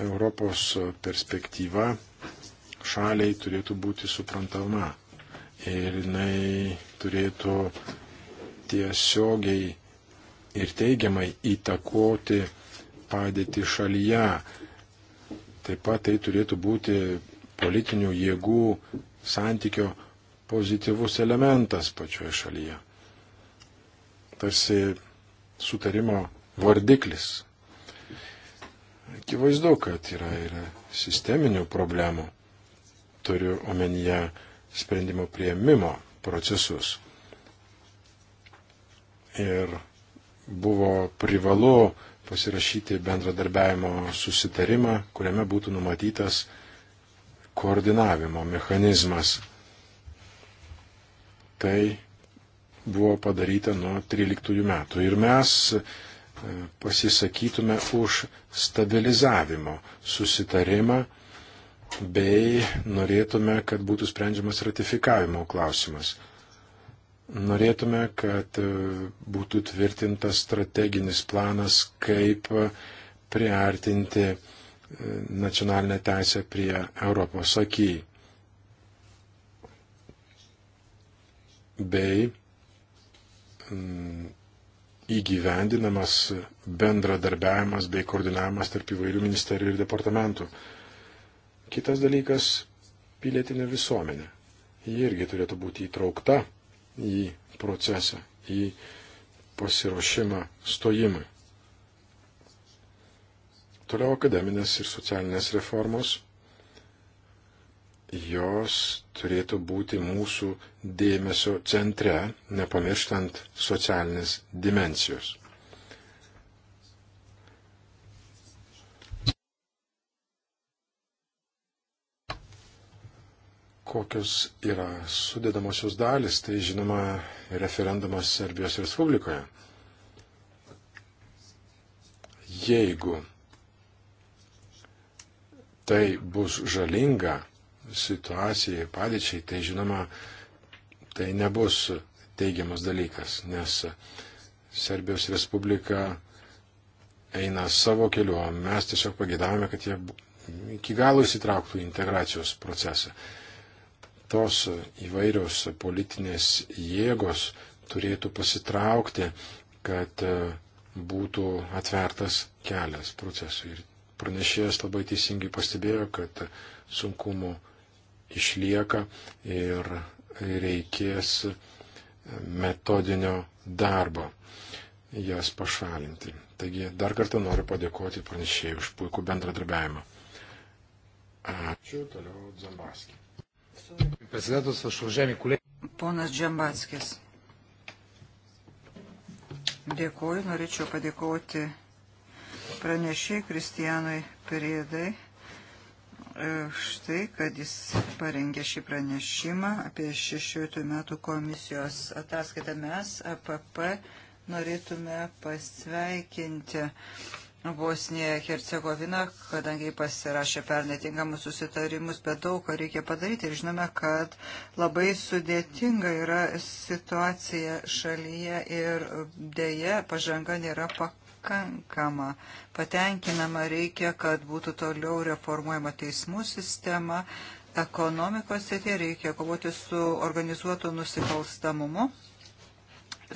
Europos perspektyva šaliai turėtų būti suprantama ir jinai turėtų tiesiogiai ir teigiamai įtakoti padėti šalyje. Taip pat tai turėtų būti politinių jėgų santykio pozityvus elementas pačioje šalyje. Tarsi sutarimo vardiklis. Akivaizdu, kad yra ir sisteminių problemų. Turiu omenyje sprendimo prieimimo procesus. Ir buvo privalu pasirašyti bendradarbiavimo susitarimą, kuriame būtų numatytas koordinavimo mechanizmas Tai buvo padaryta nuo 13 metų. Ir mes e, pasisakytume už stabilizavimo susitarimą bei norėtume, kad būtų sprendžiamas ratifikavimo klausimas. Norėtume, kad e, būtų tvirtintas strateginis planas, kaip priartinti e, nacionalinę teisę prie Europos akyjai. bei mm, įgyvendinamas bendradarbiavimas bei koordinavimas tarp įvairių ministerijų ir departamentų. Kitas dalykas - pilietinė visuomenė. Ji irgi turėtų būti įtraukta į procesą, į pasiruošimą stojimui. Toliau akademinės ir socialinės reformos jos turėtų būti mūsų dėmesio centre, nepamirštant socialinės dimensijos. Kokios yra sudėdamosios dalis, tai žinoma referendumas Serbijos Respublikoje. Jeigu tai bus žalinga situacijai, padėčiai, tai žinoma, tai nebus teigiamas dalykas, nes Serbijos Respublika eina savo keliu, o mes tiesiog pagėdavome, kad jie iki galo įsitrauktų į integracijos procesą. Tos įvairios politinės jėgos turėtų pasitraukti, kad e, būtų atvertas kelias procesui. Ir pranešėjas labai teisingai pastebėjo, kad sunkumų išlieka ir reikės metodinio darbo jas pašalinti. Taigi dar kartą noriu padėkoti pranešėjai už puikų bendradarbiavimą. Ačiū, toliau Dzambaskis. Председателство, уважаеми колеги. Ponas Džembatskis. Dėkuoju, norėčiau padėkoti pranešiai Kristijanui Periedai už e, tai, kad jis parengė šį pranešimą apie 16 metų komisijos ataskaitą. Mes, APP, norėtume pasveikinti Bosniją Hercegoviną, kadangi pasirašė pernetingamus susitarimus, bet daug ką reikia padaryti ir žinome, kad labai sudėtinga yra situacija šalyje ir dėje pažanga nėra pakankamai nepakankama, patenkinama, reikia, kad būtų toliau reformuojama teismų sistema, ekonomikos sėtė reikia kovoti su organizuotu nusikalstamumu,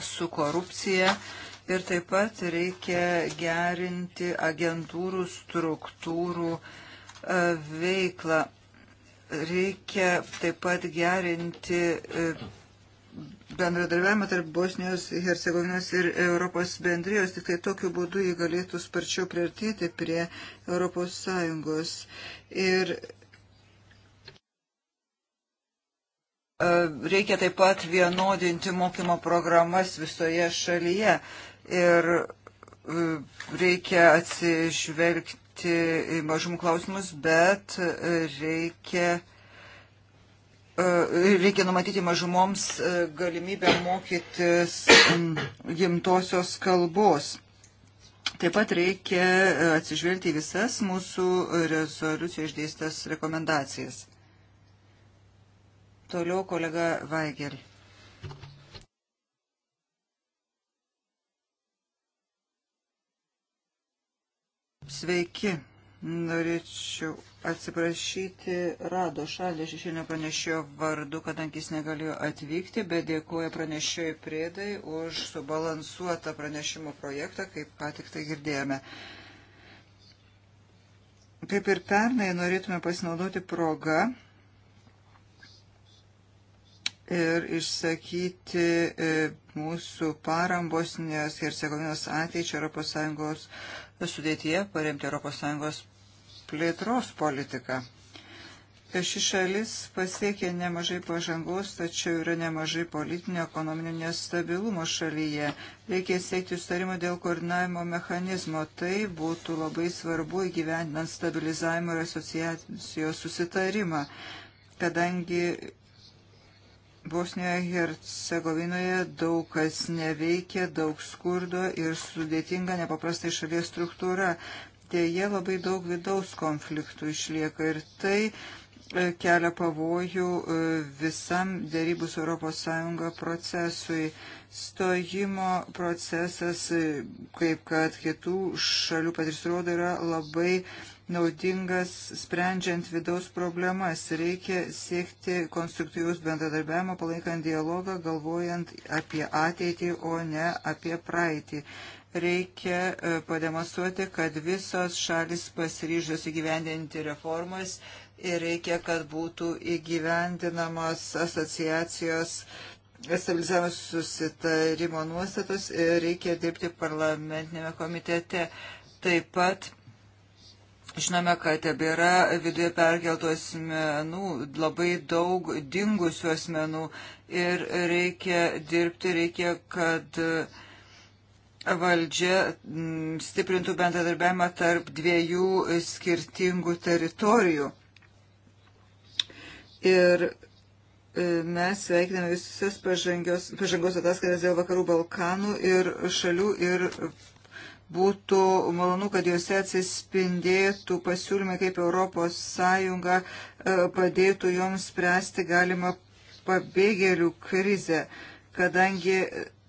su korupcija ir taip pat reikia gerinti agentūrų struktūrų e, veiklą. Reikia taip pat gerinti e, bendradarbiavimą tarp Bosnijos, Hercegovinos ir Europos bendrijos. Tik tai tokiu būdu jį galėtų sparčiau priartyti prie Europos Sąjungos. Ir e, reikia taip pat vienodinti mokymo programas visoje šalyje. Ir e, reikia atsižvelgti į mažumų klausimus, bet e, reikia E, reikia numatyti mažumoms e, galimybę mokytis gimtosios kalbos. Taip pat reikia e, atsižvelgti visas mūsų rezoliucijų išdėstas rekomendacijas. Toliau kolega Vaigel. Sveiki. Norėčiau atsiprašyti Rado šalį šešėlinio pranešėjo vardu, kadangi jis negalėjo atvykti, bet dėkuoja pranešėjai priedai už subalansuotą pranešimo projektą, kaip patik tai girdėjome. Kaip ir pernai norėtume pasinaudoti progą ir išsakyti e, mūsų parambos, nes Hercegovinos ateičiai ES sudėtyje paremti ES plėtros politiką. Ši šalis pasiekė nemažai pažangos, tačiau yra nemažai politinio ekonominio nestabilumo šalyje. Reikia siekti sustarimo dėl koordinavimo mechanizmo. Tai būtų labai svarbu įgyvendinant stabilizavimo ir asociacijos susitarimą, kadangi Bosnijoje ir Hercegovinoje daug kas neveikia, daug skurdo ir sudėtinga nepaprastai šalies struktūra dėje labai daug vidaus konfliktų išlieka ir tai e, kelia pavojų e, visam dėrybų su ES procesui. Stojimo procesas, e, kaip kad kitų šalių patirtis rodo, yra labai naudingas sprendžiant vidaus problemas. Reikia siekti konstruktyvius bendradarbiavimo, palaikant dialogą, galvojant apie ateitį, o ne apie praeitį reikia e, pademonstruoti, kad visos šalis pasiryžus įgyvendinti reformas ir reikia, kad būtų įgyvendinamos asociacijos stabilizavimo susitarimo nuostatos ir reikia dirbti parlamentinėme komitete. Taip pat žinome, kad tebėra viduje perkeltų asmenų, labai daug dingusių asmenų ir reikia dirbti, reikia, kad uh, valdžia mm, stiprintų bendradarbiavimą tarp dviejų skirtingų teritorijų. Ir e, mes sveikiname visas pažangios, pažangos ataskaitas dėl vakarų Balkanų ir šalių ir būtų malonu, kad juose atsispindėtų pasiūlymai, kaip Europos Sąjunga e, padėtų joms spręsti galimą pabėgėlių krizę, kadangi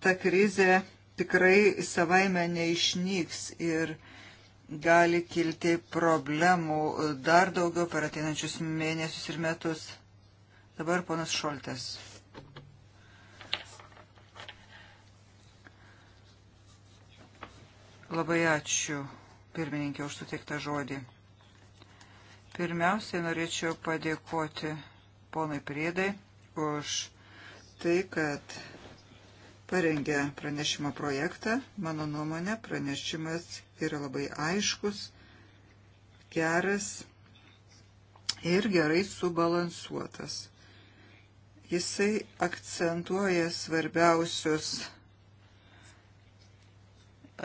ta krizė tikrai savaime neišnyks ir gali kilti problemų dar daugiau per ateinančius mėnesius ir metus. Dabar ponas Šoltas. Labai ačiū, pirmininkė, už suteiktą žodį. Pirmiausiai norėčiau padėkoti ponai Priedai už tai, kad parengė pranešimo projektą. Mano nuomonė, pranešimas yra labai aiškus, geras ir gerai subalansuotas. Jisai akcentuoja svarbiausius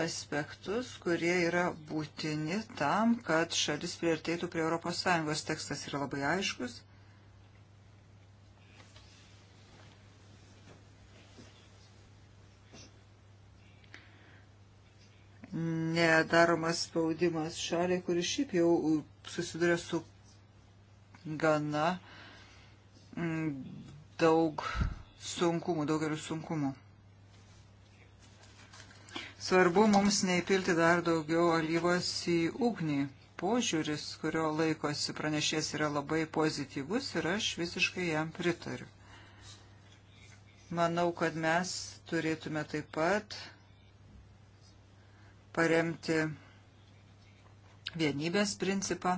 aspektus, kurie yra būtini tam, kad šalis priartėtų prie ES. Tekstas yra labai aiškus nedaromas spaudimas šaliai, kuri šiaip jau susiduria su gana mm, daug sunkumų, daugeliu sunkumų. Svarbu mums neįpilti dar daugiau alyvos į ugnį. Požiūris, kurio laikosi pranešės, yra labai pozityvus ir aš visiškai jam pritariu. Manau, kad mes turėtume taip pat paremti vienybės principą.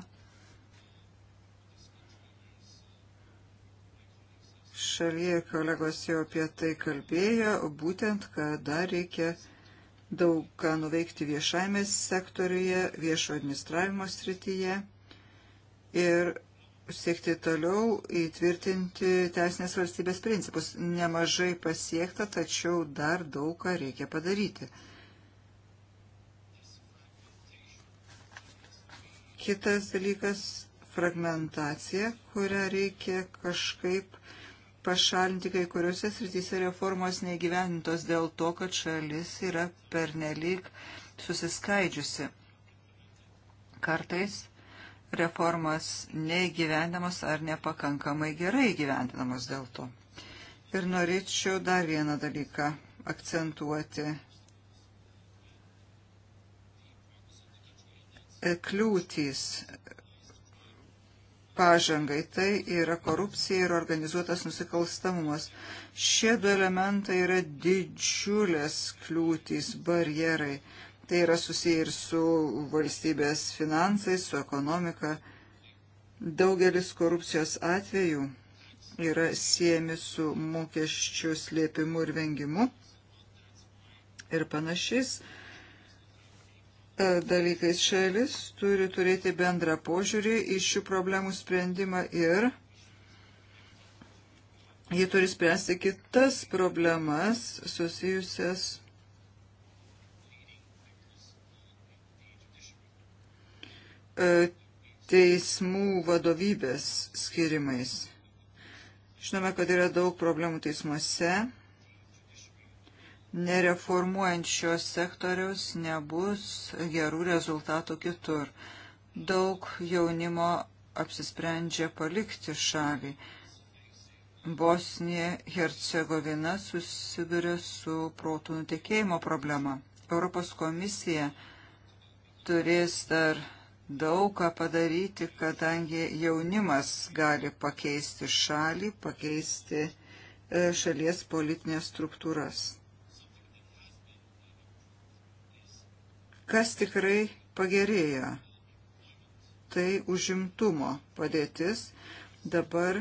Šalyje kolegos jau apie tai kalbėjo, būtent, kad dar reikia daug ką nuveikti viešajame sektoriuje, viešo administravimo srityje ir siekti toliau įtvirtinti teisinės valstybės principus. Nemažai pasiekta, tačiau dar daug ką reikia padaryti. Kitas dalykas - fragmentacija, kurią reikia kažkaip pašalinti kai kuriuose srityse reformos neįgyventos dėl to, kad šalis yra pernelyg susiskaidžiusi. Kartais reformas neįgyvendamos ar nepakankamai gerai įgyvendinamos dėl to. Ir norėčiau dar vieną dalyką akcentuoti kliūtys pažangai. Tai yra korupcija ir organizuotas nusikalstamumas. Šie du elementai yra didžiulės kliūtys, barjerai. Tai yra susiję ir su valstybės finansais, su ekonomika. Daugelis korupcijos atvejų yra siejami su mokesčių slėpimu ir vengimu ir panašiais E, dalykais šalis turi turėti bendrą požiūrį į šių problemų sprendimą ir jie turi spręsti kitas problemas susijusias e, teismų vadovybės skirimais. Žinome, kad yra daug problemų teismuose nereformuojant šios sektoriaus nebus gerų rezultatų kitur. Daug jaunimo apsisprendžia palikti šalį. Bosnija Hercegovina susiduria su protų nutekėjimo problema. Europos komisija turės dar daug ką padaryti, kadangi jaunimas gali pakeisti šalį, pakeisti e, šalies politinės struktūras. Kas tikrai pagerėjo? Tai užimtumo padėtis. Dabar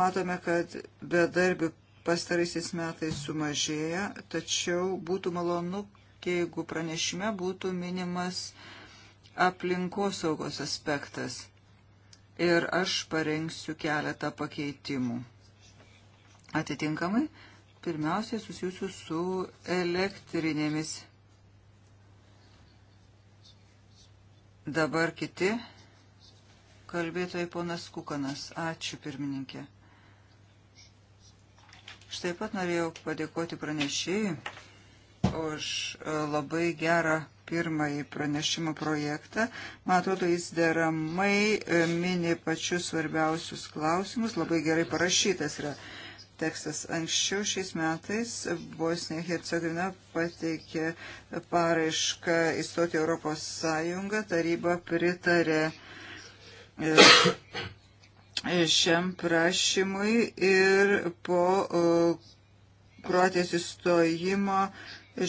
matome, kad bedarbių pastaraisiais metais sumažėja, tačiau būtų malonu, jeigu pranešime būtų minimas aplinkosaugos aspektas. Ir aš parengsiu keletą pakeitimų. Atitinkamai, pirmiausiai susijusiu su elektrinėmis Dabar kiti kalbėtojai ponas Kukanas. Ačiū pirmininkė. Štai pat norėjau padėkoti pranešėjai už e, labai gerą pirmąjį pranešimo projektą. Man atrodo, jis deramai e, mini pačius svarbiausius klausimus, labai gerai parašytas yra tekstas. Anksčiau šiais metais Bosnija Hercegovina pateikė paraišką įstoti Europos Sąjungą, taryba pritarė e, šiam prašymui ir po e, Kroatijos įstojimo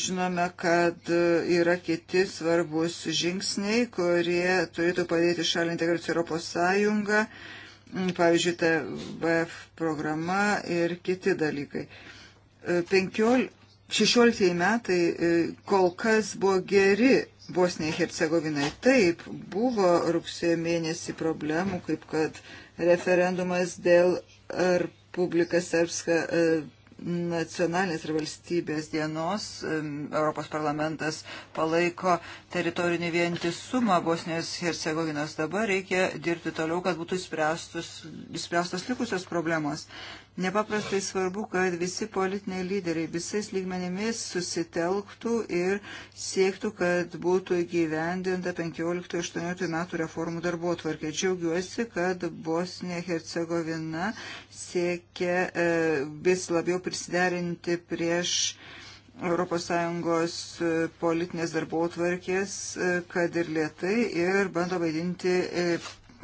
Žinome, kad e, yra kiti svarbus žingsniai, kurie turėtų padėti šalį integruoti Europos Sąjungą. Uh, Mm, pavyzdžiui, TVF programa ir kiti dalykai. 15, e, 16 metai e, kol kas buvo geri Bosniai Hercegovinai. Taip, buvo rugsėjo mėnesį problemų, kaip kad referendumas dėl Republika Serbska e, nacionalinės ir valstybės dienos Europos parlamentas palaiko teritorinį vientisumą Bosnijos Hercegovinos. Dabar reikia dirbti toliau, kad būtų įspręstos likusios problemos. Nepaprastai svarbu, kad visi politiniai lyderiai visais lygmenimis susitelktų ir siektų, kad būtų įgyvendinta 15-18 metų reformų darbo tvarkė. Džiaugiuosi, kad Bosnija Hercegovina siekia e, vis labiau prisiderinti prieš ES e, politinės darbo tvarkės, e, kad ir lietai, ir bando vaidinti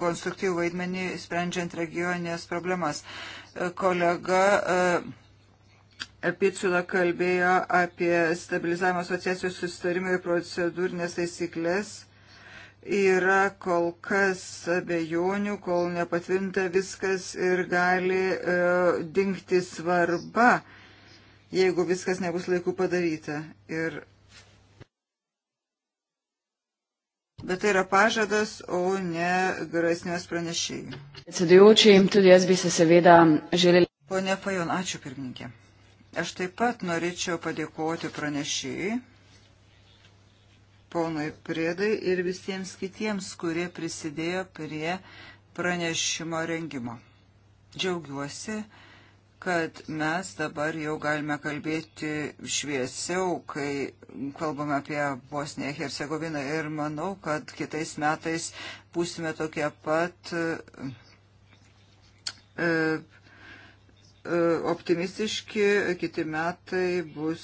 konstruktyvų vaidmenį sprendžiant regioninės problemas. Kolega e, Picula kalbėjo apie stabilizavimo asociacijos sustarimą ir procedūrinės taisyklės. Yra kol kas abejonių, kol nepatvirtinta viskas ir gali e, dinkti svarba, jeigu viskas nebus laiku padaryta. Ir bet tai yra pažadas, o ne grasnės pranešėjai. Atsidėjaučiai, tudi jas visi seveda želėlė. Pone Fajon, ačiū pirmininkė. Aš taip pat norėčiau padėkoti pranešėjai, ponui Priedai ir visiems kitiems, kurie prisidėjo prie pranešimo rengimo. Džiaugiuosi, kad mes dabar jau galime kalbėti šviesiau, kai kalbame apie Bosniją Hercegoviną ir manau, kad kitais metais būsime tokie pat e, e, optimistiški, kiti metai bus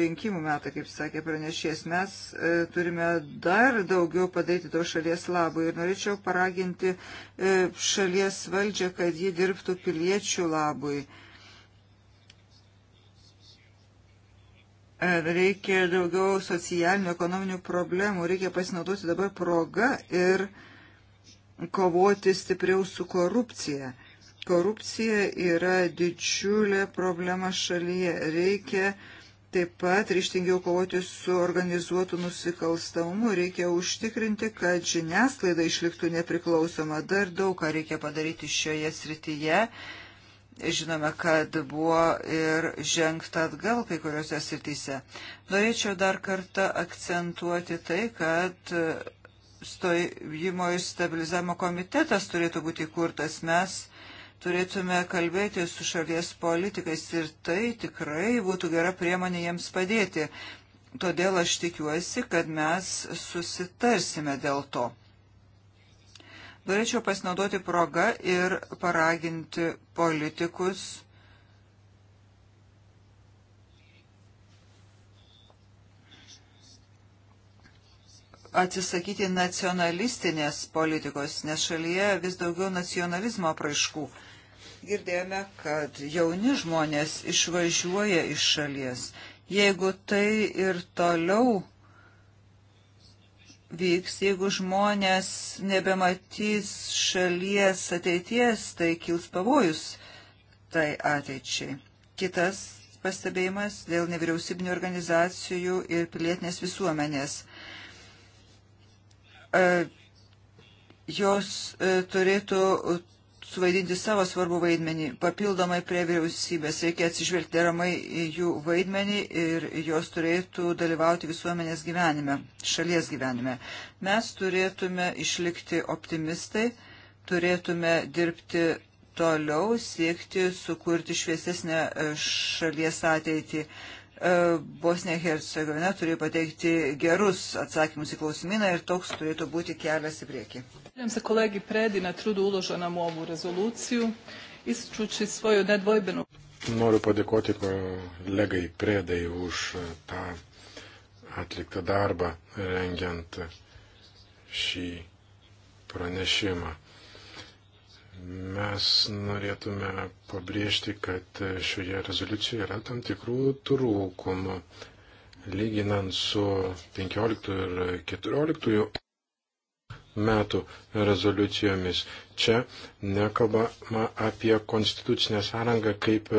rinkimų metai, kaip sakė pranešės. Mes e, turime dar daugiau padaryti to šalies labui ir norėčiau paraginti šalies valdžią, kad ji dirbtų piliečių labui E, reikia daugiau socialinių, ekonominių problemų, reikia pasinaudoti dabar progą ir kovoti stipriau su korupcija. Korupcija yra didžiulė problema šalyje. Reikia taip pat ryštingiau kovoti su organizuotu nusikalstamumu. Reikia užtikrinti, kad žiniasklaida išliktų nepriklausoma. Dar daug ką reikia padaryti šioje srityje. Uh, Žinome, kad buvo ir žengta atgal kai kuriuose srityse. Norėčiau dar kartą akcentuoti tai, kad stojimo ir stabilizavimo komitetas turėtų būti kurtas. Mes turėtume kalbėti su šalies politikais ir tai tikrai būtų gera priemonė jiems padėti. Todėl aš tikiuosi, kad mes susitarsime dėl to. Norėčiau pasinaudoti progą ir paraginti politikus atsisakyti nacionalistinės politikos, nes šalyje vis daugiau nacionalizmo apraiškų. Girdėjome, kad jauni žmonės išvažiuoja iš šalies. Jeigu tai ir toliau vyks, jeigu žmonės nebematys šalies ateities, tai kils pavojus tai ateičiai. Kitas pastebėjimas dėl nevyriausybinių organizacijų ir pilietinės visuomenės. E, jos e, turėtų suvaidinti savo svarbų vaidmenį. Papildomai prie vyriausybės reikia atsižvelgti deramai jų vaidmenį ir jos turėtų dalyvauti visuomenės gyvenime, šalies gyvenime. Mes turėtume išlikti optimistai, turėtume dirbti toliau, siekti sukurti šviesesnę e, šalies ateitį. E, Bosnija Hercegovina turi pateikti gerus atsakymus į klausimyną ir toks turėtų būti kelias į priekį. Se kolegi Predi na trudu uloženam u ovu rezoluciju, ističući svoju nedvojbenu. Noriu padėkoti kolegai Predai už tą atliktą darbą rengiant šį pranešimą. Mes norėtume pabrėžti, kad šioje rezoliucijoje yra tam tikrų trūkumų. Lyginant su 15 ir 14 metų rezoliucijomis. Čia nekalbama apie konstitucinę sąrangą kaip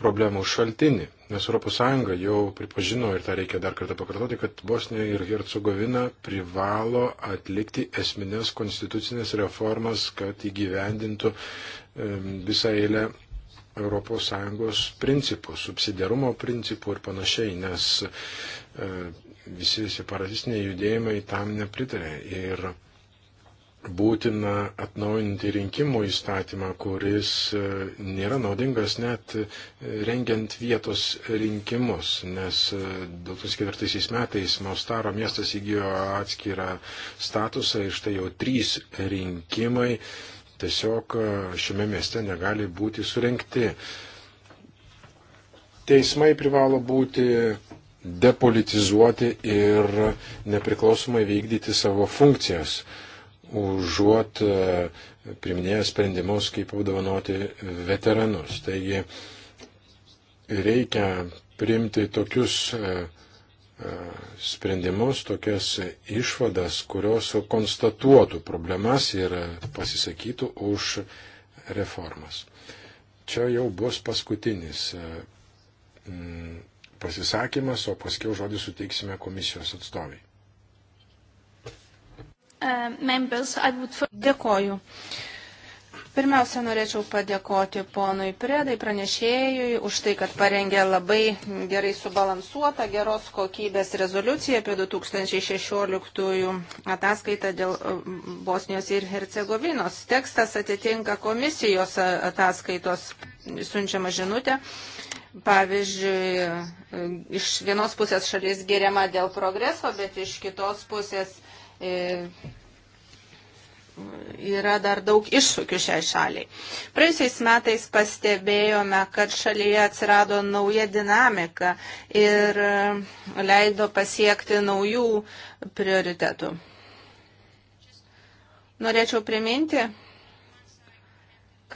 problemų šaltinį. Nes ES jau pripažino, ir tą reikia dar kartą pakartoti, kad Bosnija ir Hercegovina privalo atlikti esminės konstitucinės reformas, kad įgyvendintų visą eilę ES principų, subsidiarumo principų ir panašiai, nes e, visi separatistiniai judėjimai tam nepritarė. Ir būtina atnaujinti rinkimų įstatymą, kuris e, nėra naudingas net e, rengiant vietos rinkimus, nes 2004 e, metais Maustaro miestas įgyjo atskirą statusą ir štai jau trys rinkimai tiesiog šiame mieste negali būti surenkti. Teismai privalo būti depolitizuoti ir nepriklausomai vykdyti savo funkcijas užuot e, priminėjo sprendimus, kaip apdovanoti veteranus. Taigi reikia priimti tokius e, e, sprendimus, tokias išvadas, kurios konstatuotų problemas ir pasisakytų už reformas. Čia jau bus paskutinis pasisakymas, o paskiau žodį suteiksime komisijos atstoviai. Uh, Dėkoju. Pirmiausia, norėčiau padėkoti ponui Predai pranešėjui už tai, kad parengė labai gerai subalansuotą geros kokybės rezoliuciją apie 2016 ataskaitą dėl uh, Bosnijos ir Hercegovinos. Tekstas atitinka komisijos ataskaitos siunčiamą žinutę. Pavyzdžiui, uh, iš vienos pusės šalis geriama dėl progreso, bet iš kitos pusės E, yra dar daug iššūkių šiai šaliai. Praėjusiais metais pastebėjome, kad šalyje atsirado nauja dinamika ir e, leido pasiekti naujų prioritetų. Norėčiau priminti,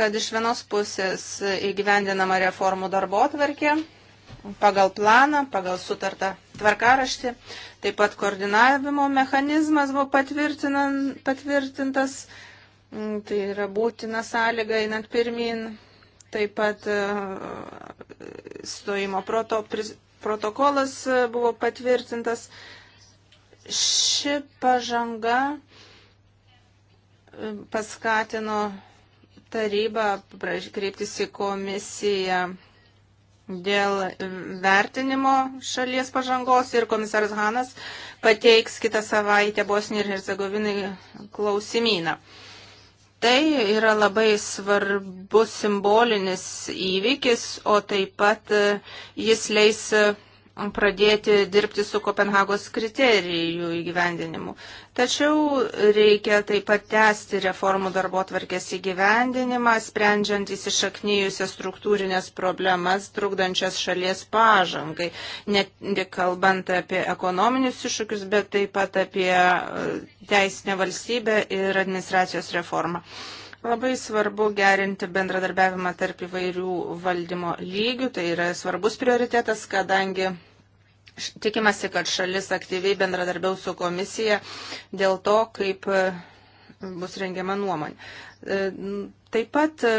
kad iš vienos pusės įgyvendinama reformų darbo atverkė pagal planą, pagal sutartą tvarkaraštį. Taip pat koordinavimo mechanizmas buvo patvirtintas, mm, tai yra būtina sąlyga einant pirmin. Taip pat e, stojimo proto, protokolas e, buvo patvirtintas. Ši pažanga e, paskatino tarybą kreiptis į komisiją dėl vertinimo šalies pažangos ir komisaras Hanas pateiks kitą savaitę Bosnijai ir Hercegovinai klausimyną. Tai yra labai svarbus simbolinis įvykis, o taip pat e, jis leis pradėti dirbti su Kopenhagos kriterijų įgyvendinimu. Tačiau reikia taip pat tęsti reformų darbo tvarkės įgyvendinimą, sprendžiant įsišaknyjusias struktūrinės problemas, trukdančias šalies pažangai, ne tik kalbant apie ekonominius iššūkius, bet taip pat apie e, teisinę valstybę ir administracijos reformą. Labai svarbu gerinti bendradarbiavimą tarp įvairių valdymo lygių, tai yra svarbus prioritetas, kadangi Tikimasi, kad šalis aktyviai bendradarbiaus su komisija dėl to, kaip e, bus rengiama nuomonė. E, taip pat e,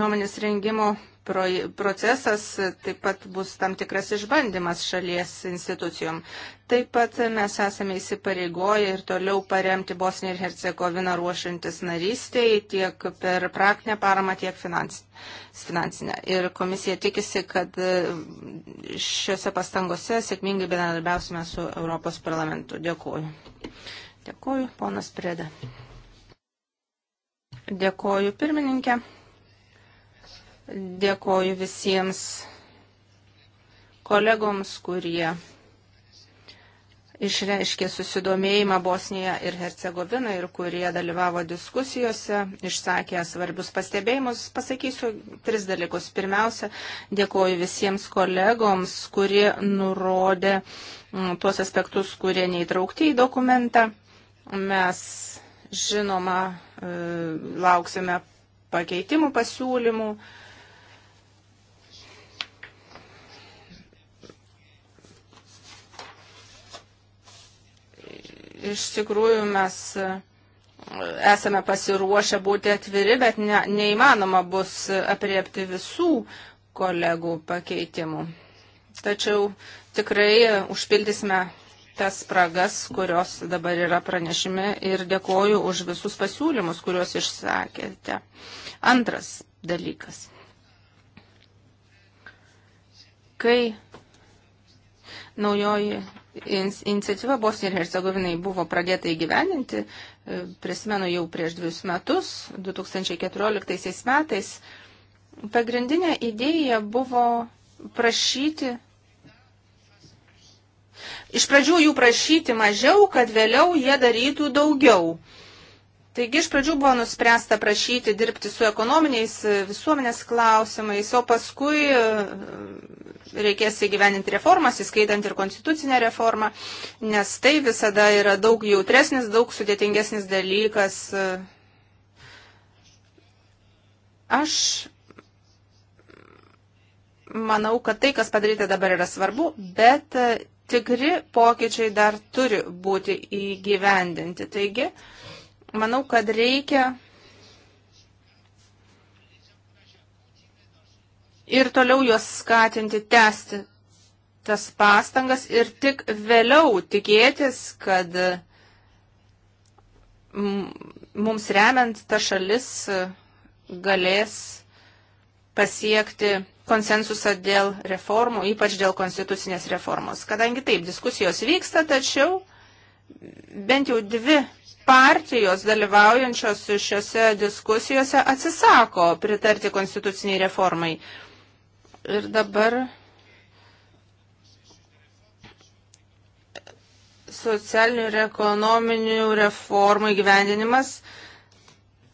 nuomonės rengimo procesas taip pat bus tam tikras išbandymas šalies institucijom. Taip pat mes esame įsipareigoję ir toliau paremti Bosniją ir Hercegoviną ruošiantis narystiai tiek per praktinę paramą, tiek finansinę. Ir komisija tikisi, kad šiuose pastangose sėkmingai bendradarbiausime su Europos parlamentu. Dėkuoju. Dėkuoju, ponas Preda. Dėkuoju, pirmininkė. Dėkoju visiems kolegoms, kurie išreiškė susidomėjimą Bosniją ir Hercegoviną ir kurie dalyvavo diskusijose, išsakė svarbius pastebėjimus. Pasakysiu tris dalykus. Pirmiausia, dėkoju visiems kolegoms, kurie nurodė mm, tuos aspektus, kurie neįtraukti į dokumentą. Mes, žinoma, e, lauksime pakeitimų pasiūlymų. iš tikrųjų mes e, esame pasiruošę būti atviri, bet ne, neįmanoma bus apriepti visų kolegų pakeitimų. Tačiau tikrai užpildysime tas spragas, kurios dabar yra pranešime ir dėkoju už visus pasiūlymus, kuriuos išsakėte. Antras dalykas. Kai naujoji iniciatyva Bosnija ir Hercegovinai buvo pradėta įgyveninti, e, prisimenu jau prieš dvius metus, 2014 metais. Pagrindinė idėja buvo prašyti. Iš pradžių jų prašyti mažiau, kad vėliau jie darytų daugiau. Taigi iš pradžių buvo nuspręsta prašyti dirbti su ekonominiais e, visuomenės klausimais, o paskui e, reikės įgyveninti reformas, įskaitant ir konstitucinę reformą, nes tai visada yra daug jautresnis, daug sudėtingesnis dalykas. Aš manau, kad tai, kas padaryta dabar yra svarbu, bet tikri pokyčiai dar turi būti įgyvendinti. Taigi, manau, kad reikia ir toliau juos skatinti tęsti tas pastangas ir tik vėliau tikėtis, kad mums remiant ta šalis e, galės pasiekti konsensusą dėl reformų, ypač dėl konstitucinės reformos. Kadangi taip, diskusijos vyksta, tačiau bent jau dvi partijos dalyvaujančios šiuose diskusijose atsisako pritarti konstituciniai reformai. Ir dabar socialinių ir ekonominių reformų įgyvendinimas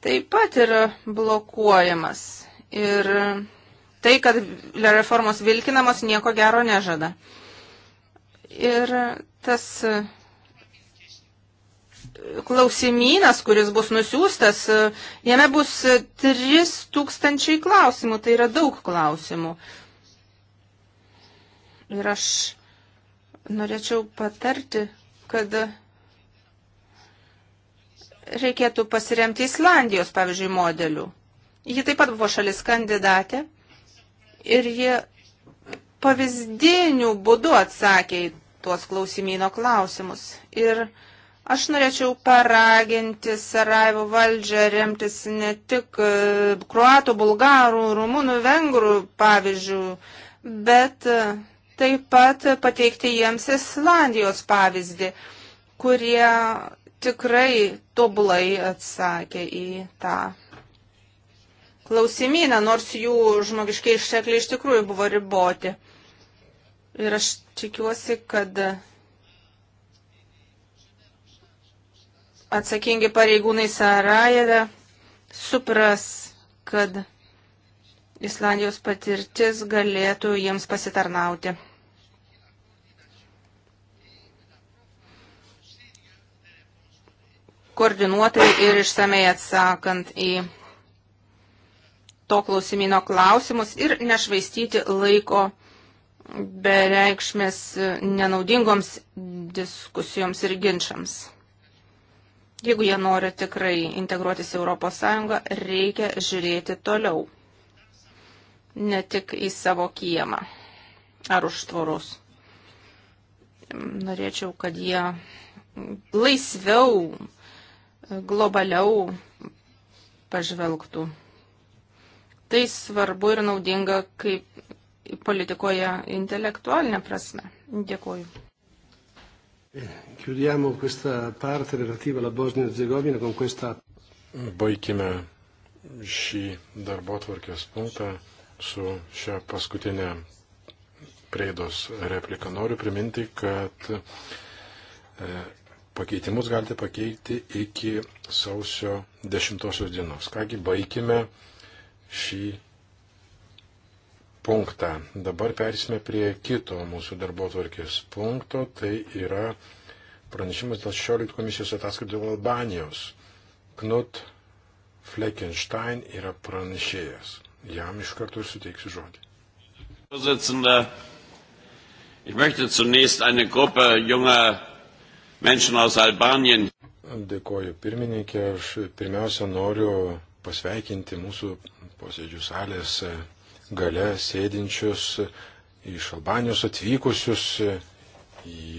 taip pat yra blokuojamas. Ir tai, kad reformos vilkinamos, nieko gero nežada. Ir tas klausimynas, kuris bus nusiųstas, e, jame bus 3000 klausimų, tai yra daug klausimų. Ir aš norėčiau patarti, kad reikėtų pasiremti Islandijos, pavyzdžiui, modeliu. Ji taip pat buvo šalis kandidatė ir jie pavyzdinių būdų atsakė į tuos klausimyno klausimus. Ir Aš norėčiau paraginti Sarajevo valdžią remtis ne tik e, kruatų, bulgarų, rumunų, vengrų pavyzdžių, bet e, taip pat pateikti jiems Islandijos pavyzdį, kurie tikrai tobulai atsakė į tą klausimyną, nors jų žmogiškiai ištekliai iš tikrųjų buvo riboti. Ir aš tikiuosi, kad atsakingi pareigūnai Sarajeve supras, kad Islandijos patirtis galėtų jiems pasitarnauti. Koordinuotai ir išsamei atsakant į to klausimino klausimus ir nešvaistyti laiko bereikšmės nenaudingoms diskusijoms ir ginčiams. Jeigu jie nori tikrai integruotis į ES, reikia žiūrėti toliau, ne tik į savo kiemą ar už tvorus. Norėčiau, kad jie laisviau, globaliau pažvelgtų. Tai svarbu ir naudinga kaip politikoje intelektualinė prasme. Dėkuoju. Chiudiamo questa parte relativa alla Bosnia e Herzegovina con questa. Baigime šį darbo tvarkės punktą su šią paskutinę prieidos repliką. Noriu priminti, kad e, pakeitimus galite pakeiti iki sausio 10 dienos. Kągi, baigime šį punktą. Dabar persime prie kito mūsų darbo tvarkės punkto. Tai yra pranešimas dėl 16 komisijos ataskaitų dėl Albanijos. Knut Fleckenstein yra pranešėjas. Jam iš karto ir suteiksiu žodį. Ich möchte zunächst eine Gruppe junger Menschen aus Albanien. Dėkoju pirmininkė, aš pirmiausia noriu pasveikinti mūsų posėdžių salės gale sėdinčius iš Albanijos atvykusius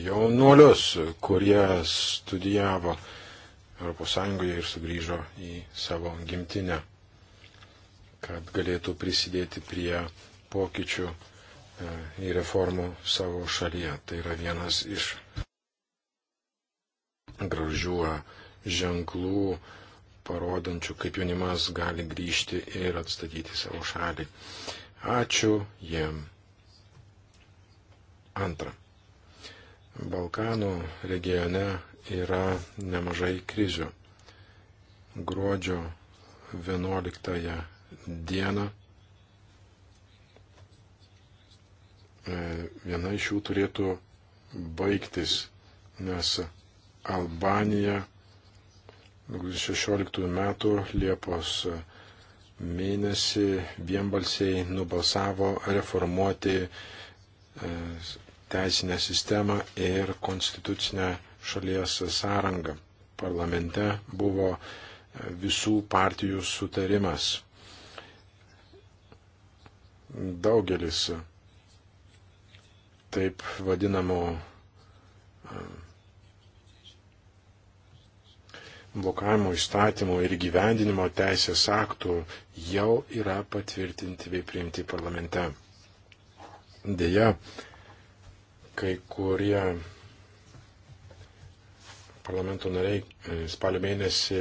jaunuolius, kurie studijavo ES ir sugrįžo į savo gimtinę, kad galėtų prisidėti prie pokyčių e, į reformų savo šalyje. Tai yra vienas iš gražių ženklų parodančių, kaip jaunimas gali grįžti ir atstatyti savo šalį. Ačiū jiem. Antra. Balkanų regione yra nemažai krizių. Gruodžio 11 dieną e, viena iš jų turėtų baigtis, nes Albanija 2016 metų Liepos mėnesį vienbalsiai nubalsavo reformuoti e, teisinę sistemą ir konstitucinę šalies sąrangą. Parlamente buvo e, visų partijų sutarimas. Daugelis taip vadinamų e, blokavimo įstatymų ir gyvendinimo teisės aktų jau yra patvirtinti bei priimti parlamente. Deja, kai kurie parlamento nariai e, spalio mėnesį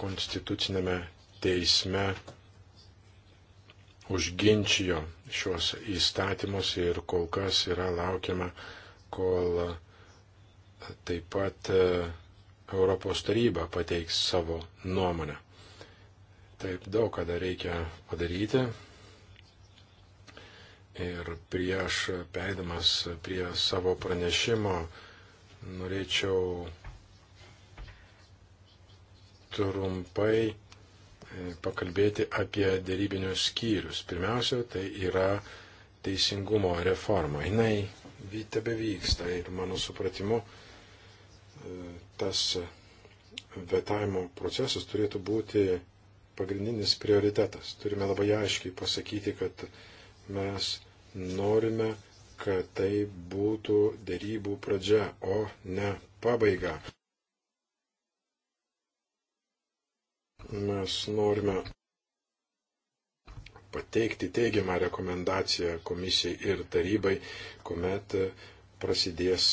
konstitucinėme teisme užginčijo šios įstatymus ir kol kas yra laukiama, kol taip pat e, Europos taryba pateiks savo nuomonę. Taip daug ką dar reikia padaryti. Ir prieš peidamas prie savo pranešimo norėčiau trumpai e, pakalbėti apie dėrybinius skyrius. Pirmiausia, tai yra teisingumo reforma. Jis tebe vyksta ir mano supratimu e, tas vetavimo procesas turėtų būti pagrindinis prioritetas. Turime labai aiškiai pasakyti, kad mes norime, kad tai būtų dėrybų pradžia, o ne pabaiga. Mes norime pateikti teigiamą rekomendaciją komisijai ir tarybai, kuomet prasidės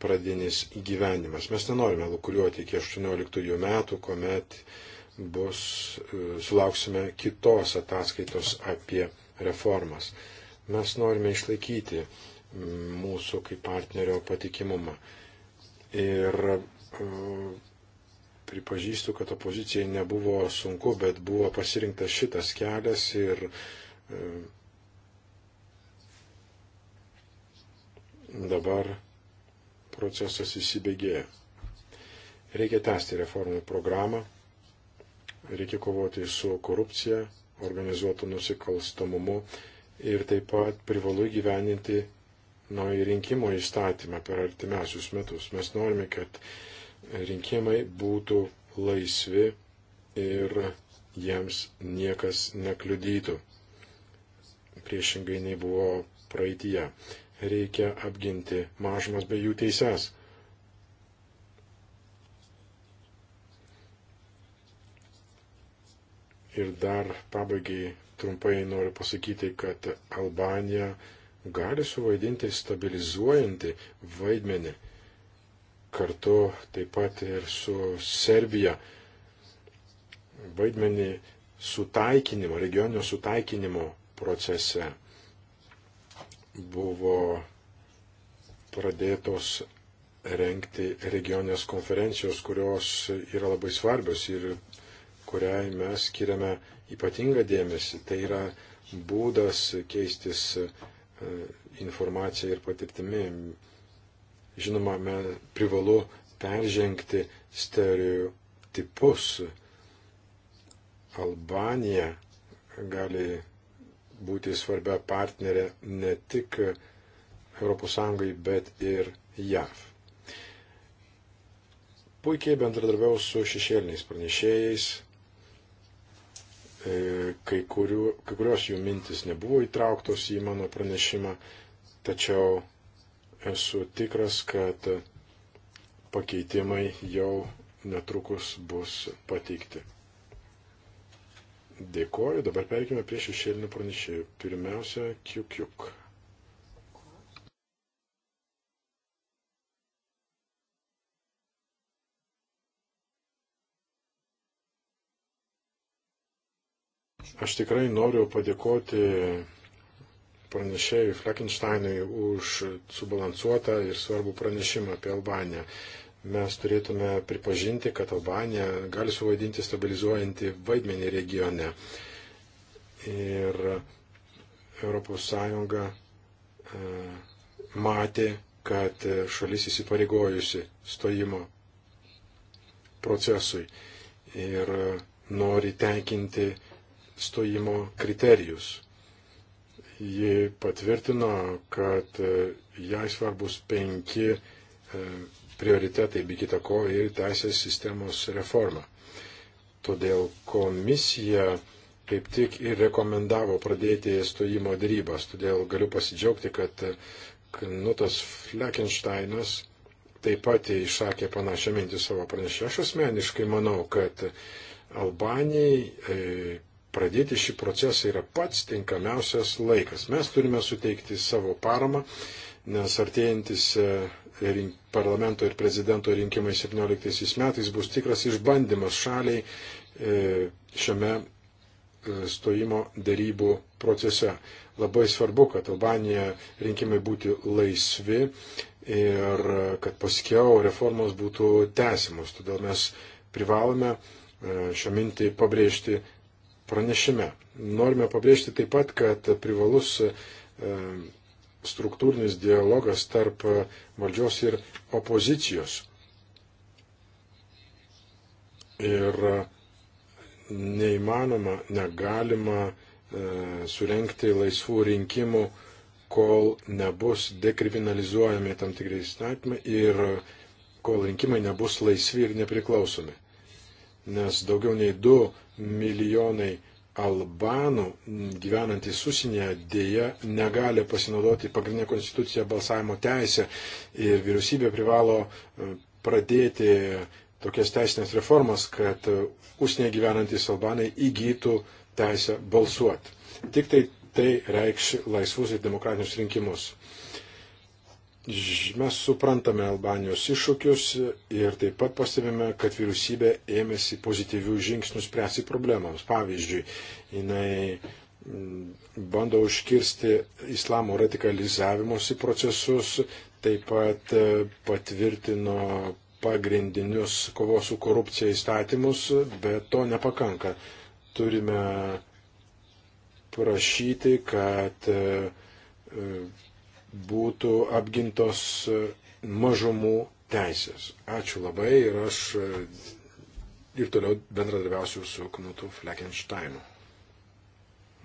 pradinis įgyvenimas. Mes nenorime lukuriuoti iki 18 metų, kuomet bus, e, sulauksime kitos ataskaitos apie reformas. Mes norime išlaikyti mm, mūsų kaip partnerio patikimumą. Ir e, pripažįstu, kad opozicijai nebuvo sunku, bet buvo pasirinktas šitas kelias ir e, dabar procesas įsibėgėja. Reikia tęsti reformų programą, reikia kovoti su korupcija, organizuotu nusikalstamumu ir taip pat privalu įgyveninti naują rinkimo įstatymą per artimiausius metus. Mes norime, kad rinkimai būtų laisvi ir jiems niekas nekliudytų. Priešingai nei buvo praeitie reikia apginti mažumas bei jų teises. Ir dar pabaigai trumpai noriu pasakyti, kad Albanija gali suvaidinti stabilizuojantį vaidmenį kartu taip pat ir su Serbija vaidmenį sutaikinimo, regioninio sutaikinimo procese buvo pradėtos renkti regionės konferencijos, kurios yra labai svarbios ir kuriai mes skiriame ypatingą dėmesį. Tai yra būdas keistis e, informacija ir patirtimi. Žinoma, mes privalu peržengti stereotipus. Albanija gali būti svarbia partnerė ne tik ES, bet ir JAV. Puikiai bendradarbiau su šešėliniais pranešėjais, e, kai, kurių, kai kurios jų mintis nebuvo įtrauktos į mano pranešimą, tačiau esu tikras, kad pakeitimai jau netrukus bus pateikti. Dėkoju, dabar perkime prie šešėlinių pranešėjų. Pirmiausia, kiukiuk. Aš tikrai noriu padėkoti pranešėjui Fleckensteinui už subalansuotą ir svarbų pranešimą apie Albaniją mes turėtume pripažinti, kad Albanija gali suvaidinti stabilizuojantį vaidmenį regione. Ir ES e, matė, kad šalis įsipareigojusi stojimo procesui ir nori tenkinti stojimo kriterijus. Ji patvirtino, kad jai svarbus penki e, prioritetai, be kita ko, ir teisės sistemos reforma. Todėl komisija kaip tik ir rekomendavo pradėti stojimo dėrybas. Todėl galiu pasidžiaugti, kad Knutas Fleckensteinas taip pat išsakė panašią mintį savo pranešę. Aš asmeniškai manau, kad Albanijai e, pradėti šį procesą yra pats tinkamiausias laikas. Mes turime suteikti savo paramą, nes artėjantis e, parlamento ir prezidento rinkimai 17 metais bus tikras išbandymas šaliai e, šiame e, stojimo dėrybų procese. Labai svarbu, kad Albanija rinkimai būtų laisvi ir kad paskiau reformos būtų tęsimos. Todėl mes privalome e, šią mintį pabrėžti pranešime. Norime pabrėžti taip pat, kad privalus struktūrinis dialogas tarp valdžios ir opozicijos. Ir neįmanoma, negalima e, surenkti laisvų rinkimų, kol nebus dekriminalizuojami tam tikrai įstatymai ir kol rinkimai nebus laisvi ir nepriklausomi. Nes daugiau nei 2 milijonai albanų gyvenantys susinėje dėja negali pasinaudoti pagrindinę konstituciją balsavimo teisę ir vyriausybė privalo e, pradėti tokias teisinės reformas, kad užsienyje gyvenantys albanai įgytų teisę balsuoti. Tik tai tai reikš laisvus ir demokratinius rinkimus. Mes suprantame Albanijos iššūkius ir taip pat pastebime, kad vyriausybė ėmėsi pozityvių žingsnių spręsti problemams. Pavyzdžiui, jinai bando užkirsti islamo radikalizavimosi procesus, taip pat e, patvirtino pagrindinius kovos su korupcija įstatymus, bet to nepakanka. Turime prašyti, kad e, būtų apgintos e, mažumų teisės. Ačiū labai ir aš e, ir toliau bendradarbiausiu su Knutu Fleckensteinu.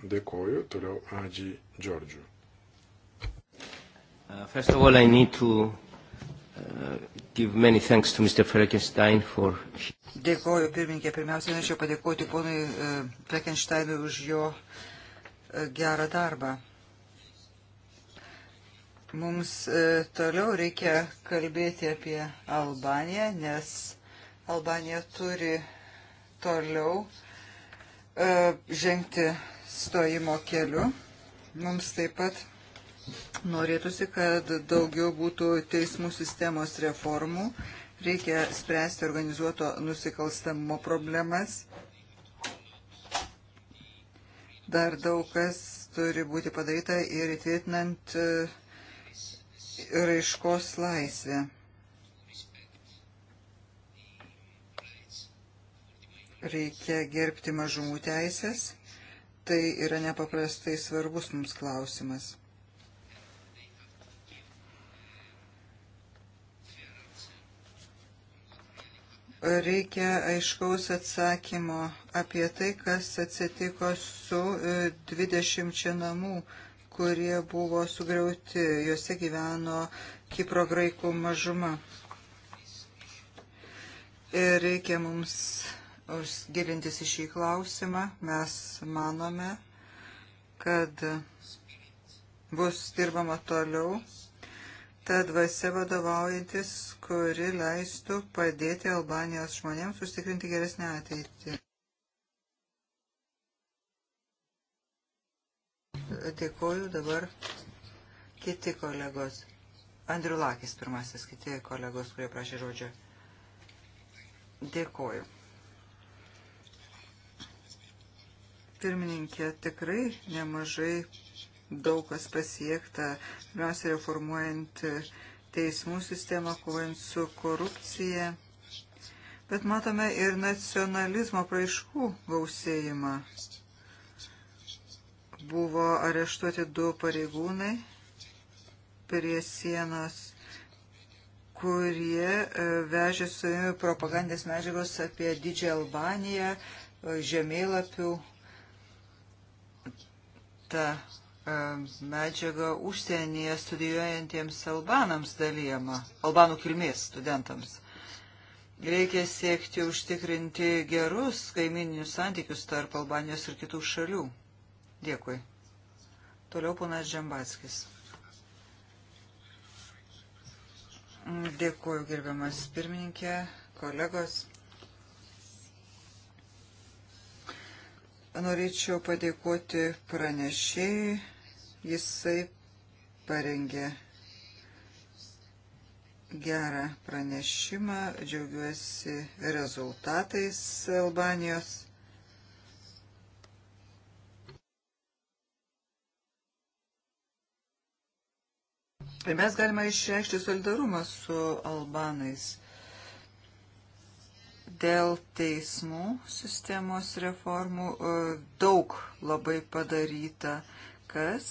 Dėkoju, toliau Adži Džordžiu. Uh, first of all, I need to uh, give many thanks to Mr. Fleckenstein for... Dėkoju, pirmininkė. Pirmiausia, norėčiau padėkoti ponui uh, Fleckensteinui už jo uh, gerą darbą. Uh, Mums e, toliau reikia kalbėti apie Albaniją, nes Albanija turi toliau e, žengti stojimo keliu. Mums taip pat norėtųsi, kad daugiau būtų teismų sistemos reformų. Reikia spręsti organizuoto nusikalstamumo problemas. Dar daug kas turi būti padaryta ir įtvirtinant uh, raiškos laisvę. Reikia gerbti mažumų teisės. Tai yra nepaprastai svarbus mums klausimas. Reikia aiškaus atsakymo apie tai, kas atsitiko su 20 e, namų kurie buvo sugriauti, juose gyveno Kipro graikų mažuma. Ir reikia mums gilintis į šį klausimą. Mes manome, kad bus dirbama toliau ta dvasia vadovaujantis, kuri leistų padėti Albanijos žmonėms užtikrinti geresnę ateitį. Dėkoju dabar kiti kolegos. Andriu Lakis pirmasis, kiti kolegos, kurie prašė žodžio. Dėkoju. Pirmininkė, tikrai nemažai daug kas pasiekta, pirmiausia, reformuojant teismų sistemą, kovojant su korupcija. Bet matome ir nacionalizmo praaiškų gausėjimą buvo areštuoti du pareigūnai prie sienos, kurie e, vežė su propagandės medžiagos apie Didžią Albaniją, e, žemėlapių. Ta e, medžiaga užsienyje studijuojantiems albanams dalyjama, albanų kilmės studentams. Reikia siekti užtikrinti gerus kaimininius santykius tarp Albanijos ir kitų šalių. Dėkui. Toliau ponas Džambatskis. Dėkuoju, gerbiamas pirmininkė, kolegos. Norėčiau padėkoti pranešėjai. Jisai parengė gerą pranešimą. Džiaugiuosi rezultatais Albanijos. Tai mes galime išreikšti solidarumą su albanais dėl teismų sistemos reformų e, daug labai padaryta, kas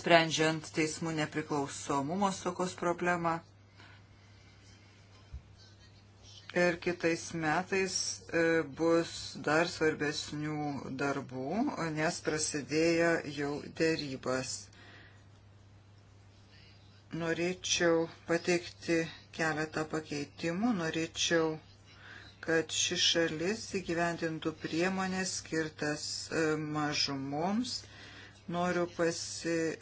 sprendžiant teismų nepriklausomumo sokos problemą. Ir kitais metais e, bus dar svarbesnių darbų, nes prasidėjo jau dėrybas norėčiau pateikti keletą pakeitimų, norėčiau, kad ši šalis įgyvendintų priemonės skirtas e, mažumoms. Noriu pasidžiaugti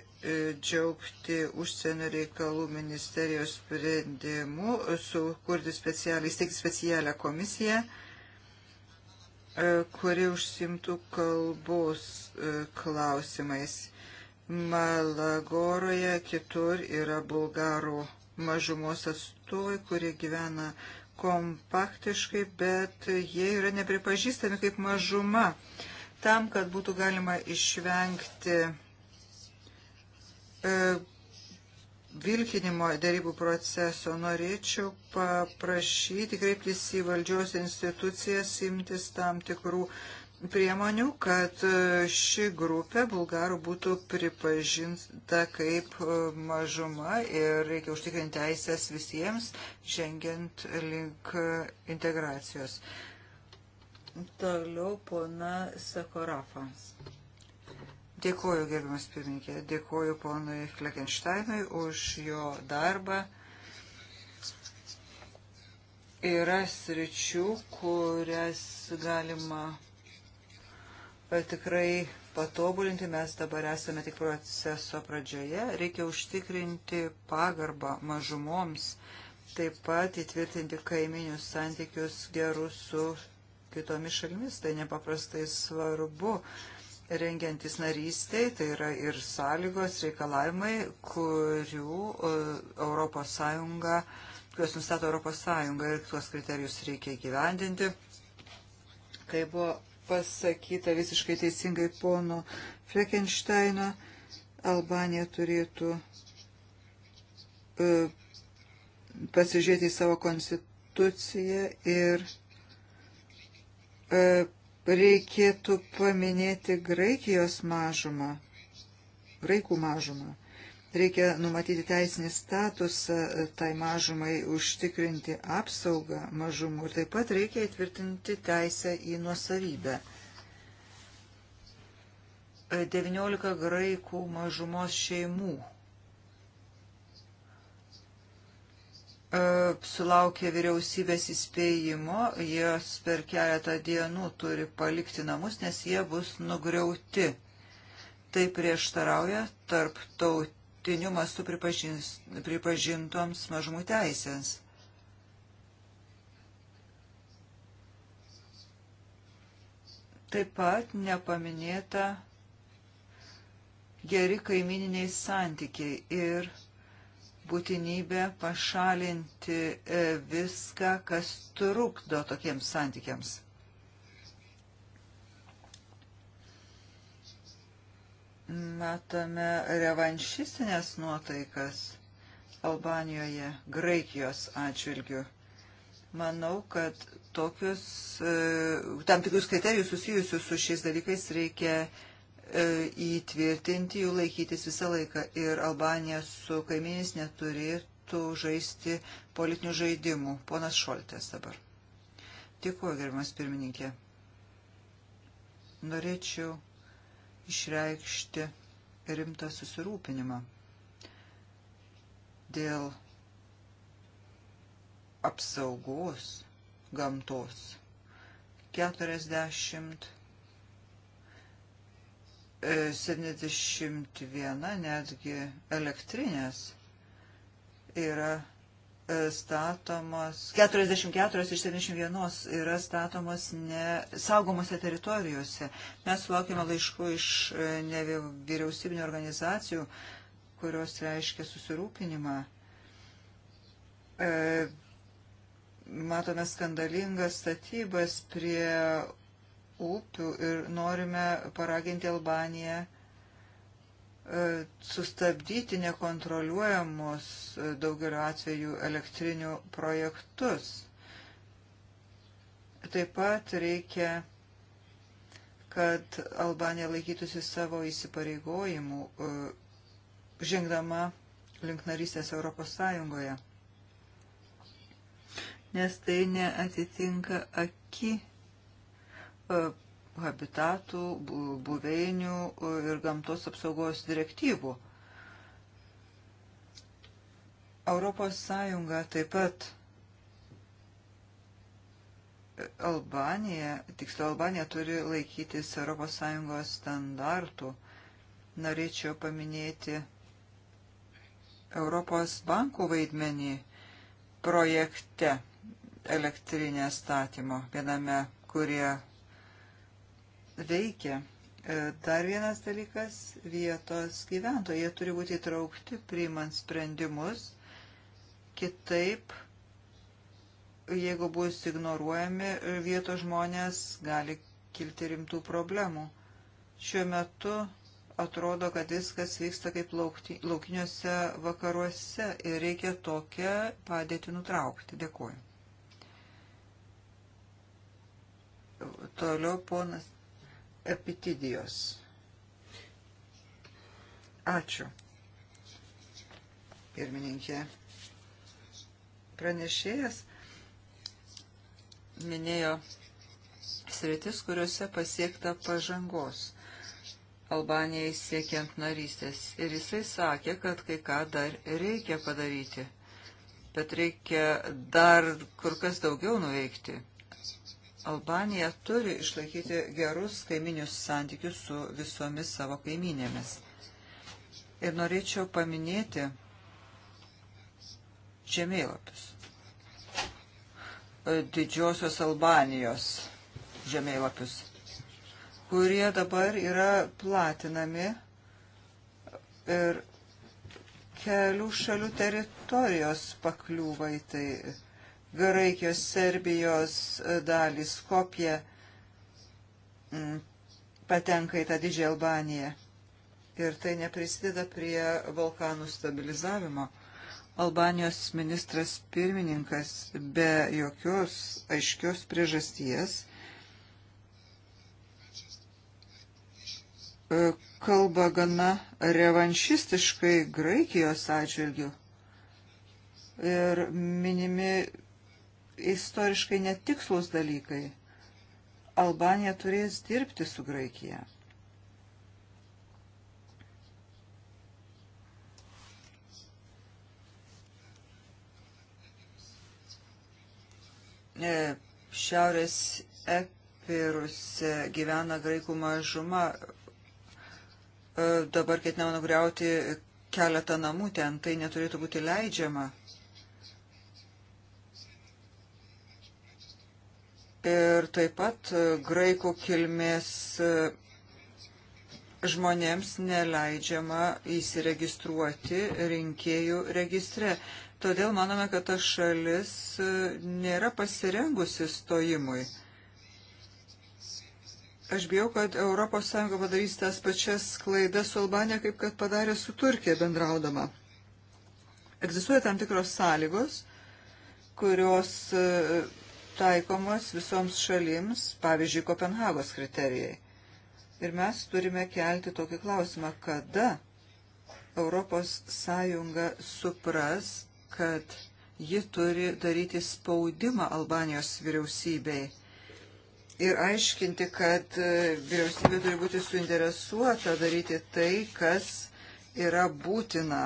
užsienio reikalų ministerijos sprendimu, sukurti specialiai, steigti specialią komisiją, e, kuri užsimtų kalbos e, klausimais Malagoroje, kitur yra bulgarų mažumos atstovai, kurie gyvena kompaktiškai, bet jie yra nepripažįstami kaip mažuma. Tam, kad būtų galima išvengti e, vilkinimo dėrybų proceso, norėčiau paprašyti kreiptis į valdžios institucijas, imtis tam tikrų e, priemonių, kad e, ši grupė bulgarų būtų pripažinta kaip e, mažuma ir reikia užtikrinti teisės visiems, žengiant link e, integracijos. Toliau pona Sakorafa. Dėkoju, gerbimas pirmininkė, dėkoju ponui Fleckensteinui už jo darbą yra sričių, kurias galima E, tikrai patobulinti. Mes dabar esame tik proceso pradžioje. Reikia užtikrinti pagarbą mažumoms, taip pat įtvirtinti kaiminius santykius gerus su kitomis šalimis. Tai nepaprastai svarbu. Rengiantis narystiai, tai yra ir sąlygos, reikalavimai, kurių ES, kuriuos nustato ES ir tuos kriterijus reikia gyvendinti. Kai buvo pasakyta visiškai teisingai pono Fleckensteino. Albanija turėtų uh, pasižiūrėti į savo konstituciją ir uh, reikėtų paminėti Graikijos mažumą, graikų mažumą. Reikia numatyti teisinį statusą e, tai mažumai, užtikrinti apsaugą mažumų ir taip pat reikia įtvirtinti teisę į nuosavybę. 19 e, graikų mažumos šeimų e, sulaukė vyriausybės įspėjimo, jos per keletą dienų turi palikti namus, nes jie bus nugriauti. Tai prieštarauja tarptautiniai tarptautiniu mastu pripažintoms mažumų teisės. Taip pat nepaminėta geri kaimininiai santykiai ir būtinybė pašalinti e, viską, kas trukdo tokiems santykiams. Matome revanšistinės nuotaikas Albanijoje, Graikijos atžvilgių. Manau, kad tokius, e, tam tikrus kriterijus susijusius su šiais dalykais reikia e, įtvirtinti, jų laikytis visą laiką. Ir Albanija su kaimynės neturėtų žaisti politinių žaidimų. Ponas Šoltės dabar. Dėkuoju, gerbimas pirmininkė. Norėčiau išreikšti rimtą susirūpinimą dėl apsaugos gamtos. 40, 71 e, netgi elektrinės yra E, statomos, 44 iš 71 yra statomos nesaugomose teritorijose. Mes sulaukime laiškų iš e, nevyriausybinio organizacijų, kurios reiškia susirūpinimą. E, matome skandalingas statybas prie upių ir norime paraginti Albaniją sustabdyti nekontroliuojamus e, daugeliu atveju elektrinių projektus. Taip pat reikia, kad Albanija laikytųsi savo įsipareigojimų e, žengdama link narystės Europos Sąjungoje nes tai neatitinka aki e, habitatų, buveinių ir gamtos apsaugos direktyvų. Europos Sąjunga taip pat e, Albanija, tiksliau Albanija turi laikytis Europos Sąjungos standartų. Norėčiau paminėti Europos bankų vaidmenį projekte elektrinės statymo viename, kurie veikia. E, dar vienas dalykas - vietos gyventojai. Jie turi būti įtraukti, priimant sprendimus. Kitaip, jeigu bus ignoruojami, e, vietos žmonės gali kilti rimtų problemų. Šiuo metu atrodo, kad viskas vyksta kaip laukti, laukiniuose vakaruose ir reikia tokią padėtį nutraukti. Dėkuoju. Toliau ponas epitidijos. Ačiū. Pirmininkė. Pranešėjas minėjo sritis, kuriuose pasiekta pažangos Albanijai siekiant narystės. Ir jisai sakė, kad kai ką dar reikia padaryti, bet reikia dar kur kas daugiau nuveikti. Albanija turi išlaikyti gerus kaiminius santykius su visomis savo kaiminėmis. Ir norėčiau paminėti žemėlapius. E, didžiosios Albanijos žemėlapius, kurie dabar yra platinami ir kelių šalių teritorijos pakliūva į tai Graikijos, Serbijos e, dalį, Skopje patenka į tą didžiąją Albaniją. Ir tai neprisideda prie Balkanų stabilizavimo. Albanijos ministras pirmininkas be jokios aiškios priežasties e, kalba gana revanšistiškai Graikijos atžvilgių. Ir minimi istoriškai netikslus dalykai. Albanija turės dirbti su Graikija. E, šiaurės Epiruse gyvena graikų mažuma. E, dabar ketinama nugriauti keletą namų ten, tai neturėtų būti leidžiama. ir taip pat e, graikų kilmės e, žmonėms neleidžiama įsiregistruoti rinkėjų registre. Todėl manome, kad ta šalis e, nėra pasirengusi stojimui. Aš bijau, kad ES padarys tas pačias klaidas su Albanija, kaip kad padarė su Turkija bendraudama. Egzistuoja tam tikros sąlygos, kurios taikomos visoms šalims, pavyzdžiui, Kopenhagos kriterijai. Ir mes turime kelti tokį klausimą, kada Europos Sąjunga supras, kad ji turi daryti spaudimą Albanijos vyriausybei ir aiškinti, kad e, vyriausybė turi būti suinteresuota daryti tai, kas yra būtina.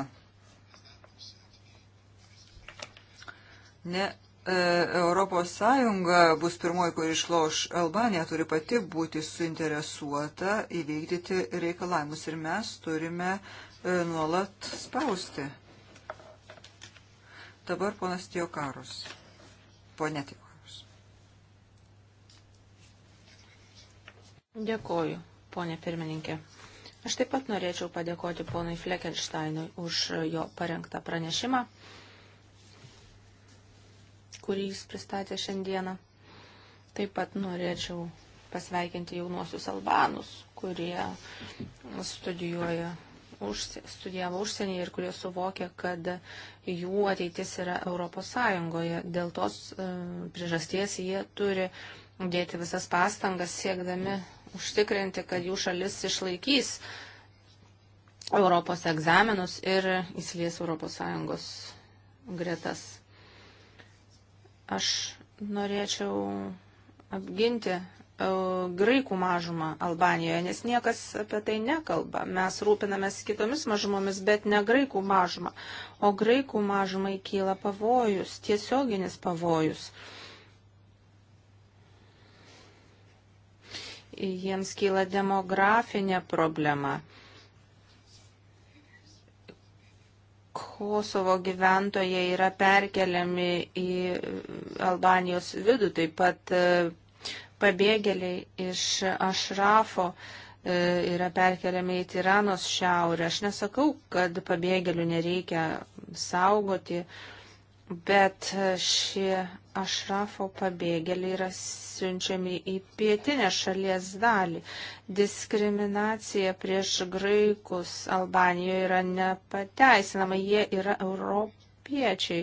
Ne E, Europos Sąjunga bus pirmoji, kur išloš Albanija, turi pati būti suinteresuota įvykdyti reikalavimus ir mes turime e, nuolat spausti. Dabar ponas Tiokarus. Pone Tiokarus. Dėkoju, ponė pirmininkė. Aš taip pat norėčiau padėkoti ponui Fleckensteinui už jo parengtą pranešimą kurį jis pristatė šiandieną. Taip pat norėčiau pasveikinti jaunuosius albanus, kurie studijuoja užsie, studijavo užsienyje ir kurie suvokė, kad jų ateitis yra Europos Sąjungoje. Dėl tos e, priežasties jie turi dėti visas pastangas siekdami užtikrinti, kad jų šalis išlaikys Europos egzaminus ir įsilies Europos Sąjungos gretas. Aš norėčiau apginti e, graikų mažumą Albanijoje, nes niekas apie tai nekalba. Mes rūpinamės kitomis mažumomis, bet ne graikų mažumą. O graikų mažumai kyla pavojus, tiesioginis pavojus. Jiems kyla demografinė problema. Kosovo gyventojai yra perkeliami į Albanijos vidų, taip pat e, pabėgėliai iš Ašrafo e, yra perkeliami į Tiranos šiaurę. Aš nesakau, kad pabėgėlių nereikia saugoti, Bet šie ašrafo pabėgėliai yra siunčiami į pietinę šalies dalį. Diskriminacija prieš graikus Albanijoje yra nepateisinama. Jie yra europiečiai.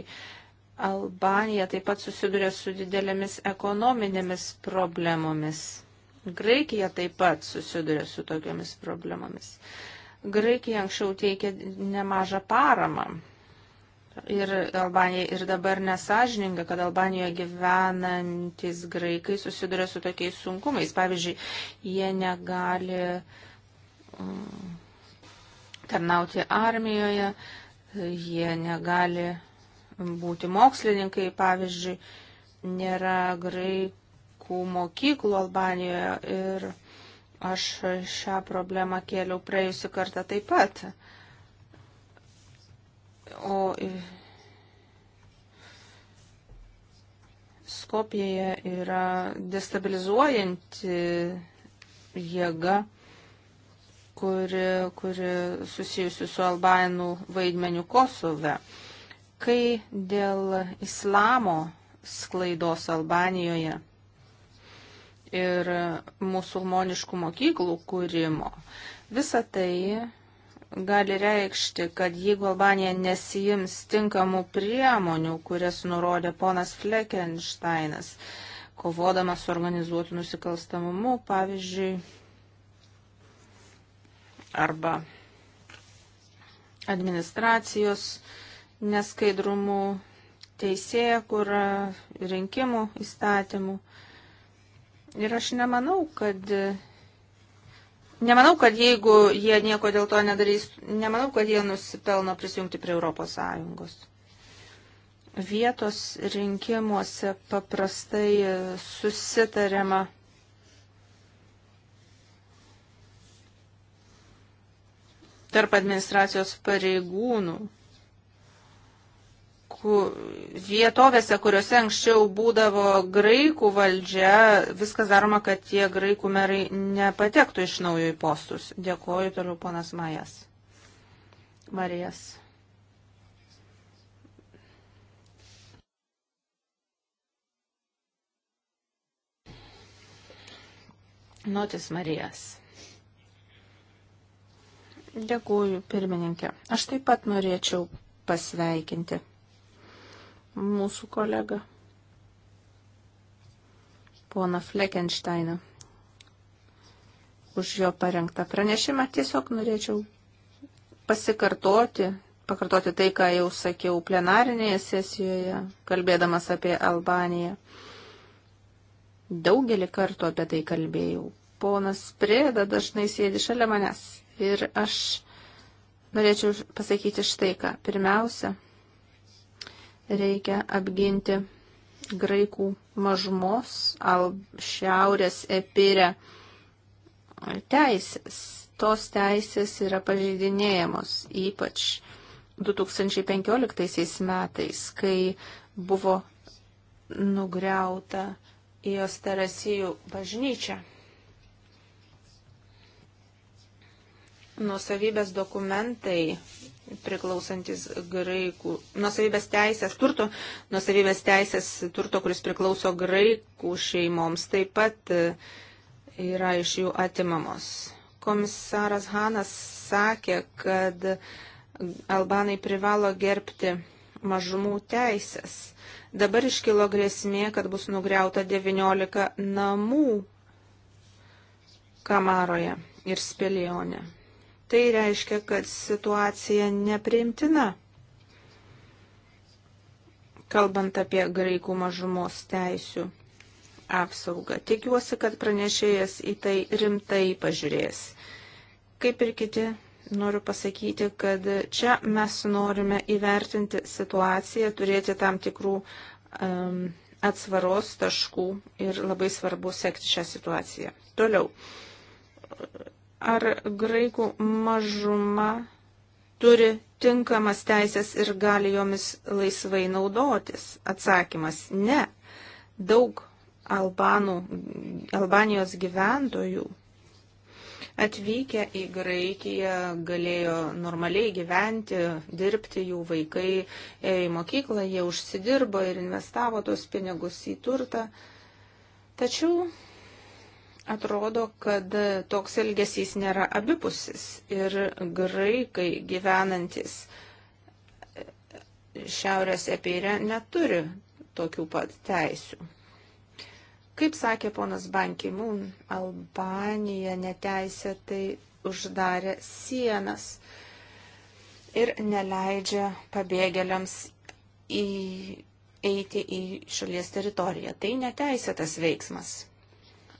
Albanija taip pat susiduria su didelėmis ekonominėmis problemomis. Graikija taip pat susiduria su tokiamis problemomis. Graikija anksčiau teikė nemažą paramą ir Albanija ir dabar nesažininga, kad Albanijoje gyvenantis graikai susiduria su tokiais sunkumais. Pavyzdžiui, jie negali mm, tarnauti armijoje, jie negali būti mokslininkai, pavyzdžiui, nėra graikų mokyklų Albanijoje ir aš šią problemą kėliau praėjusi kartą taip pat. O Skopijoje yra destabilizuojanti jėga, kuri, kuri susijusi su albanų vaidmeniu Kosove. Kai dėl islamo sklaidos Albanijoje ir musulmoniškų mokyklų kūrimo. Visa tai gali reikšti, kad jeigu Albanija nesijims tinkamų priemonių, kurias nurodė ponas Fleckensteinas, kovodamas su organizuotų nusikalstamumu, pavyzdžiui, arba administracijos neskaidrumų, teisėje, kur rinkimų įstatymų. Ir aš nemanau, kad Nemanau, kad jeigu jie nieko dėl to nedarys, nemanau, kad jie nusipelno prisijungti prie Europos Sąjungos. Vietos rinkimuose paprastai susitariama tarp administracijos pareigūnų vietovėse, kuriuose anksčiau būdavo graikų valdžia, viskas daroma, kad tie graikų merai nepatektų iš naujo į postus. Dėkoju toliau ponas Majas. Marijas. Notis Marijas. Dėkuoju, pirmininkė. Aš taip pat norėčiau pasveikinti mūsų kolegą, poną Fleckensteiną, už jo parengtą pranešimą. Tiesiog norėčiau pasikartoti, pakartoti tai, ką jau sakiau plenarinėje sesijoje, kalbėdamas apie Albaniją. Daugelį kartų apie tai kalbėjau. Ponas Prėda dažnai sėdi šalia manęs. Ir aš norėčiau pasakyti štai ką. Pirmiausia, reikia apginti graikų mažumos al šiaurės epirę teisės. Tos teisės yra pažeidinėjamos, ypač 2015 metais, kai buvo nugriauta į Ostarasijų bažnyčią. Nusavybės dokumentai priklausantis graikų nusavybės teisės turto, nusavybės teisės turto, kuris priklauso graikų šeimoms, taip pat e, yra iš jų atimamos. Komisaras Hanas sakė, kad Albanai privalo gerbti mažumų teisės. Dabar iškilo grėsmė, kad bus nugriauta 19 namų Kamaroje ir Spėlionė. Tai reiškia, kad situacija neprimtina. Kalbant apie graikų mažumos teisių apsaugą, tikiuosi, kad pranešėjas į tai rimtai pažiūrės. Kaip ir kiti noriu pasakyti, kad čia mes norime įvertinti situaciją, turėti tam tikrų um, atsvaros taškų ir labai svarbu sekti šią situaciją. Toliau, ar graikų mažuma turi tinkamas teisės ir gali jomis laisvai naudotis? Atsakymas - ne. Daug Albanų, Albanijos gyventojų atvykę į Graikiją galėjo normaliai gyventi, dirbti jų vaikai, ėjo į mokyklą, jie užsidirbo ir investavo tos pinigus į turtą. Tačiau Atrodo, kad toks elgesys nėra abipusis ir graikai gyvenantis Šiaurės Epeirė neturi tokių pat teisių. Kaip sakė ponas Bankimun, Albanija neteisėtai uždarė sienas ir neleidžia pabėgėliams į, eiti į šalies teritoriją. Tai neteisėtas veiksmas.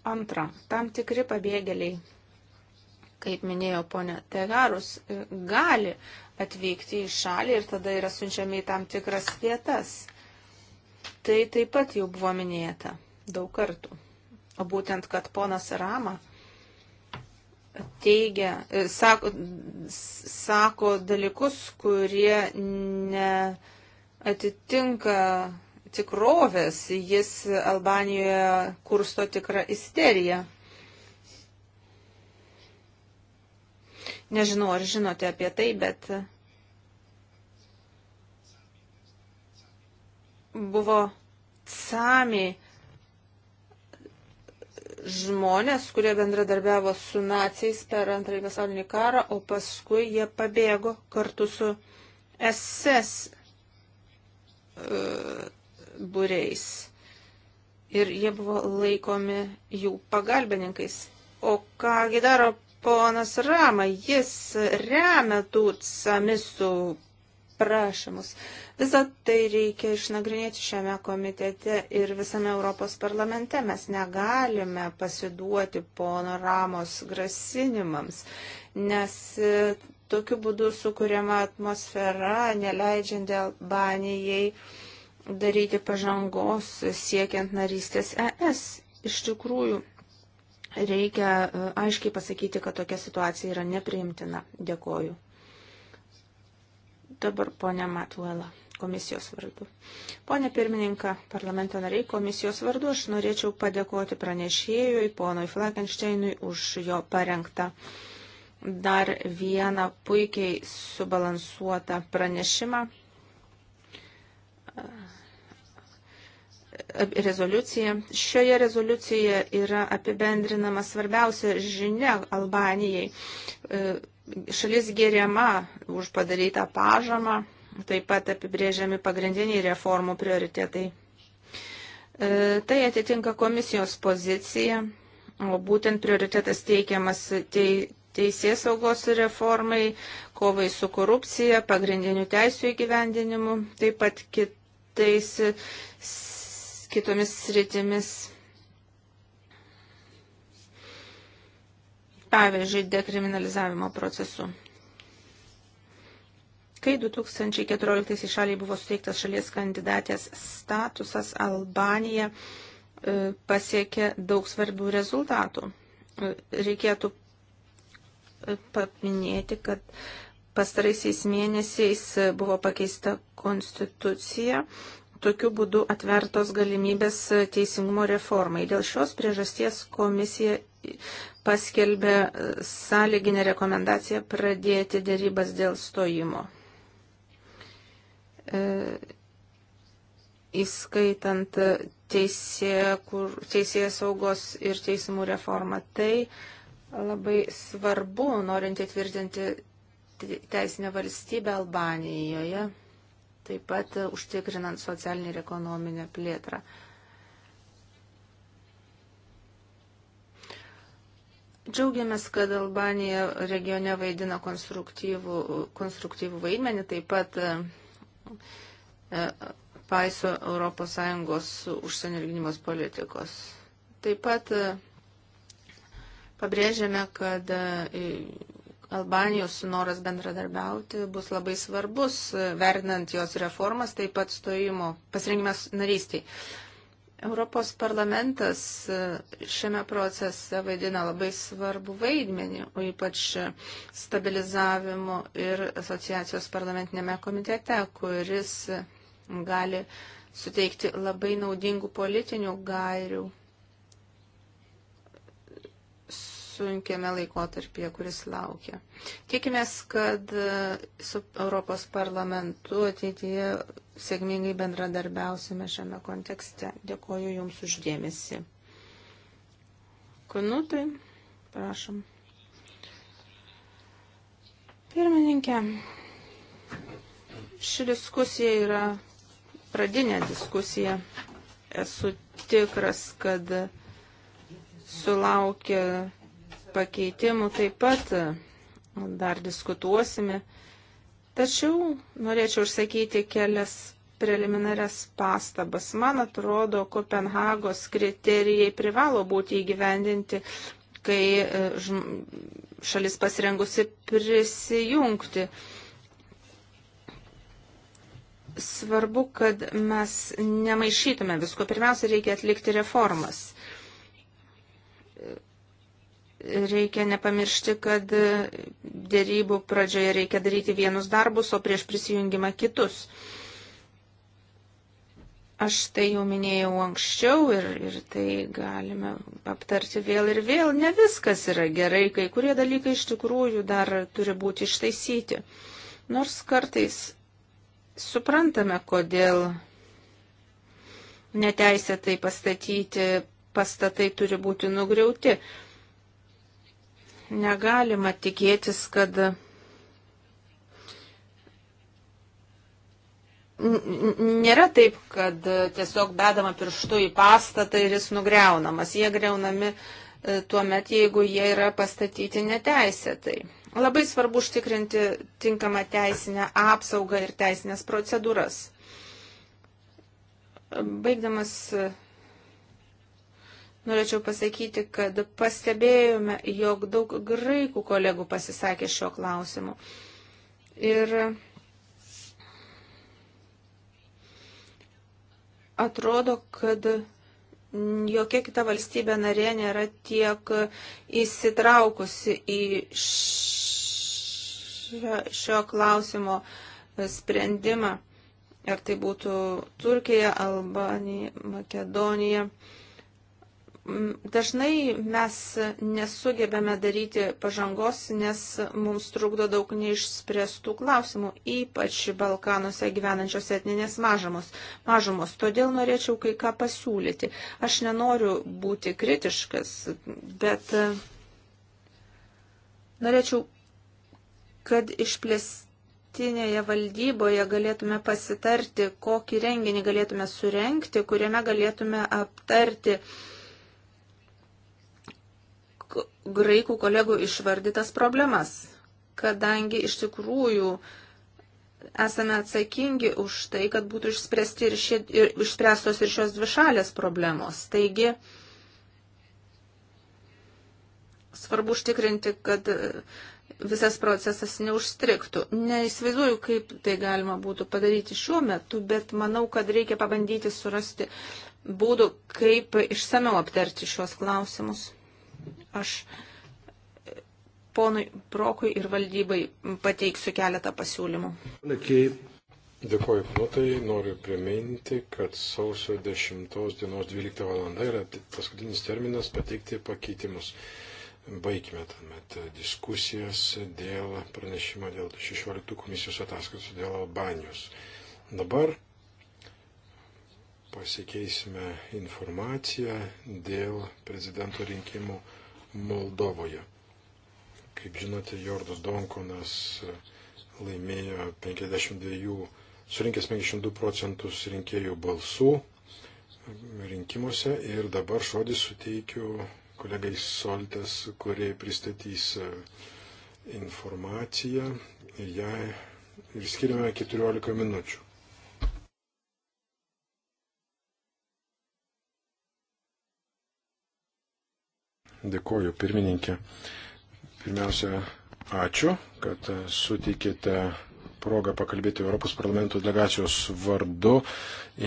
Antra, tam tikri pabėgėliai, kaip minėjo ponė Tegarus, gali atvykti į šalį ir tada yra siunčiami į tam tikras vietas. Tai taip pat jau buvo minėta daug kartų. O būtent, kad ponas Rama teigia, e, sako, sako dalykus, kurie neatitinka tikrovės, jis Albanijoje kursto tikrą isteriją. Nežinau, ar žinote apie tai, bet buvo sami žmonės, kurie bendradarbiavo su naciais per antrąjį pasaulinį karą, o paskui jie pabėgo kartu su SS būreis. Ir jie buvo laikomi jų pagalbininkais. O kągi daro ponas Rama? Jis remia tų samisų prašymus. Visą tai reikia išnagrinėti šiame komitete ir visame Europos parlamente. Mes negalime pasiduoti pono Ramos grasinimams, nes e, tokiu būdu sukūriama atmosfera, neleidžianti Albanijai daryti pažangos siekiant narystės ES. Iš tikrųjų, reikia e, aiškiai pasakyti, kad tokia situacija yra nepriimtina. Dėkoju. Dabar ponia Matuela komisijos vardu. Pone pirmininka, parlamento nariai komisijos vardu, aš norėčiau padėkoti pranešėjui, ponui Flakensteinui, už jo parengtą dar vieną puikiai subalansuotą pranešimą rezoliucija. Šioje rezoliucijoje yra apibendrinama svarbiausia žinia Albanijai. E, šalis geriama už padarytą pažamą, taip pat apibrėžiami pagrindiniai reformų prioritetai. E, tai atitinka komisijos poziciją, o būtent prioritetas teikiamas tei, teisės saugos reformai, kovai su korupcija, pagrindinių teisų įgyvendinimu, taip pat kit, kitais, kitomis sritimis. Pavyzdžiui, dekriminalizavimo procesu. Kai 2014 šaliai buvo suteiktas šalies kandidatės statusas, Albanija e, pasiekė daug svarbių rezultatų. E, reikėtų e, paminėti, kad pastaraisiais mėnesiais e, buvo pakeista konstitucija, tokiu būdu atvertos galimybės e, teisingumo reformai. Dėl šios priežasties komisija paskelbė e, sąlyginę rekomendaciją pradėti dėrybas dėl stojimo. E, įskaitant teisė, kur, teisėje saugos ir teisimų reformą. Tai labai svarbu, norint įtvirtinti teisinę valstybę Albanijoje, taip pat e, užtikrinant socialinį ir ekonominę plėtrą. Džiaugiamės, kad Albanija regione vaidina konstruktyvų, konstruktyvų vaidmenį, taip pat e, e paiso ES užsienio ir gynybos politikos. Taip pat e, pabrėžiame, kad e, Albanijos noras bendradarbiauti bus labai svarbus, vertinant jos reformas, taip pat stojimo, pasirinkimas narystiai. Europos parlamentas e, šiame procese vaidina labai svarbu vaidmenį, o ypač stabilizavimo ir asociacijos parlamentinėme komitete, kuris gali suteikti labai naudingų politinių gairių sunkiame laikotarpyje, kuris laukia. Tikimės, kad e, su Europos parlamentu ateityje sėkmingai bendradarbiausime šiame kontekste. Dėkoju Jums uždėmesi. Kunutai, prašom. Pirmininkė, ši diskusija yra pradinė diskusija. Esu tikras, kad sulaukė pakeitimų taip pat dar diskutuosime. Tačiau norėčiau užsakyti kelias preliminarias pastabas. Man atrodo, Kopenhagos kriterijai privalo būti įgyvendinti, kai e, šalis pasirengusi prisijungti. Svarbu, kad mes nemaišytume visko. Pirmiausia, reikia atlikti reformas Reikia nepamiršti, kad dėrybų pradžioje reikia daryti vienus darbus, o prieš prisijungimą kitus. Aš tai jau minėjau anksčiau ir, ir tai galime aptarti vėl ir vėl. Ne viskas yra gerai, kai kurie dalykai iš tikrųjų dar turi būti ištaisyti. Nors kartais suprantame, kodėl neteisėtai pastatyti pastatai turi būti nugriauti. Negalima tikėtis, kad nėra taip, kad tiesiog bedama pirštu į pastatą ir jis nugriaunamas. Jie greunami e, tuo met, jeigu jie yra pastatyti neteisėtai. Labai svarbu užtikrinti tinkamą teisinę apsaugą ir teisinės procedūras. Baigdamas Norėčiau pasakyti, kad pastebėjome, jog daug graikų kolegų pasisakė šio klausimu. Ir atrodo, kad jokia kita valstybė narė nėra tiek įsitraukusi į šio, šio klausimo sprendimą. Ar tai būtų Turkija, Albanija, Makedonija. Dažnai mes nesugebėme daryti pažangos, nes mums trukdo daug neišspręstų klausimų, ypač Balkanuose gyvenančios etninės mažumos. mažumos. Todėl norėčiau kai ką pasiūlyti. Aš nenoriu būti kritiškas, bet e, norėčiau, kad išplėsti nuolatinėje valdyboje galėtume pasitarti, kokį renginį galėtume surenkti, kuriame galėtume aptarti uh, graikų kolegų išvardytas problemas, kadangi iš tikrųjų esame atsakingi už tai, kad būtų išspręsti ir, šie, ir išspręstos ir šios dvišalės problemos. Taigi, svarbu užtikrinti, kad visas procesas neužstriktų. Neįsivaizduoju, kaip tai galima būtų padaryti šiuo metu, bet manau, kad reikia pabandyti surasti būdų, kaip išsameu aptarti šios klausimus. Aš e, ponui Brokui ir valdybai pateiksiu keletą pasiūlymų. Dėkuoju, plotai. Noriu priminti, kad sausio 10 dienos 12 val. yra paskutinis terminas pateikti pakeitimus. Baigime tuomet diskusijas dėl pranešimo dėl 16 komisijos ataskaitos dėl Albanijos. Dabar pasikeisime informaciją dėl prezidento rinkimų Moldovoje. Kaip žinote, Jordas Donkonas laimėjo 52, surinkęs 52 procentus rinkėjų balsų rinkimuose ir dabar žodį suteikiu kolegai Soltės, kurie pristatys informaciją ir ją ir skiriame 14 minučių. Dėkoju, pirmininkė. Pirmiausia, ačiū, kad suteikėte progą pakalbėti Europos parlamento delegacijos vardu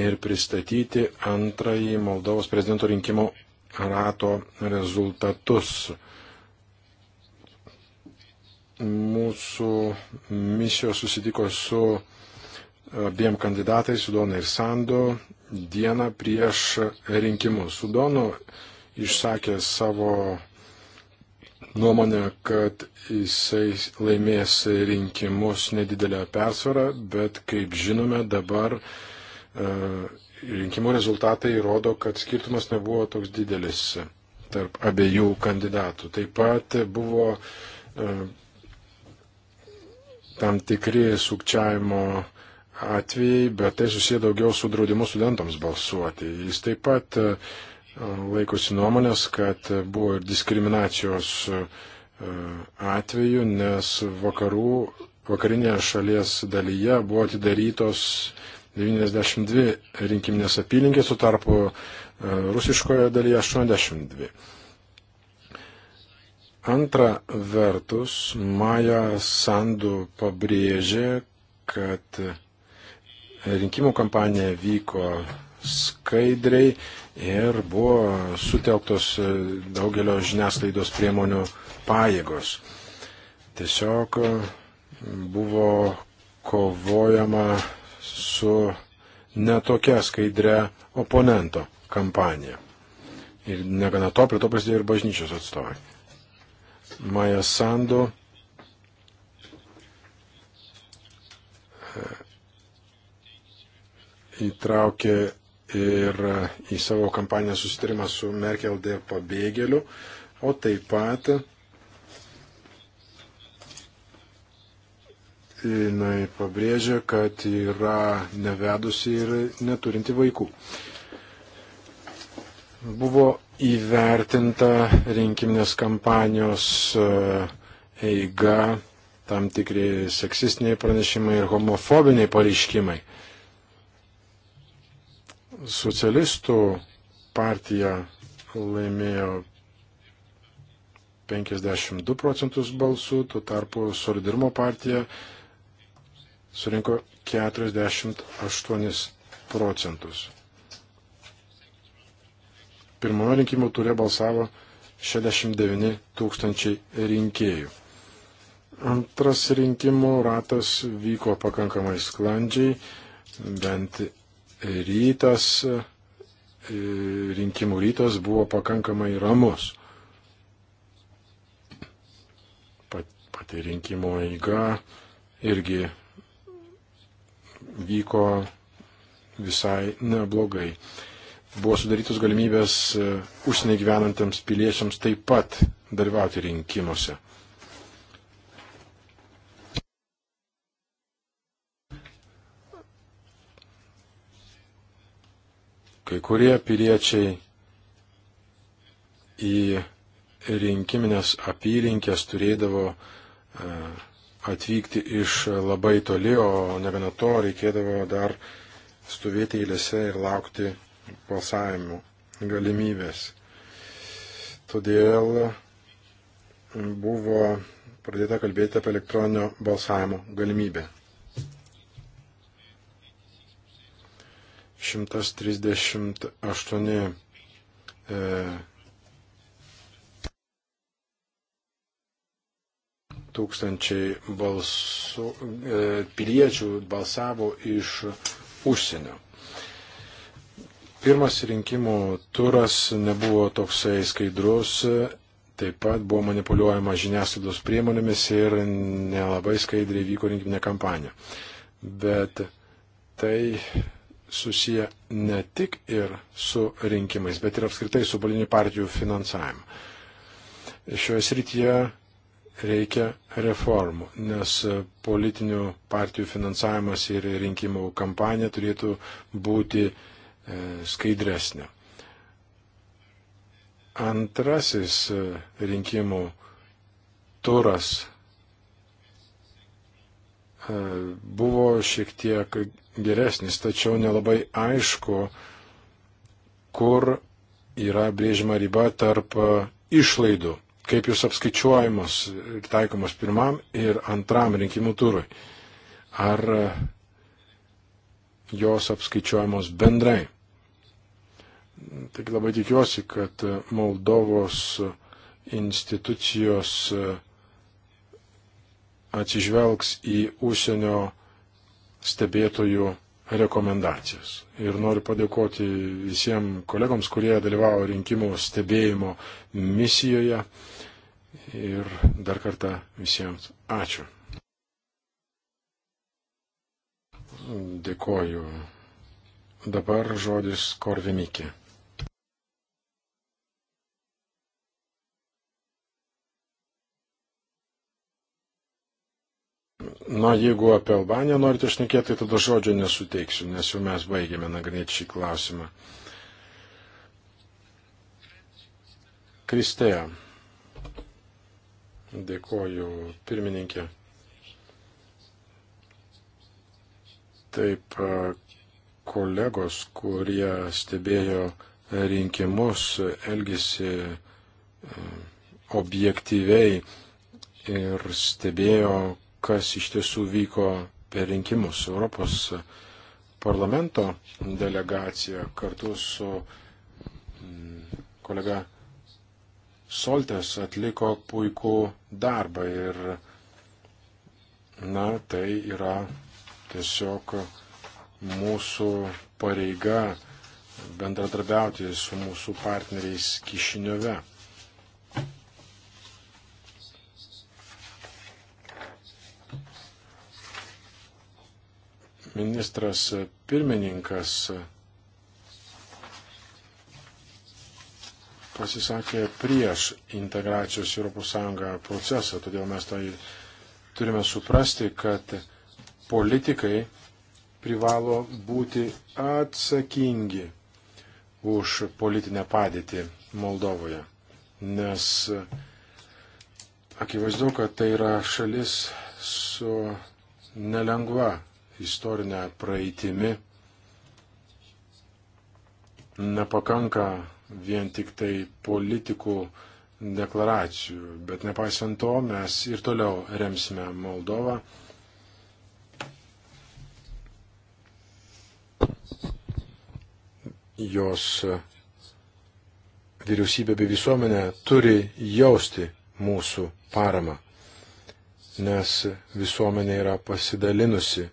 ir pristatyti antrąjį Moldovos prezidento rinkimų rato rezultatus. Mūsų misijos susitiko su abiem kandidatais, Sudonu ir Sandu, dieną prieš rinkimus. Sudonu išsakė savo nuomonę, kad jisai laimės rinkimus nedidelę persvarą, bet kaip žinome dabar e, rinkimų rezultatai rodo, kad skirtumas nebuvo toks didelis tarp abiejų kandidatų. Taip pat buvo e, tam tikri sukčiavimo atvejai, bet tai susiję daugiau su draudimu studentams balsuoti. Jis taip pat uh, laikosi nuomonės, kad buvo ir diskriminacijos e, atveju, nes vakarų, vakarinėje šalies dalyje buvo atidarytos 92 rinkiminės apylinkės, su tarpu e, rusiškoje dalyje 82. Antra vertus, Maja Sandu pabrėžė, kad rinkimų kampanija vyko skaidriai ir buvo sutelktos e, daugelio žiniasklaidos priemonių pajėgos. Tiesiog e, buvo kovojama su netokia skaidrė oponento kampanija. Ir negana to, prie to prasidėjo ir bažnyčios atstovai. Maja Sandu e, įtraukė ir į savo kampaniją susitarimą su Merkel dėl pabėgėlių, o taip pat jinai pabrėžia, kad yra nevedusi ir neturinti vaikų. Buvo įvertinta rinkiminės kampanijos e, eiga, tam tikri seksistiniai pranešimai ir homofobiniai pareiškimai. Socialistų partija laimėjo 52 procentus balsų, tuo tarpu Solidarumo partija surinko 48 procentus. Pirmojo rinkimų turė balsavo 69 tūkstančiai rinkėjų. Antras rinkimų ratas vyko pakankamai sklandžiai, bent rytas, e, rinkimų rytas buvo pakankamai ramus. Pati rinkimo eiga irgi vyko visai neblogai. Buvo sudarytos galimybės e, užsienį gyvenantiems piliečiams taip pat dalyvauti rinkimuose. kai kurie piliečiai į rinkiminės apylinkės turėdavo e, atvykti iš labai toli, o negana to reikėdavo dar stovėti eilėse ir laukti balsavimų galimybės. Todėl buvo pradėta kalbėti apie elektroninio balsavimo galimybę. 138 e, tūkstančiai balsų, e, piliečių balsavo iš užsienio. Pirmas rinkimų turas nebuvo toksai skaidrus, taip pat buvo manipuliuojama žiniasklaidos priemonėmis ir nelabai skaidriai vyko rinkiminė kampanija. Bet tai susiję ne tik ir su rinkimais, bet ir apskritai su politinių partijų finansavimu. Šioje srityje reikia reformų, nes politinių partijų finansavimas ir rinkimų kampanija turėtų būti e, skaidresnė. Antrasis e, rinkimų turas E, buvo šiek tiek geresnis, tačiau nelabai aišku, kur yra brėžima riba tarp e, išlaidų, kaip jūs apskaičiuojamos ir taikomos pirmam ir antram rinkimų turui. Ar e, jos apskaičiuojamos bendrai. Tik labai tikiuosi, kad Moldovos institucijos atsižvelgs į užsienio stebėtojų rekomendacijas. Ir noriu padėkoti visiems kolegoms, kurie dalyvavo rinkimų stebėjimo misijoje. Ir dar kartą visiems ačiū. Dėkoju. Dabar žodis Korvinikė. Na, jeigu apie Albaniją norite šnekėti, tai tada žodžio nesuteiksiu, nes jau mes baigėme nagrinėti šį klausimą. Kristėja. Dėkoju, pirmininkė. Taip, kolegos, kurie stebėjo rinkimus, elgėsi e, objektyviai ir stebėjo, kas iš tiesų vyko per rinkimus. Europos parlamento delegacija kartu su mm, kolega Soltės atliko puikų darbą ir, na, tai yra tiesiog mūsų pareiga bendradarbiauti su mūsų partneriais Kišiniove. ministras pirmininkas pasisakė prieš integracijos ES procesą, todėl mes tai turime suprasti, kad politikai privalo būti atsakingi už politinę padėtį Moldovoje, nes akivaizdu, kad tai yra šalis su nelengva istorinę praeitimi. Nepakanka vien tik tai politikų deklaracijų, bet nepaisant to mes ir toliau remsime Moldovą. Jos vyriausybė bei visuomenė turi jausti mūsų paramą, nes visuomenė yra pasidalinusi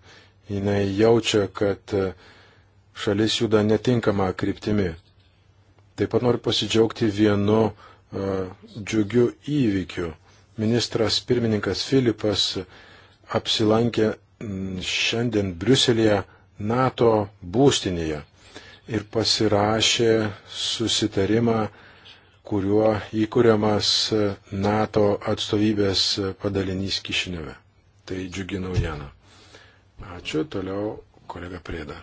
jinai jaučia, kad e, šalis juda netinkama kryptimi. Taip pat noriu pasidžiaugti vienu uh, džiugiu įvykiu. Ministras pirmininkas Filipas apsilankė šiandien Briuselėje NATO būstinėje ir pasirašė susitarimą, kuriuo įkūriamas NATO atstovybės padalinys Kišineve. Tai džiugi naujiena. Ačiū. Toliau kolega Prėda.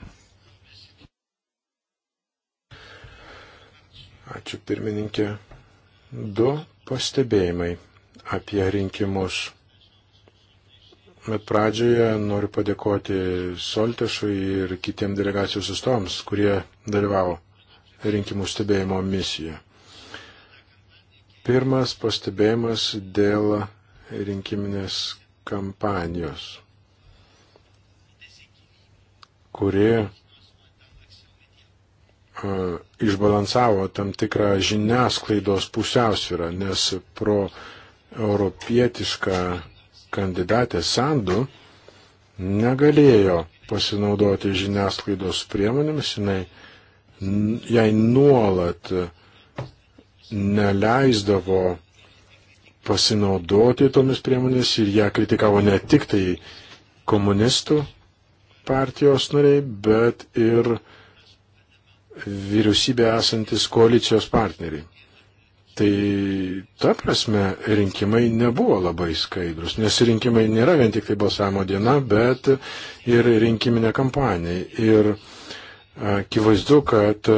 Ačiū pirmininkė. Du pastebėjimai apie rinkimus. Bet pradžioje noriu padėkoti Soltešui ir kitiem delegacijos atstovams, kurie dalyvavo rinkimų stebėjimo misijoje. Pirmas pastebėjimas dėl rinkiminės kampanijos kuri e, išbalansavo tam tikrą žiniasklaidos pusiausvyrą, nes pro europietišką kandidatę Sandu negalėjo pasinaudoti žiniasklaidos priemonėmis, jinai, jai nuolat neleisdavo pasinaudoti tomis priemonėmis ir ją kritikavo ne tik tai komunistų partijos nariai, bet ir vyriausybė esantis koalicijos partneriai. Tai ta prasme rinkimai nebuvo labai skaidrus, nes rinkimai nėra vien tik tai balsavimo diena, bet ir rinkiminė kampanija. Ir akivaizdu, kad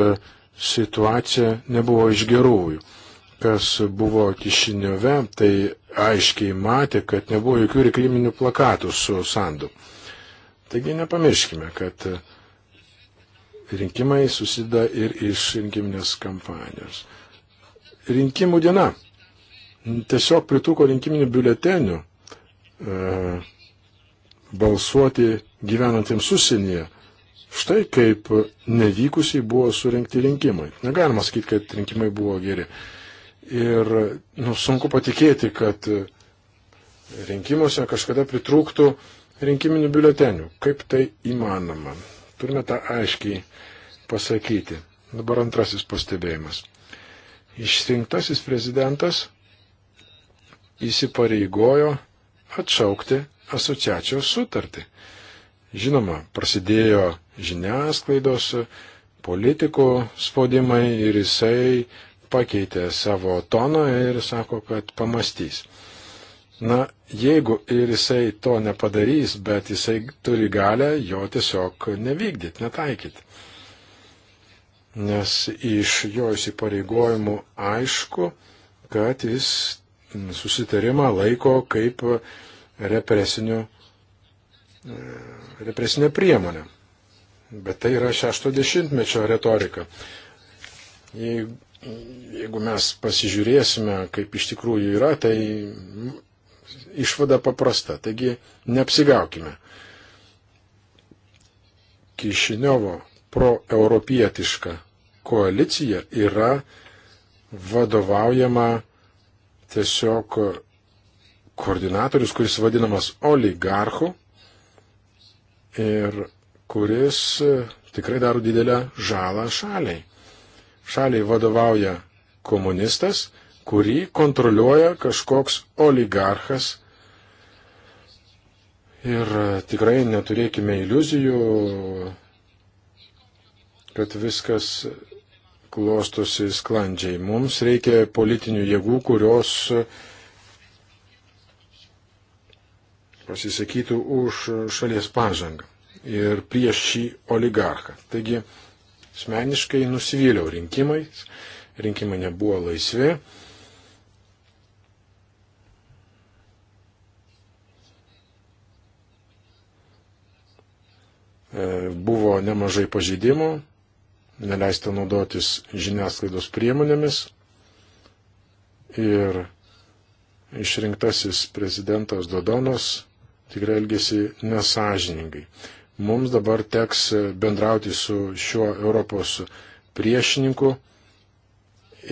situacija nebuvo iš gerųjų. Kas buvo Kišiniove, tai aiškiai matė, kad nebuvo jokių reklaminių plakatų su sandu. Taigi nepamirškime, kad e, rinkimai susideda ir iš rinkiminės kampanijos. Rinkimų diena. Tiesiog pritūko rinkiminių biuletenių e, balsuoti gyvenantiems užsienyje. Štai kaip nevykusiai buvo surinkti rinkimai. Negalima sakyti, kad rinkimai buvo geri. Ir nu, sunku patikėti, kad e, rinkimuose kažkada pritrūktų uh, rinkiminių biuletenių. Kaip tai įmanoma? Turime tą aiškiai pasakyti. Dabar antrasis pastebėjimas. Išrinktasis prezidentas įsipareigojo atšaukti asociacijos sutartį. Žinoma, prasidėjo žiniasklaidos, politikų spaudimai ir jisai pakeitė savo toną ir sako, kad pamastys. Na, jeigu ir jisai to nepadarys, bet jisai turi galę jo tiesiog nevykdyti, netaikyti. Nes iš jo įsipareigojimų aišku, kad jis susitarimą laiko kaip represinio, e, represinė priemonė. Bet tai yra 60-mečio retorika. Jeigu mes pasižiūrėsime, kaip iš tikrųjų yra, tai Išvada paprasta, taigi neapsigaukime. Kišiniovo proeuropietiška koalicija yra vadovaujama tiesiog koordinatorius, kuris vadinamas oligarchu ir kuris tikrai daro didelę žalą šaliai. Šaliai vadovauja komunistas, kurį kontroliuoja kažkoks oligarchas. Ir e, tikrai neturėkime iliuzijų, kad viskas klostosi sklandžiai. Mums reikia politinių jėgų, kurios pasisakytų už šalies pažangą ir prieš šį oligarchą. Taigi, asmeniškai nusivyliau rinkimais, rinkimai nebuvo laisvi, E, buvo nemažai pažydimų, neleista naudotis žiniasklaidos priemonėmis ir išrinktasis prezidentas Dodonas tikrai elgėsi nesažiningai. Mums dabar teks bendrauti su šiuo Europos priešininku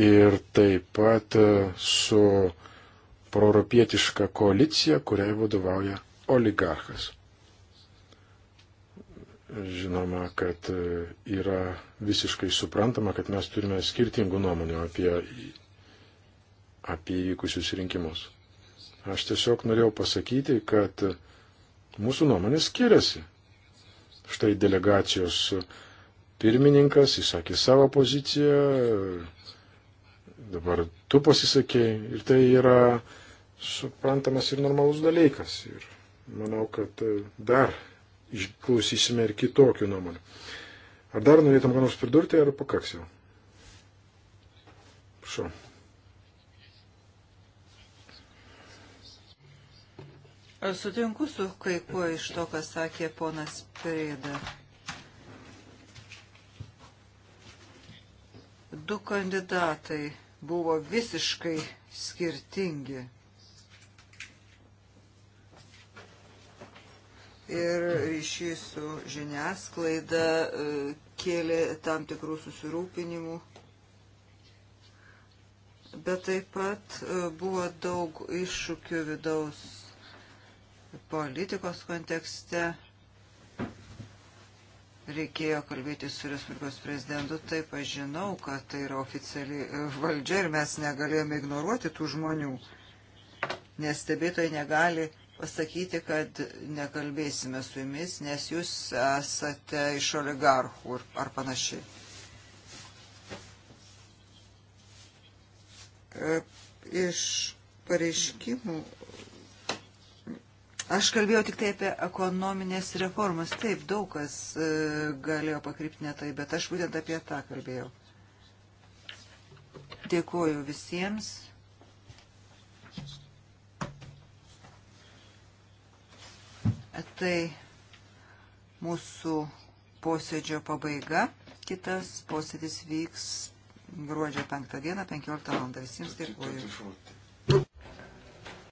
ir taip pat su proeuropietiška koalicija, kuriai vadovauja oligarchas. Žinoma, kad e, yra visiškai suprantama, kad mes turime skirtingų nuomonių apie, apie įvykusius rinkimus. Aš tiesiog norėjau pasakyti, kad mūsų nuomonės skiriasi. Štai delegacijos pirmininkas įsakė savo poziciją, dabar tu pasisakėjai ir tai yra suprantamas ir normalus dalykas. Ir manau, kad dar išklausysime ir kitokių nuomonių. Ar dar norėtum ką nors pridurti, ar pakaks jau? Prašau. Aš sutinku su kai kuo iš to, ką sakė ponas Prėda. Du kandidatai buvo visiškai skirtingi. ir ryšį su žiniasklaida e, kėlė tam tikrų susirūpinimų. Bet taip pat e, buvo daug iššūkių vidaus politikos kontekste. Reikėjo kalbėti su Respublikos prezidentu, taip aš žinau, kad tai yra oficiali e, valdžia ir mes negalėjome ignoruoti tų žmonių, nes stebėtojai negali uh, pasakyti, kad nekalbėsime su jumis, nes jūs esate iš oligarchų ar panašiai. E, iš pareiškimų. Aš kalbėjau tik tai apie ekonominės reformas. Taip, daug kas e, galėjo pakrypti ne tai, bet aš būtent apie tą kalbėjau. Dėkuoju visiems. Tai mūsų posėdžio pabaiga. Kitas posėdis vyks gruodžio 5 dieną, 15 val. Visiems dėkuoju.